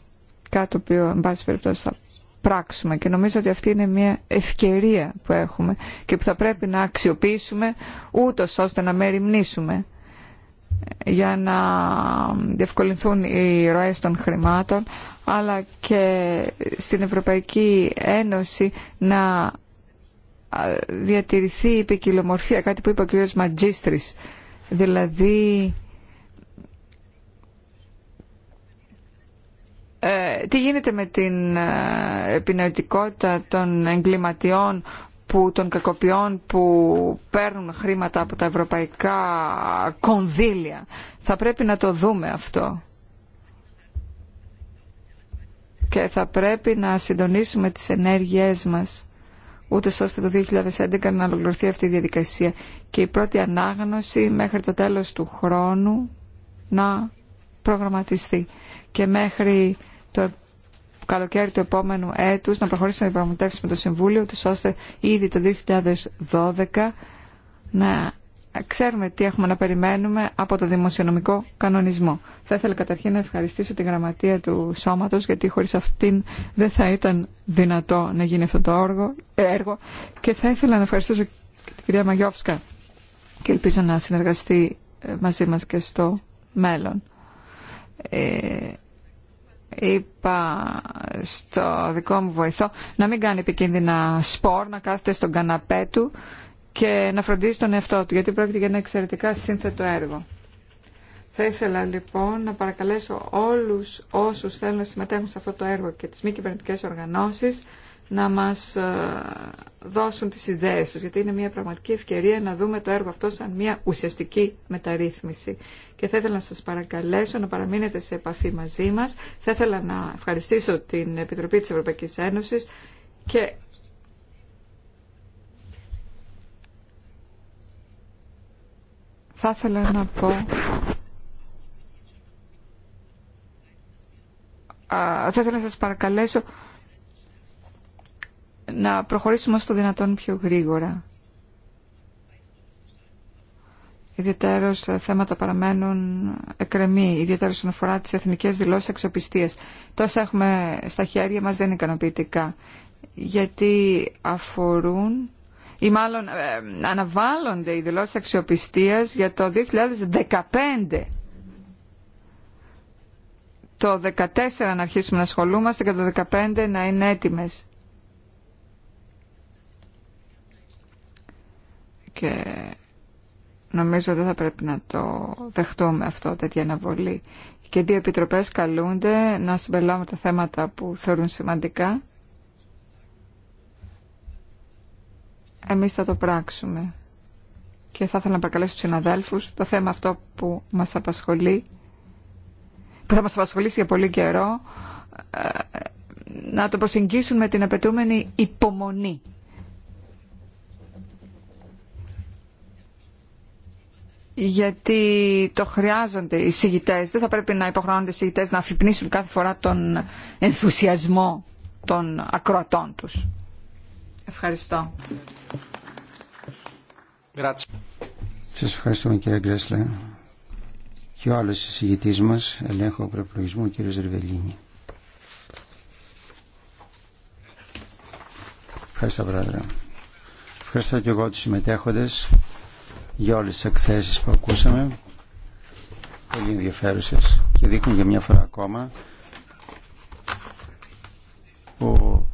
Κάτι το οποίο, εν πάση περιπτώσει, θα πράξουμε και νομίζω ότι αυτή είναι μια ευκαιρία που έχουμε και που θα πρέπει να αξιοποιήσουμε ούτω ώστε να μεριμνήσουμε για να διευκολυνθούν οι ροές των χρημάτων αλλά και στην Ευρωπαϊκή Ένωση να διατηρηθεί η ποικιλομορφία, κάτι που είπε ο κ. Ματζίστρης. Δηλαδή, ε, τι γίνεται με την ε, επινοητικότητα των εγκληματιών που, των κακοποιών που παίρνουν χρήματα από τα ευρωπαϊκά κονδύλια. Θα πρέπει να το δούμε αυτό και θα πρέπει να συντονίσουμε τις ενέργειές μας ούτε ώστε το 2011 να ολοκληρωθεί αυτή η διαδικασία και η πρώτη ανάγνωση μέχρι το τέλος του χρόνου να προγραμματιστεί και μέχρι το καλοκαίρι του επόμενου έτους να προχωρήσουμε να προγραμματεύσουμε το Συμβούλιο ούτε ώστε ήδη το 2012 να ξέρουμε τι έχουμε να περιμένουμε από το δημοσιονομικό κανονισμό. Θα ήθελα καταρχήν να ευχαριστήσω τη γραμματεία του σώματος γιατί χωρίς αυτήν δεν θα ήταν δυνατό να γίνει αυτό το ε, έργο και θα ήθελα να ευχαριστήσω και την κυρία Μαγιόφσκα και ελπίζω να συνεργαστεί ε, μαζί μας και στο μέλλον. Ε, είπα στο δικό μου βοηθό να μην κάνει επικίνδυνα σπορ, να κάθεται στον καναπέ του και να φροντίζει τον εαυτό του γιατί πρόκειται για ένα εξαιρετικά σύνθετο έργο. Θα ήθελα λοιπόν να παρακαλέσω όλους όσους θέλουν να συμμετέχουν σε αυτό το έργο και τις μη κυβερνητικέ οργανώσεις να μας ε, δώσουν τις ιδέες τους, γιατί είναι μια πραγματική ευκαιρία να δούμε το έργο αυτό σαν μια ουσιαστική μεταρρύθμιση. Και θα ήθελα να σας παρακαλέσω να παραμείνετε σε επαφή μαζί μας. Θα ήθελα να ευχαριστήσω την Επιτροπή της Ευρωπαϊκής Ένωσης και θα ήθελα να πω θα ήθελα να σας παρακαλέσω να προχωρήσουμε όσο το δυνατόν πιο γρήγορα. Ιδιαίτερως ε, θέματα παραμένουν εκρεμή, ιδιαίτερα όσον αφορά τις εθνικές δηλώσεις αξιοπιστίας. Τόσα έχουμε στα χέρια μας δεν είναι ικανοποιητικά, γιατί αφορούν ή μάλλον ε, ε αναβάλλονται οι δηλώσεις αξιοπιστίας για το 2015 το 14 να αρχίσουμε να ασχολούμαστε και το 15 να είναι έτοιμες. Και νομίζω δεν θα πρέπει να το δεχτούμε αυτό, τέτοια αναβολή. Και δύο επιτροπές καλούνται να συμπεριλάμβουν τα θέματα που θεωρούν σημαντικά. Εμείς θα το πράξουμε. Και θα ήθελα να παρακαλέσω τους συναδέλφους το θέμα αυτό που μας απασχολεί που θα μας απασχολήσει για πολύ καιρό ε, να το προσεγγίσουν με την απαιτούμενη υπομονή. γιατί το χρειάζονται οι συγητές. Δεν θα πρέπει να υποχρεώνονται οι συγητές να αφυπνίσουν κάθε φορά τον ενθουσιασμό των ακροατών τους. Ευχαριστώ. Σας ευχαριστούμε κύριε Γκρέσλε και ο άλλος συζητητής μας, ελέγχο προπολογισμού, ο κύριος Ρεβελίνη. Ευχαριστώ, Πρόεδρε. Ευχαριστώ και εγώ τους συμμετέχοντες για όλες τις εκθέσεις που ακούσαμε. Πολύ ενδιαφέρουσες και δείχνουν για μια φορά ακόμα που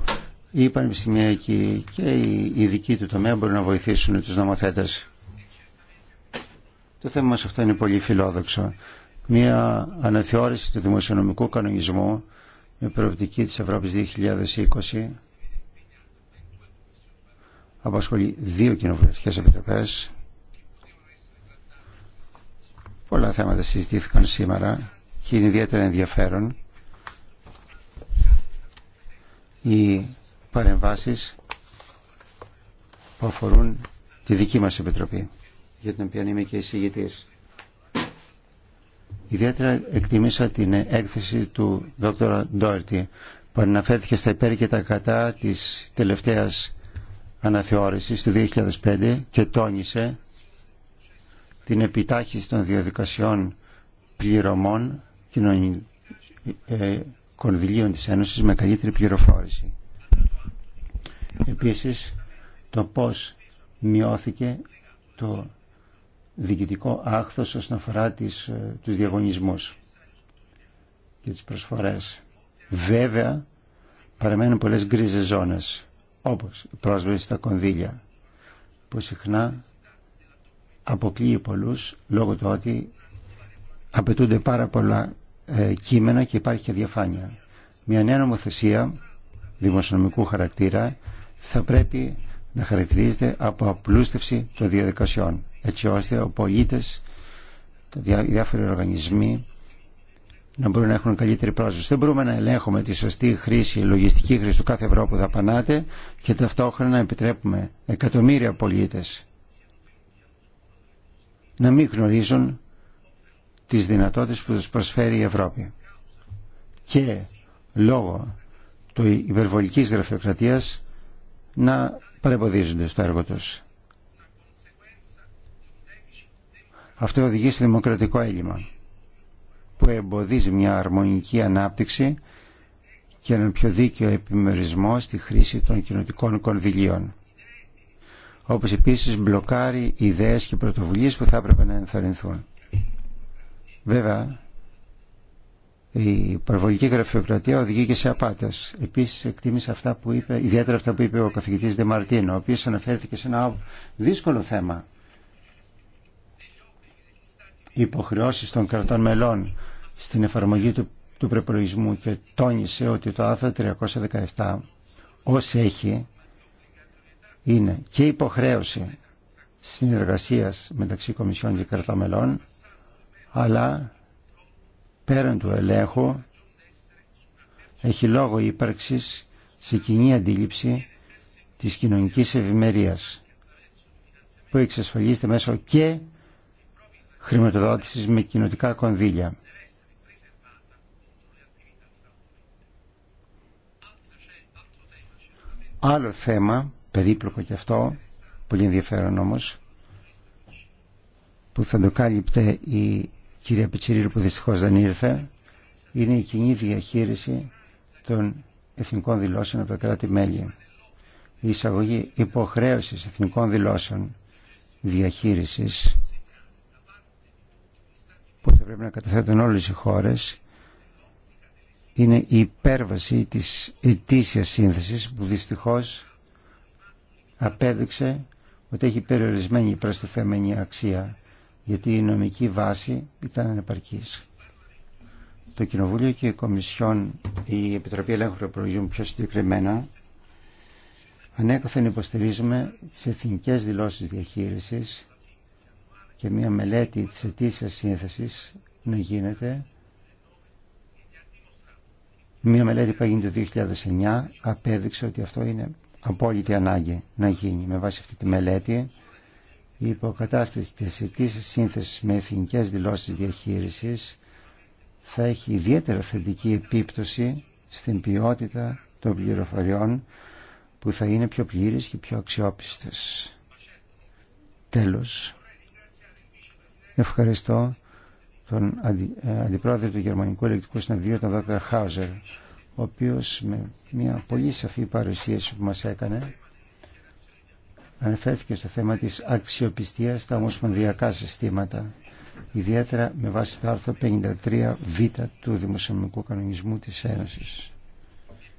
η πανεπιστημιακή και η ειδική του τομέα μπορούν να βοηθήσουν τους νομοθέτες το θέμα μας αυτό είναι πολύ φιλόδοξο. Μία αναθεώρηση του δημοσιονομικού κανονισμού με προοπτική της Ευρώπης 2020 απασχολεί δύο κοινοβουλευτικές επιτροπές. Πολλά θέματα συζητήθηκαν σήμερα και είναι ιδιαίτερα ενδιαφέρον οι παρεμβάσεις που αφορούν τη δική μας Επιτροπή για την οποία είμαι και εισηγητής. Ιδιαίτερα εκτιμήσα την έκθεση του Δ. Ντόρτι που αναφέρθηκε στα υπέρ και τα κατά της τελευταίας αναθεώρησης του 2005 και τόνισε την επιτάχυση των διαδικασιών πληρωμών ε, κονδυλίων της Ένωσης με καλύτερη πληροφόρηση. Επίσης, το πώς μειώθηκε το διοικητικό άχθος όσον αφορά τις, ε, τους διαγωνισμούς και τις προσφορές. Βέβαια, παραμένουν πολλές γκρίζε ζώνες, όπως η πρόσβαση στα κονδύλια, που συχνά αποκλείει πολλούς λόγω του ότι απαιτούνται πάρα πολλά ε, κείμενα και υπάρχει και διαφάνεια. Μια νέα νομοθεσία δημοσιονομικού χαρακτήρα θα πρέπει να χαρακτηρίζεται από απλούστευση των διαδικασιών έτσι ώστε ο πολίτες, οι διάφοροι οργανισμοί να μπορούν να έχουν καλύτερη πρόσβαση. Δεν μπορούμε να ελέγχουμε τη σωστή χρήση, λογιστική χρήση του κάθε ευρώ που δαπανάτε και ταυτόχρονα επιτρέπουμε εκατομμύρια πολίτες να μην γνωρίζουν τις δυνατότητες που τους προσφέρει η Ευρώπη. Και λόγω του υπερβολικής γραφειοκρατίας να παρεμποδίζονται στο έργο τους. Αυτό οδηγεί σε δημοκρατικό έλλειμμα που εμποδίζει μια αρμονική ανάπτυξη και έναν πιο δίκαιο επιμερισμό στη χρήση των κοινωτικών κονδυλίων. Όπως επίσης μπλοκάρει ιδέες και πρωτοβουλίες που θα έπρεπε να ενθαρρυνθούν. Βέβαια, η παραβολική γραφειοκρατία οδηγεί και σε απάτες. Επίσης εκτίμησε αυτά που είπε, ιδιαίτερα αυτά που είπε ο καθηγητής Δεμαρτίνο, ο οποίος αναφέρθηκε σε ένα δύσκολο θέμα υποχρεώσει των κρατών μελών στην εφαρμογή του, του προπολογισμού και τόνισε ότι το άρθρο 317 ως έχει είναι και υποχρέωση συνεργασίας μεταξύ Κομισιών και κρατών μελών αλλά πέραν του ελέγχου έχει λόγο ύπαρξης σε κοινή αντίληψη της κοινωνικής ευημερίας που εξασφαλίζεται μέσω και χρηματοδότησης με κοινοτικά κονδύλια. Άλλο θέμα, περίπλοκο και αυτό, πολύ ενδιαφέρον όμως, που θα το κάλυπτε η κυρία Πιτσιρίλου που δυστυχώς δεν ήρθε, είναι η κοινή διαχείριση των εθνικών δηλώσεων από τα κράτη-μέλη. Η εισαγωγή υποχρέωσης εθνικών δηλώσεων διαχείρισης που θα πρέπει να καταθέτουν όλες οι χώρες είναι η υπέρβαση της ετήσιας σύνθεσης που δυστυχώς απέδειξε ότι έχει περιορισμένη προστιθέμενη αξία γιατί η νομική βάση ήταν ανεπαρκής. Το Κοινοβούλιο και η Κομισιόν, η Επιτροπή Ελέγχου Προπολογισμού πιο συγκεκριμένα, ανέκαθεν υποστηρίζουμε τις εθνικές δηλώσεις διαχείρισης και μια μελέτη της αιτήσιας σύνθεσης να γίνεται μια μελέτη που έγινε το 2009 απέδειξε ότι αυτό είναι απόλυτη ανάγκη να γίνει με βάση αυτή τη μελέτη η υποκατάσταση της αιτήσιας σύνθεσης με εθνικέ δηλώσεις διαχείρισης θα έχει ιδιαίτερα θετική επίπτωση στην ποιότητα των πληροφοριών που θα είναι πιο πλήρες και πιο αξιόπιστες. Τέλος, Ευχαριστώ τον ε, Αντιπρόεδρο του Γερμανικού Ελεκτρικού Συνεδρίου, τον Δ. Χάουζερ, ο οποίος με μια πολύ σαφή παρουσίαση που μας έκανε αναφέρθηκε στο θέμα της αξιοπιστίας στα ομοσπονδιακά συστήματα, ιδιαίτερα με βάση το άρθρο 53β του Δημοσιονομικού Κανονισμού της Ένωσης.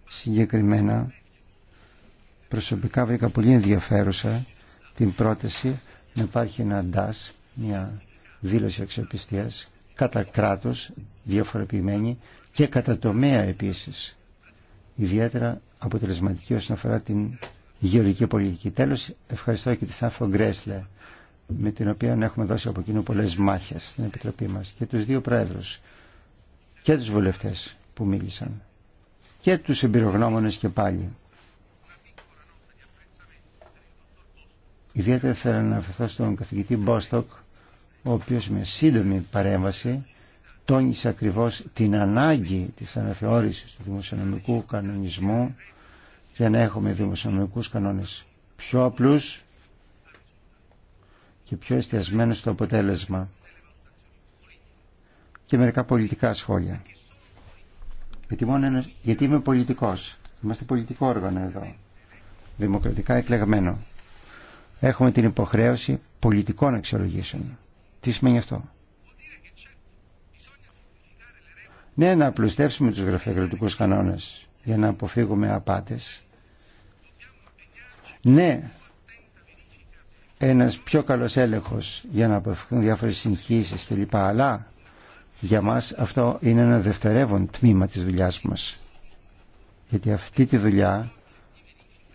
Συγκεκριμένα, προσωπικά βρήκα πολύ ενδιαφέρουσα την πρόταση να υπάρχει ένα DAS, μια δήλωση αξιοπιστίας κατά κράτος διαφοροποιημένη και κατά τομέα επίσης ιδιαίτερα αποτελεσματική όσον αφορά την γεωργική πολιτική. Τέλος, ευχαριστώ και τη Σάφο Γκρέσλε με την οποία έχουμε δώσει από κοινού πολλές μάχες στην Επιτροπή μας και τους δύο πρόεδρους και τους βουλευτές που μίλησαν και τους εμπειρογνώμονες και πάλι. Ιδιαίτερα θέλω να αναφερθώ στον καθηγητή Μπόστοκ ο οποίος με σύντομη παρέμβαση τόνισε ακριβώς την ανάγκη της αναθεώρησης του δημοσιονομικού κανονισμού για να έχουμε δημοσιονομικούς κανόνες πιο απλούς και πιο εστιασμένους στο αποτέλεσμα και μερικά πολιτικά σχόλια. Γιατί, Γιατί είμαι πολιτικός. Είμαστε πολιτικό όργανο εδώ. Δημοκρατικά εκλεγμένο. Έχουμε την υποχρέωση πολιτικών αξιολογήσεων. Τι σημαίνει αυτό. Ναι, να απλουστεύσουμε τους γραφειοκρατικούς κανόνες για να αποφύγουμε απάτες. Ναι, ένας πιο καλός έλεγχος για να αποφύγουν διάφορες συγχύσεις κλπ. Αλλά για μας αυτό είναι ένα δευτερεύον τμήμα της δουλειάς μας. Γιατί αυτή τη δουλειά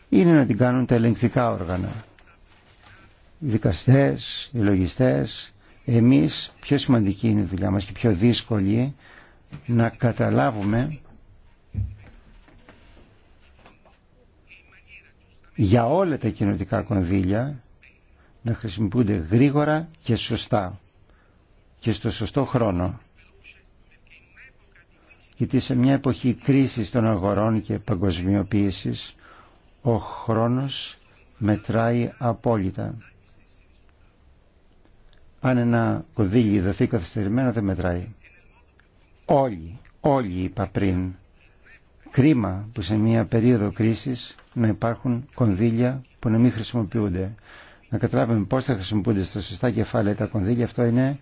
είναι να την κάνουν τα ελεγκτικά όργανα. Οι δικαστές, οι λογιστές, εμείς πιο σημαντική είναι η δουλειά μας και πιο δύσκολη να καταλάβουμε για όλα τα κοινωτικά κονδύλια να χρησιμοποιούνται γρήγορα και σωστά και στο σωστό χρόνο. Γιατί σε μια εποχή κρίσης των αγορών και παγκοσμιοποίησης ο χρόνος μετράει απόλυτα αν ένα κονδύλι δοθεί καθυστερημένα δεν μετράει. Όλοι, όλοι είπα πριν, κρίμα που σε μια περίοδο κρίσης να υπάρχουν κονδύλια που να μην χρησιμοποιούνται. Να καταλάβουμε πώς θα χρησιμοποιούνται στα σωστά κεφάλαια τα κονδύλια, αυτό είναι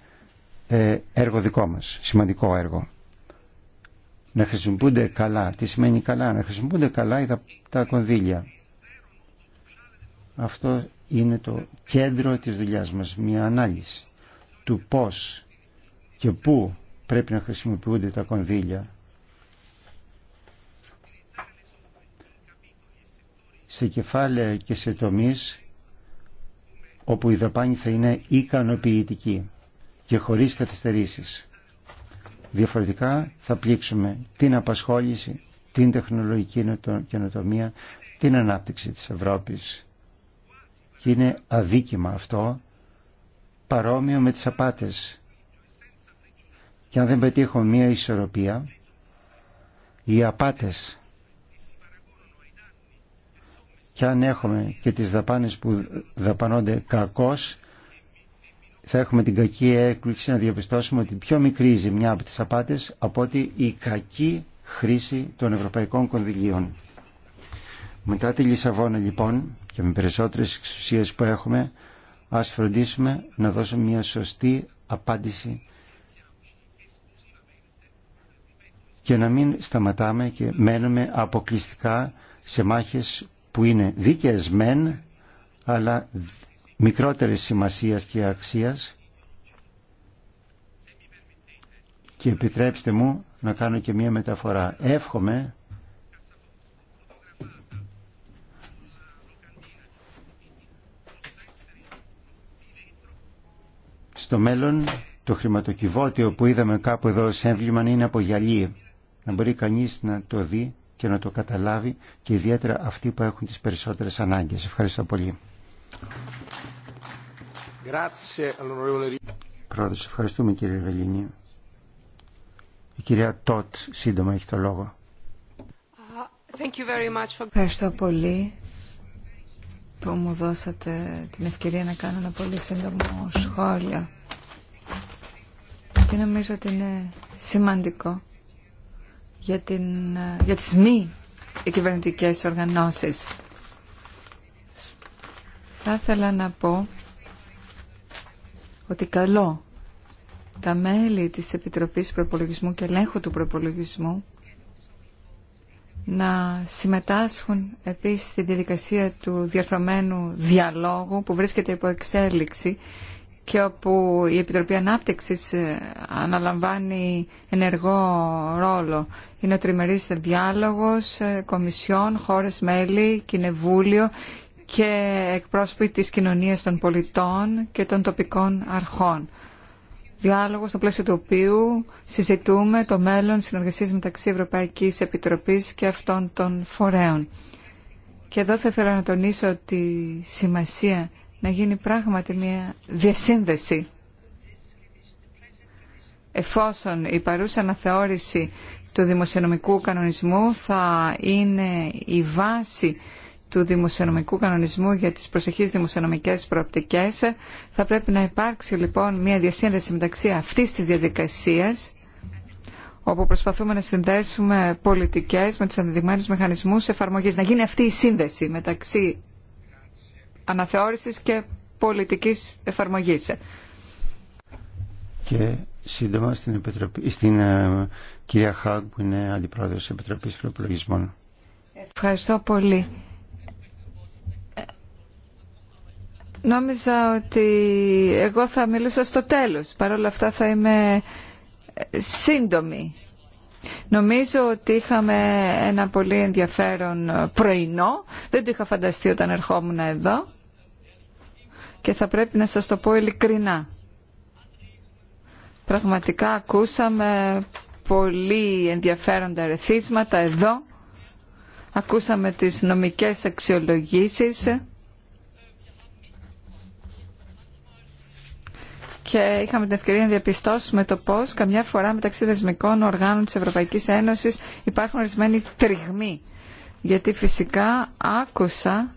ε, έργο δικό μας, σημαντικό έργο. Να χρησιμοποιούνται καλά. Τι σημαίνει καλά, να χρησιμοποιούνται καλά τα, τα κονδύλια. Αυτό είναι το κέντρο της δουλειάς μας, μια ανάλυση του πώς και πού πρέπει να χρησιμοποιούνται τα κονδύλια. Σε κεφάλαια και σε τομείς όπου η δαπάνη θα είναι ικανοποιητική και χωρίς καθυστερήσεις. Διαφορετικά θα πλήξουμε την απασχόληση, την τεχνολογική καινοτομία, την ανάπτυξη της Ευρώπης. Και είναι αδίκημα αυτό παρόμοιο με τις απάτες. Και αν δεν πετύχω μία ισορροπία, οι απάτες και αν έχουμε και τις δαπάνες που δαπανώνται κακώς, θα έχουμε την κακή έκπληξη να διαπιστώσουμε ότι πιο μικρή μία ζημιά από τις απάτες από ότι η κακή χρήση των ευρωπαϊκών κονδυλίων. Μετά τη Λισαβόνα λοιπόν και με περισσότερες εξουσίες που έχουμε Ας φροντίσουμε να δώσουμε μια σωστή απάντηση και να μην σταματάμε και μένουμε αποκλειστικά σε μάχες που είναι δίκαιες μεν, αλλά μικρότερες σημασίας και αξίας. Και επιτρέψτε μου να κάνω και μία μεταφορά. Εύχομαι Στο μέλλον το χρηματοκιβώτιο που είδαμε κάπου εδώ σε έμβλημα είναι από γυαλί. Να μπορεί κανείς να το δει και να το καταλάβει και ιδιαίτερα αυτοί που έχουν τις περισσότερες ανάγκες. Ευχαριστώ πολύ. Πρόεδρος, ευχαριστούμε κύριε Βελίνη. Η κυρία Τότ σύντομα έχει το λόγο. Uh, Ευχαριστώ πολύ που μου δώσατε την ευκαιρία να κάνω ένα πολύ σύντομο σχόλιο και νομίζω ότι είναι σημαντικό για, την, για τις μη κυβερνητικέ οργανώσεις. Θα ήθελα να πω ότι καλό τα μέλη της Επιτροπής Προπολογισμού και Ελέγχου του Προπολογισμού να συμμετάσχουν επίσης στη διαδικασία του διαρθρωμένου διαλόγου που βρίσκεται υπό εξέλιξη και όπου η Επιτροπή Ανάπτυξης ε, αναλαμβάνει ενεργό ρόλο. Είναι ο τριμερής διάλογος, ε, κομισιόν, χώρες μέλη, κοινεβούλιο και εκπρόσωποι της κοινωνίας των πολιτών και των τοπικών αρχών διάλογο στο πλαίσιο του οποίου συζητούμε το μέλλον συνεργασίας μεταξύ Ευρωπαϊκής Επιτροπής και αυτών των φορέων. Και εδώ θα ήθελα να τονίσω τη σημασία να γίνει πράγματι μια διασύνδεση εφόσον η παρούσα αναθεώρηση του δημοσιονομικού κανονισμού θα είναι η βάση του δημοσιονομικού κανονισμού για τις προσεχείς δημοσιονομικές προοπτικές. Θα πρέπει να υπάρξει λοιπόν μια διασύνδεση μεταξύ αυτής της διαδικασίας όπου προσπαθούμε να συνδέσουμε πολιτικές με τους ανεδειγμένους μηχανισμούς εφαρμογής. Να γίνει αυτή η σύνδεση μεταξύ αναθεώρησης και πολιτικής εφαρμογής. Και σύντομα στην, στην ε, κυρία Χαγ που είναι αντιπρόεδρος Επιτροπής Προπολογισμών. Ευχαριστώ πολύ. Νόμιζα ότι εγώ θα μιλούσα στο τέλος. Παρ' όλα αυτά θα είμαι σύντομη. Νομίζω ότι είχαμε ένα πολύ ενδιαφέρον πρωινό. Δεν το είχα φανταστεί όταν ερχόμουν εδώ. Και θα πρέπει να σας το πω ειλικρινά. Πραγματικά ακούσαμε πολύ ενδιαφέροντα ρεθίσματα εδώ. Ακούσαμε τις νομικές αξιολογήσεις και είχαμε την ευκαιρία να διαπιστώσουμε το πώ καμιά φορά μεταξύ δεσμικών οργάνων της Ευρωπαϊκής Ένωσης υπάρχουν ορισμένοι τριγμοί. Γιατί φυσικά άκουσα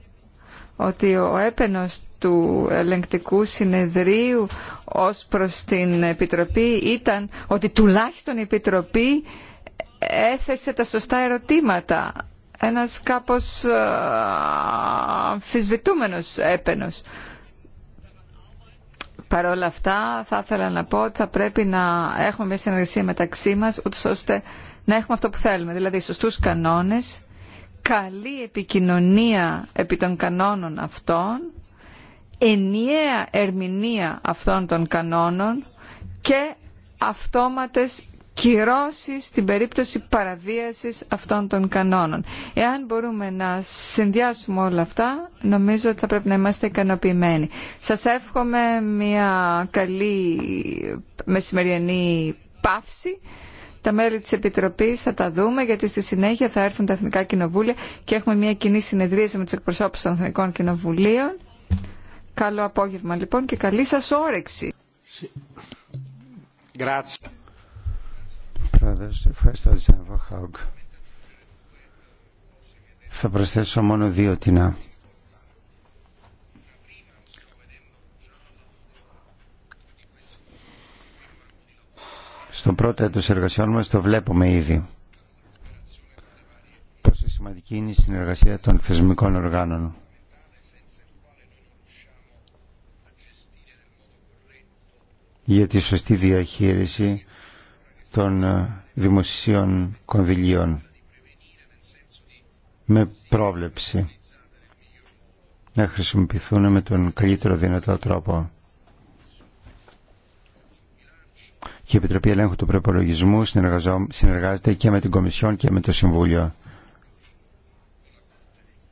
ότι ο έπαινος του ελεγκτικού συνεδρίου ως προς την Επιτροπή ήταν ότι τουλάχιστον η Επιτροπή έθεσε τα σωστά ερωτήματα. Ένας κάπως ε, αμφισβητούμενος έπαινος. Παρ' όλα αυτά θα ήθελα να πω ότι θα πρέπει να έχουμε μια συνεργασία μεταξύ μας ούτως ώστε να έχουμε αυτό που θέλουμε, δηλαδή σωστούς κανόνες, καλή επικοινωνία επί των κανόνων αυτών, ενιαία ερμηνεία αυτών των κανόνων και αυτόματες Κυρώσει στην περίπτωση παραβίασης αυτών των κανόνων. Εάν μπορούμε να συνδυάσουμε όλα αυτά, νομίζω ότι θα πρέπει να είμαστε ικανοποιημένοι. Σας εύχομαι μια καλή μεσημεριανή παύση. Τα μέλη της Επιτροπής θα τα δούμε γιατί στη συνέχεια θα έρθουν τα Εθνικά Κοινοβούλια και έχουμε μια κοινή συνεδρίαση με τους εκπροσώπους των Εθνικών Κοινοβουλίων. Καλό απόγευμα λοιπόν και καλή σας όρεξη ευχαριστώ Θα προσθέσω μόνο δύο τεινά. Στον πρώτο έτος εργασιών μας το βλέπουμε ήδη. Πόσο σημαντική είναι η συνεργασία των θεσμικών οργάνων. για τη σωστή διαχείριση των ε, δημοσίων κονδυλίων με πρόβλεψη να χρησιμοποιηθούν με τον καλύτερο δυνατό τρόπο. Και η Επιτροπή Ελέγχου του Προπολογισμού συνεργάζεται και με την Κομισιόν και με το Συμβούλιο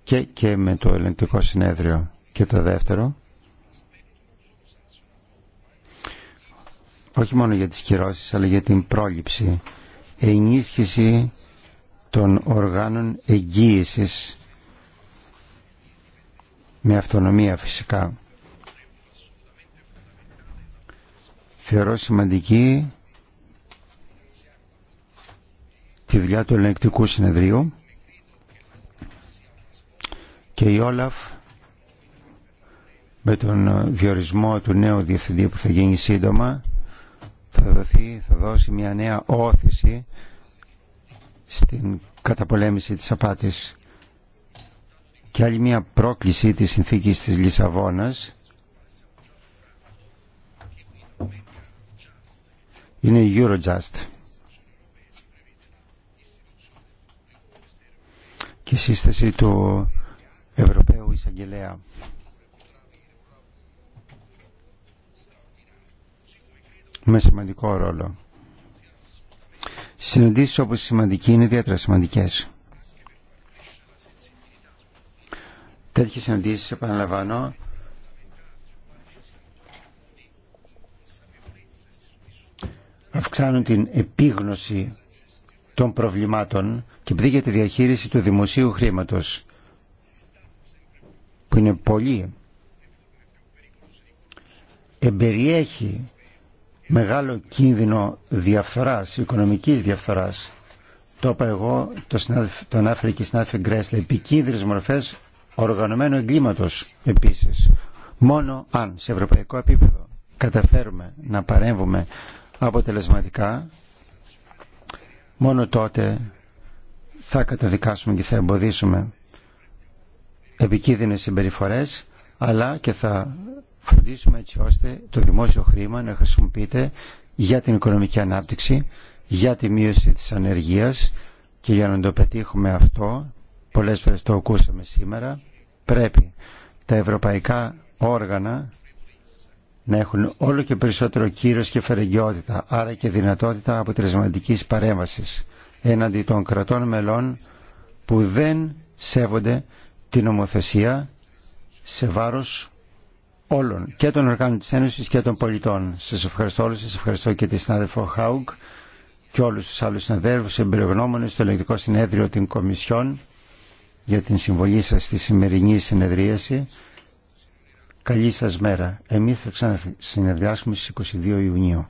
και, και με το Ελεγκτικό Συνέδριο. Και το δεύτερο, όχι μόνο για τις κυρώσεις αλλά για την πρόληψη ενίσχυση των οργάνων εγγύησης με αυτονομία φυσικά θεωρώ σημαντική τη δουλειά του ελεγκτικού συνεδρίου και η Όλαφ με τον διορισμό του νέου διευθυντή που θα γίνει σύντομα θα, δοθεί, θα δώσει μια νέα όθηση στην καταπολέμηση της απάτης και άλλη μια πρόκληση της συνθήκης της Λισαβόνας είναι η Eurojust και η σύσταση του Ευρωπαίου Εισαγγελέα. με σημαντικό ρόλο. Συναντήσεις όπως σημαντική είναι ιδιαίτερα σημαντικές. Τέτοιες συναντήσεις, επαναλαμβάνω, αυξάνουν την επίγνωση των προβλημάτων και επειδή για τη διαχείριση του δημοσίου χρήματος που είναι πολύ εμπεριέχει μεγάλο κίνδυνο διαφθοράς, οικονομικής διαφθοράς. Το είπα εγώ, το τον άφερε και Γκρέσλε, επικίνδυνες μορφές οργανωμένου εγκλήματος επίσης. Μόνο αν σε ευρωπαϊκό επίπεδο καταφέρουμε να παρέμβουμε αποτελεσματικά, μόνο τότε θα καταδικάσουμε και θα εμποδίσουμε επικίνδυνες συμπεριφορές, αλλά και θα φροντίσουμε έτσι ώστε το δημόσιο χρήμα να χρησιμοποιείται για την οικονομική ανάπτυξη, για τη μείωση της ανεργίας και για να το πετύχουμε αυτό, πολλές φορές το ακούσαμε σήμερα, πρέπει τα ευρωπαϊκά όργανα να έχουν όλο και περισσότερο κύρος και φερεγγιότητα, άρα και δυνατότητα αποτελεσματικής παρέμβασης έναντι των κρατών μελών που δεν σέβονται την νομοθεσία σε βάρος όλων και των οργάνων της Ένωσης και των πολιτών. Σας ευχαριστώ όλους, σας ευχαριστώ και τη συνάδελφο Χάουγκ και όλους τους άλλους συναδέλφους, εμπειρογνώμονες, στο Ελεκτικό Συνέδριο των Κομισιόν για την συμβολή σας στη σημερινή συνεδρίαση. Καλή σας μέρα. Εμείς θα ξανασυνεδριάσουμε στις 22 Ιουνίου.